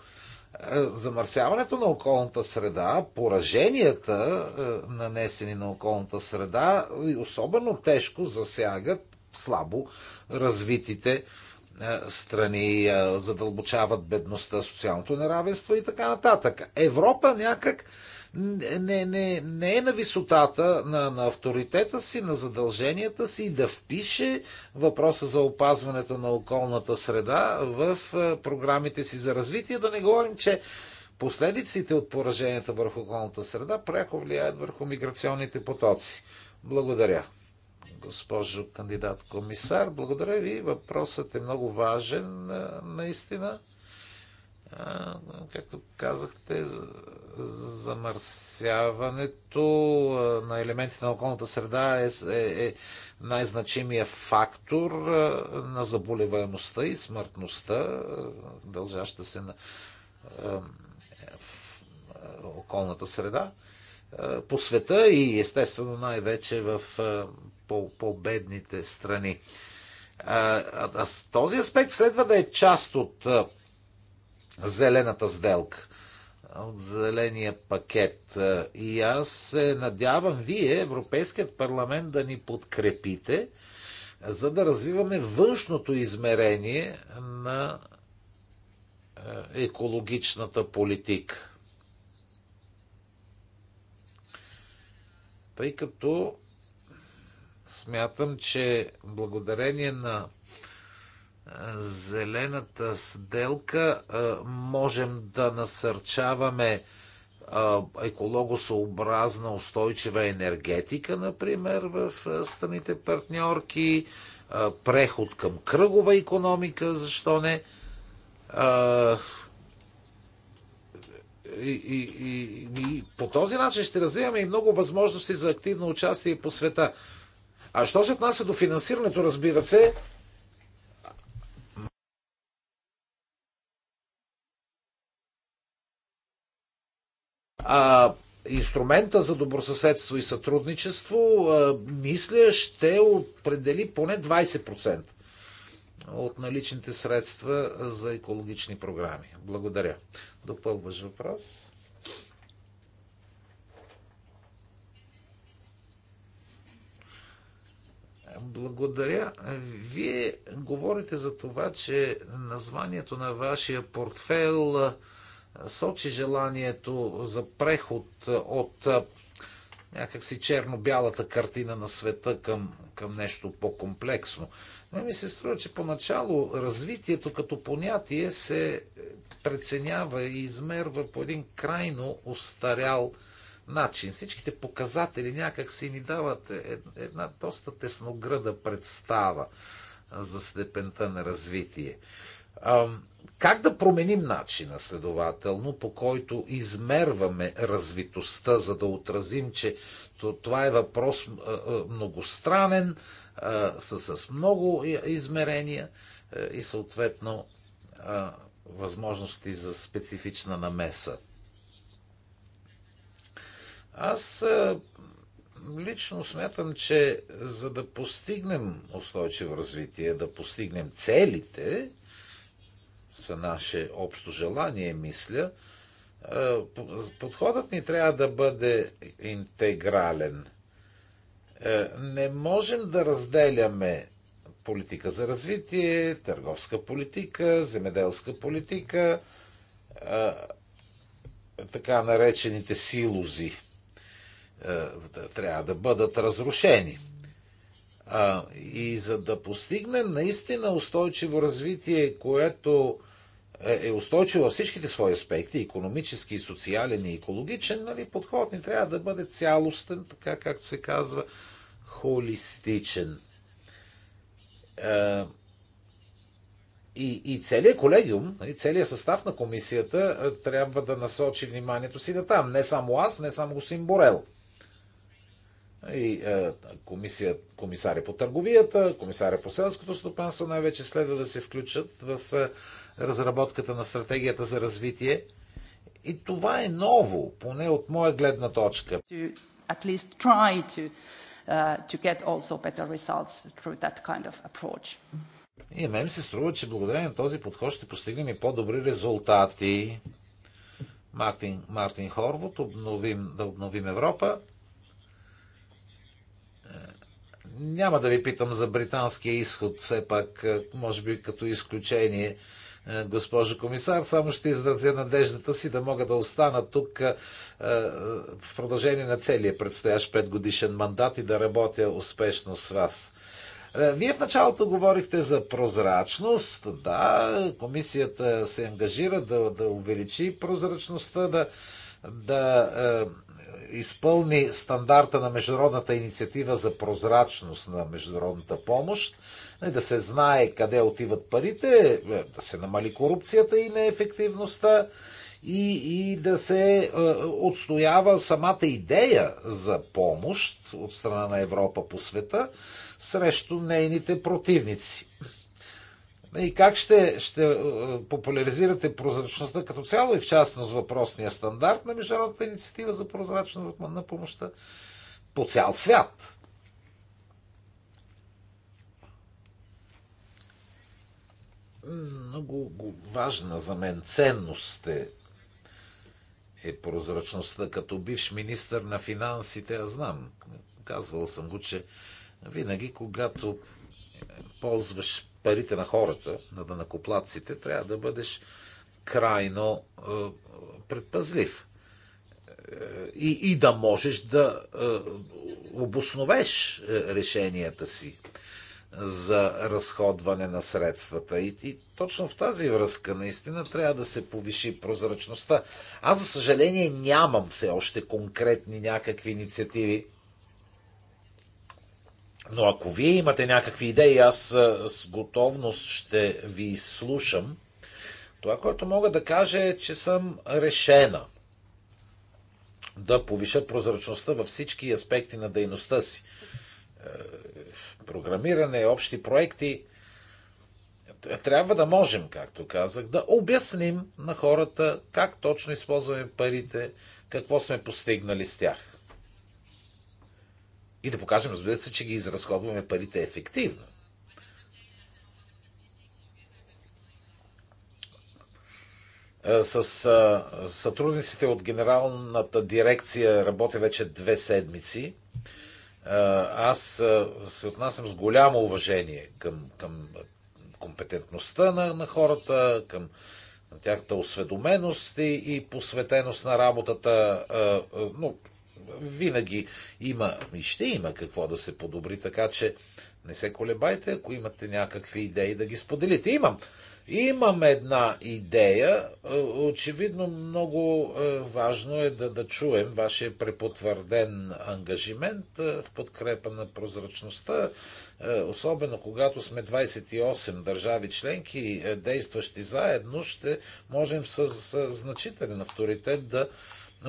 е, замърсяването на околната среда, пораженията, е, нанесени на околната среда, особено тежко засягат слабо развитите е, страни, задълбочават бедността, социалното неравенство и така нататък. Европа някак не, не, не е на висотата на, на авторитета си, на задълженията си да впише въпроса за опазването на околната среда в е, програмите си за развитие. Да не говорим, че последиците от пораженията върху околната среда пряко влияят върху миграционните потоци. Благодаря госпожо кандидат комисар. Благодаря ви. Въпросът е много важен, е, наистина. Както казахте, замърсяването на елементите на околната среда е, е, е най-значимия фактор на заболеваемостта и смъртността, дължаща се на е, в, околната среда по света и естествено най-вече в по-бедните по страни. А, а, този аспект следва да е част от зелената сделка – от зеления пакет. И аз се надявам вие, Европейският парламент, да ни подкрепите, за да развиваме външното измерение на е, екологичната политика. Тъй като смятам, че благодарение на зелената сделка можем да насърчаваме екологосъобразна устойчива енергетика, например, в страните партньорки, преход към кръгова економика, защо не? И, и, и, и по този начин ще развиваме и много възможности за активно участие по света. А що се отнася до финансирането, разбира се, А, инструмента за добросъседство и сътрудничество, а, мисля, ще определи поне 20% от наличните средства за екологични програми. Благодаря. Допълваш въпрос? Благодаря. Вие говорите за това, че названието на вашия портфел сочи желанието за преход от някакси черно-бялата картина на света към, към нещо по-комплексно. Но ми се струва, че поначало развитието като понятие се преценява и измерва по един крайно устарял начин. Всичките показатели някак си ни дават е, е, една доста тесногръда представа за степента на развитие. Как да променим начина, следователно, по който измерваме развитостта, за да отразим, че това е въпрос многостранен, с, с много измерения е, и съответно възможности за специфична намеса. Аз е, лично смятам, че за да постигнем устойчиво развитие, да постигнем целите, са наше общо желание, мисля, е, подходът ни трябва да бъде интегрален. Е, не можем да разделяме политика за развитие, търговска политика, земеделска политика, е, така наречените силузи трябва да бъдат разрушени. И за да постигнем наистина устойчиво развитие, което е, е устойчиво във всичките свои аспекти, економически, социален и екологичен, нали, подход ни трябва да бъде цялостен, така както се казва, холистичен. И, и целият колегиум, и нали, целият състав на комисията трябва да насочи вниманието си да там. Не само аз, не само господин Борел. И е, комисия, комисаря по търговията, комисаря по селското стопанство най-вече следва да се включат в е, разработката на стратегията за развитие. И това е ново, поне от моя гледна точка. Е, и мен се струва, че благодарение на този подход ще постигнем и по-добри резултати. Мартин, Мартин Хорвот, обновим, да обновим Европа. Няма да ви питам за британския изход, все пак, може би като изключение, госпожо комисар. Само ще изразя надеждата си да мога да остана тук в продължение на целия предстоящ петгодишен мандат и да работя успешно с вас. Вие в началото говорихте за прозрачност. Да, комисията се ангажира да, да увеличи прозрачността, да, да изпълни стандарта на Международната инициатива за прозрачност на международната помощ, нали, да се знае къде отиват парите, е, да се намали корупцията и неефективността и, и да се е, отстоява самата идея за помощ от страна на Европа по света срещу нейните противници. И как ще, ще е, популяризирате прозрачността като цяло и в частност въпросния стандарт на Международната инициатива за прозрачност на помощта по цял свят? Много важна за мен ценност е, е прозрачността. Като бивш министър на финансите, аз знам, казвал съм го, че винаги, когато е, ползваш парите на хората, на данакоплатците, трябва да бъдеш крайно е, предпазлив. Е, и, и да можеш да е, обосновеш е, решенията си за разходване на средствата. И, и точно в тази връзка наистина трябва да се повиши прозрачността. Аз, за съжаление, нямам все още конкретни някакви инициативи но ако вие имате някакви идеи, аз с готовност ще ви слушам. Това, което мога да кажа е, че съм решена да повиша прозрачността във всички аспекти на дейността си. Е, програмиране, общи проекти. Трябва да можем, както казах, да обясним на хората как точно използваме парите, какво сме постигнали с тях. И да покажем, разбира се, че ги изразходваме парите ефективно. Е, с а, е, сътрудниците от генералната дирекция работя вече две седмици. Е, аз се отнасям с голямо уважение към, към компетентността на, на хората, към на тяхната осведоменост и, и посветеност на работата. Но винаги има и ще има какво да се подобри, така че не се колебайте, ако имате някакви идеи да ги споделите. Имам. Имам една идея. Е, очевидно много е, важно е да, да чуем вашия препотвърден ангажимент е, в подкрепа на прозрачността, особено когато сме 28 държави членки, действащи заедно, ще можем с значителен авторитет да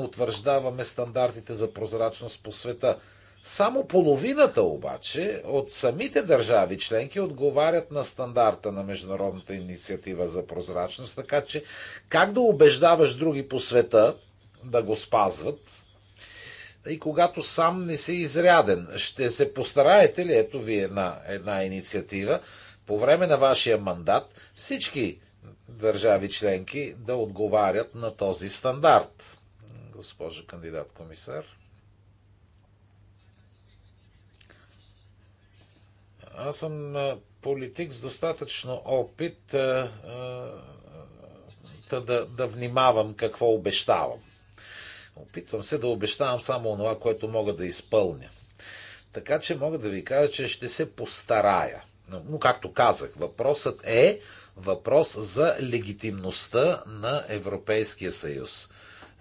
утвърждаваме стандартите за прозрачност по света. Само половината обаче от самите държави членки отговарят на стандарта на Международната инициатива за прозрачност, така че как да убеждаваш други по света да го спазват и когато сам не си изряден? Ще се постараете ли, ето ви една, една инициатива, по време на вашия мандат всички държави членки да отговарят на този стандарт? госпожо кандидат-комисар. Аз съм политик с достатъчно опит да, да, да внимавам какво обещавам. Опитвам се да обещавам само това, което мога да изпълня. Така че мога да ви кажа, че ще се постарая. Но, както казах, въпросът е въпрос за легитимността на Европейския съюз.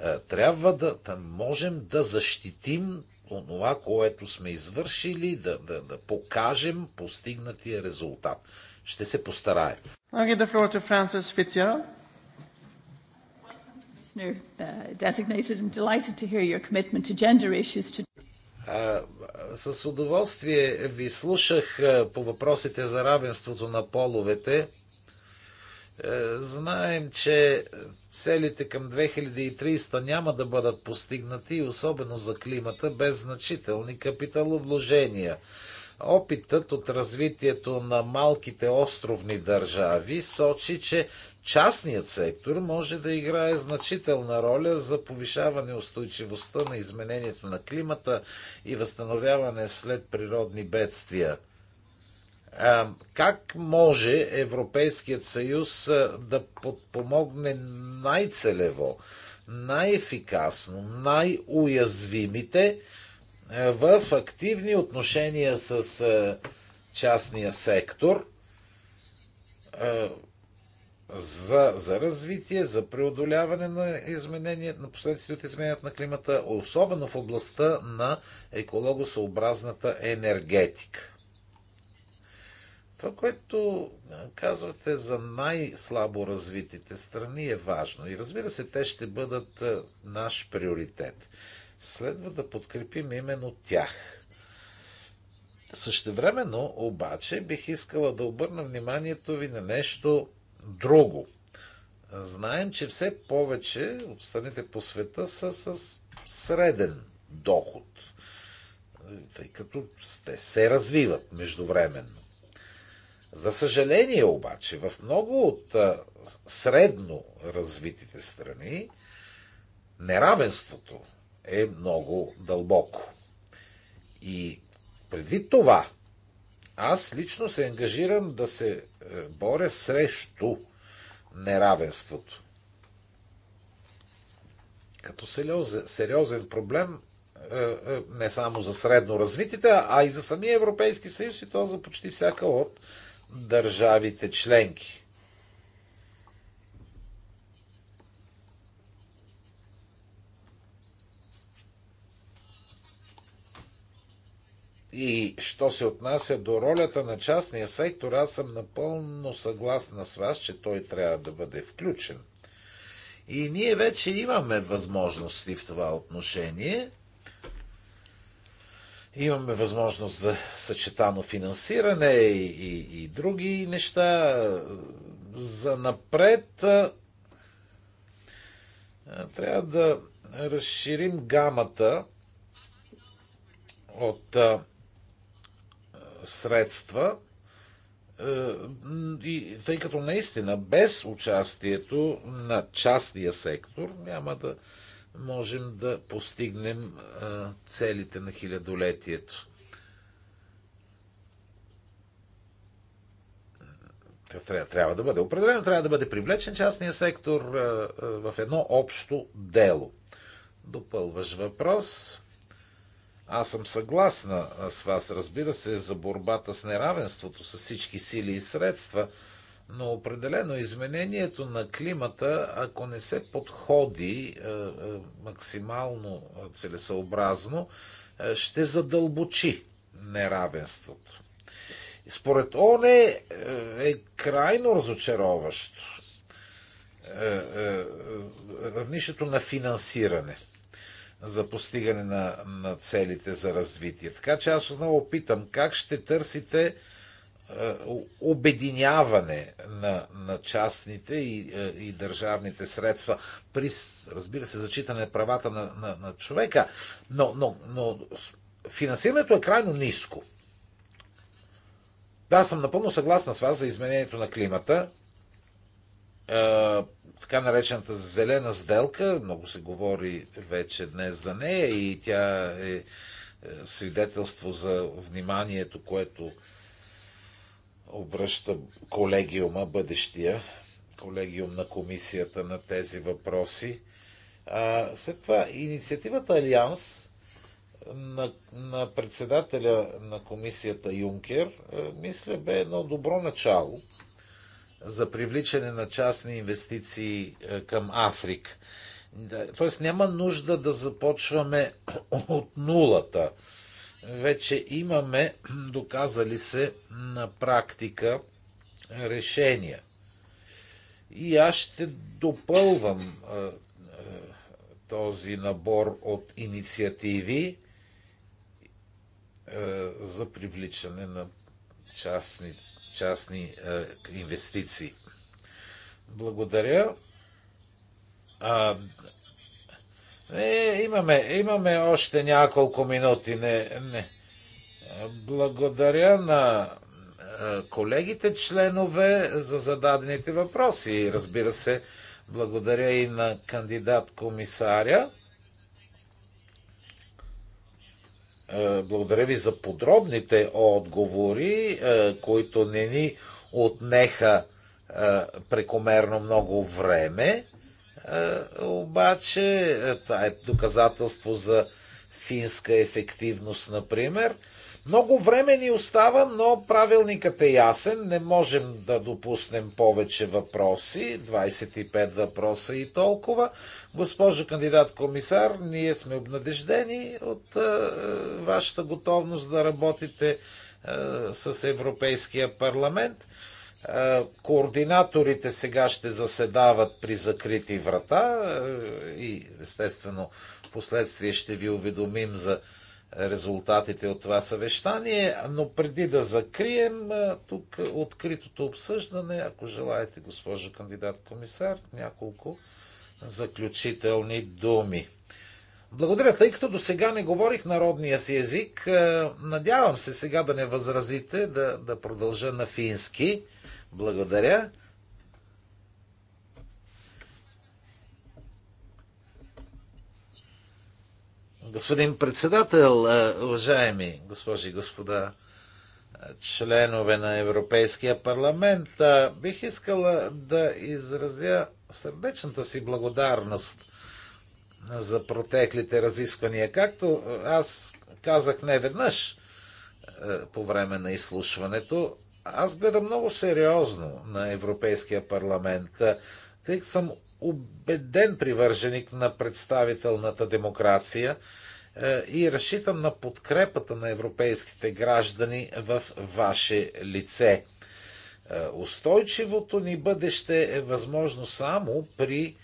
Е, трябва да, да можем да защитим онова, което сме извършили, да, да, да покажем постигнатия резултат. Ще се постараем. I'll the floor to Francis Fitzgerald. Uh, е, с удоволствие ви слушах е, по въпросите за равенството на половете. Знаем, че Целите към 2030 няма да бъдат постигнати, особено за климата, без значителни капиталовложения. Опитът от развитието на малките островни държави сочи, че частният сектор може да играе значителна роля за повишаване устойчивостта на изменението на климата и възстановяване след природни бедствия. Как може Европейският съюз да подпомогне най-целево, най-ефикасно, най-уязвимите в активни отношения с частния сектор за, за развитие, за преодоляване на, изменение, на последствията от изменението на климата, особено в областта на екологосъобразната енергетика? Това, което казвате за най-слабо развитите страни е важно. И разбира се, те ще бъдат наш приоритет. Следва да подкрепим именно тях. Същевременно, обаче, бих искала да обърна вниманието ви на нещо друго. Знаем, че все повече от страните по света са с среден доход, тъй като те се развиват междувременно. За съжаление обаче, в много от средно развитите страни неравенството е много дълбоко. И преди това, аз лично се ангажирам да се е, боря срещу неравенството. Като сериозен проблем е, е, не само за средно развитите, а и за самия Европейски съюз и то за почти всяка от държавите членки. И що се отнася до ролята на частния сектор, аз съм напълно съгласна с вас, че той трябва да бъде включен. И ние вече имаме възможности в това отношение – Имаме възможност за съчетано финансиране и, и, и други неща. За напред трябва да разширим гамата от средства, и, тъй като наистина без участието на частния сектор няма да можем да постигнем целите на хилядолетието. Трябва, трябва да бъде определено, трябва да бъде привлечен частния сектор в едно общо дело. Допълваш въпрос. Аз съм съгласна с вас, разбира се, за борбата с неравенството с всички сили и средства – но определено изменението на климата, ако не се подходи е, е, максимално е, целесъобразно, ще задълбочи неравенството. Според ОНЕ е крайно разочароващо равнището на финансиране за постигане на, на целите за развитие. Така че аз отново питам, как ще търсите е, обединяване на, на частните и, е, и държавните средства при, разбира се, зачитане на правата на, на, на човека, но, но, но финансирането е крайно ниско. Да, съм напълно съгласна с вас за изменението на климата. Е, така наречената зелена сделка, много се говори вече днес за нея и тя е, е свидетелство за вниманието, което обръща колегиума, бъдещия колегиум на комисията на тези въпроси. А, след това инициативата Алианс на, на председателя на комисията Юнкер, е, мисля, бе едно добро начало за привличане на частни инвестиции е, към Африка. Тоест няма нужда да започваме от нулата вече имаме доказали се на практика решения. И аз ще допълвам този набор от инициативи за привличане на частни, частни инвестиции. Благодаря. Е, имаме, имаме още няколко минути. Не, не. Благодаря на е, колегите членове за зададените въпроси. Разбира се, благодаря и на кандидат комисаря. Е, благодаря ви за подробните отговори, е, които не ни отнеха прекомерно много време. Е, обаче, е, това е доказателство за финска ефективност, например. Много време ни остава, но правилникът е ясен. Не можем да допуснем повече въпроси. 25 въпроса и толкова. Госпожо кандидат комисар, ние сме обнадеждени от е, вашата готовност да работите с Европейския парламент. Е, координаторите сега ще заседават при закрити врата е, и естествено последствие ще ви уведомим за резултатите от това съвещание, но преди да закрием е, тук откритото обсъждане, ако желаете, госпожо кандидат-комисар, няколко заключителни думи. Благодаря, тъй като до сега не говорих народния си език, надявам се сега да не възразите да, да продължа на фински. Благодаря. Господин председател, уважаеми госпожи и господа, членове на Европейския парламент, бих искала да изразя сърдечната си благодарност за протеклите разисквания. Както аз казах не веднъж по време на изслушването, аз гледам много сериозно на Европейския парламент, тъй като съм убеден привърженик на представителната демокрация и разчитам на подкрепата на европейските граждани в ваше лице. Устойчивото ни бъдеще е възможно само при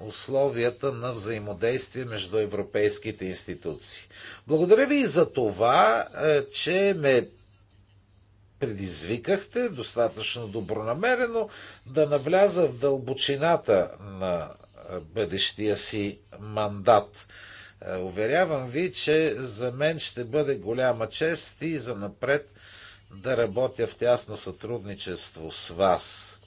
условията на взаимодействие между европейските институции. Благодаря ви и за това, че ме предизвикахте достатъчно добронамерено да навляза в дълбочината на бъдещия си мандат. Е, уверявам ви, че за мен ще бъде голяма чест и за напред да работя в тясно сътрудничество с вас.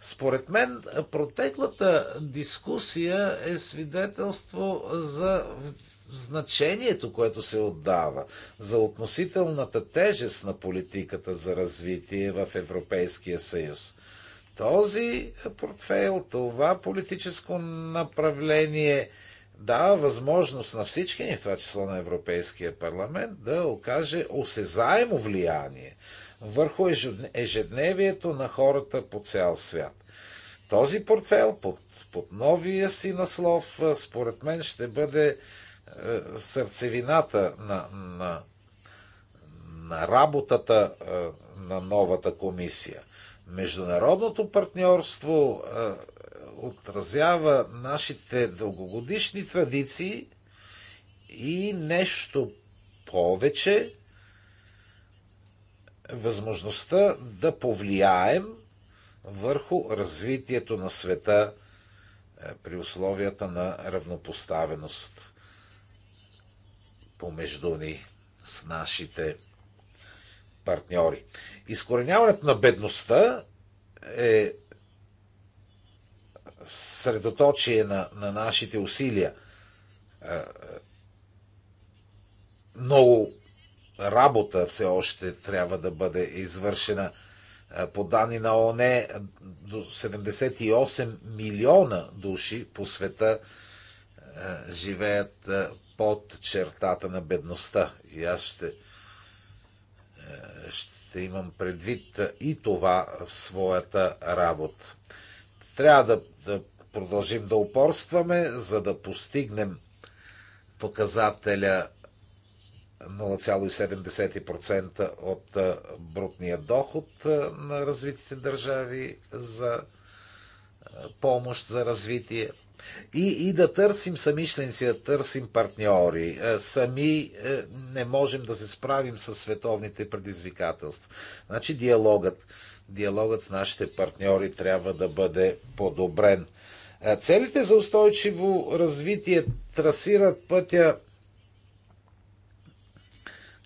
Според мен протеклата дискусия е свидетелство за значението, което се отдава за относителната тежест на политиката за развитие в Европейския съюз. Този портфейл, това политическо направление дава възможност на всички ни, в това число на Европейския парламент, да окаже осезаемо влияние върху ежедневието на хората по цял свят. Този портфел под, под новия си наслов, според мен, ще бъде е, сърцевината на, на, на работата е, на новата комисия. Международното партньорство е, отразява нашите дългогодишни традиции и нещо повече възможността да повлияем върху развитието на света при условията на равнопоставеност помежду ни с нашите партньори. Изкореняването на бедността е средоточие на, на нашите усилия. Е, е, много работа все още трябва да бъде извършена. Е, по данни на Оне, до 78 милиона души по света живеят под чертата на бедността. И аз ще, е, ще имам предвид и това в своята работа. Трябва да, да продължим да упорстваме, за да постигнем показателя 0,7% от е, брутния доход е, на развитите държави за помощ за развитие. И, и да търсим самишленци, да търсим партньори. Е, сами е, не можем да се справим с световните предизвикателства. Значи диалогът, диалогът с нашите партньори трябва да бъде подобрен. Е, целите за устойчиво развитие трасират пътя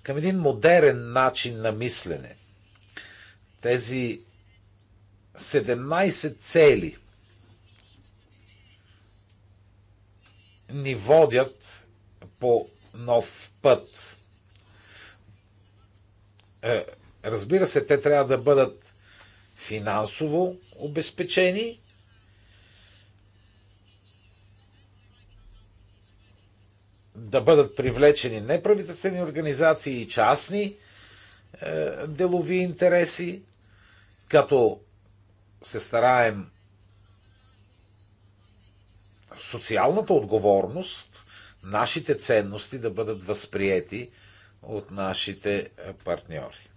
към един модерен начин на мислене. Тези 17 цели – ни водят по нов път. Е, разбира се, те трябва да бъдат финансово обезпечени. Да бъдат привлечени неправителствени организации и частни е, делови интереси, като се стараем социалната отговорност, нашите ценности да бъдат възприети от нашите е, партньори.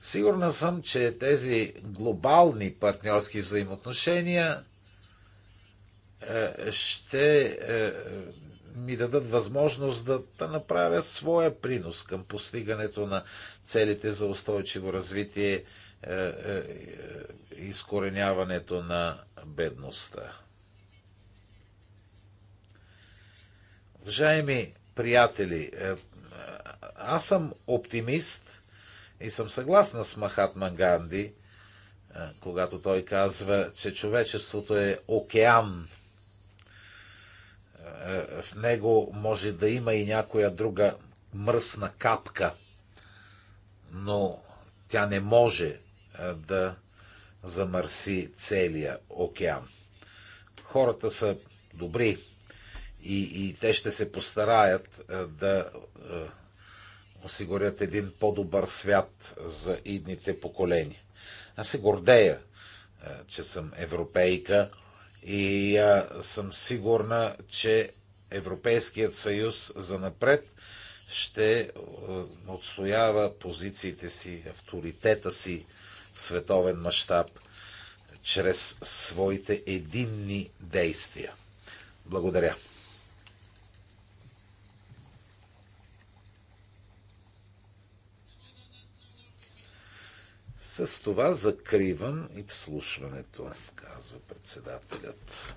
Сигурна съм, че тези глобални партньорски взаимоотношения е, ще е, ми дадат възможност да, да направя своя принос към постигането на целите за устойчиво развитие и е, е, изкореняването на бедността. Уважаеми приятели, е, е, аз съм оптимист и съм съгласна с Махатман Ганди, е, когато той казва, че човечеството е океан е, в него може да има и някоя друга мръсна капка, но тя не може е, да замърси целия океан. Хората са добри и, и те ще се постараят е, да осигурят един по-добър свят за идните поколения. Аз се гордея, че съм европейка и а, съм сигурна, че Европейският съюз за напред ще отстоява позициите си, авторитета си в световен мащаб чрез своите единни действия. Благодаря. С това закривам и вслушването, казва председателят.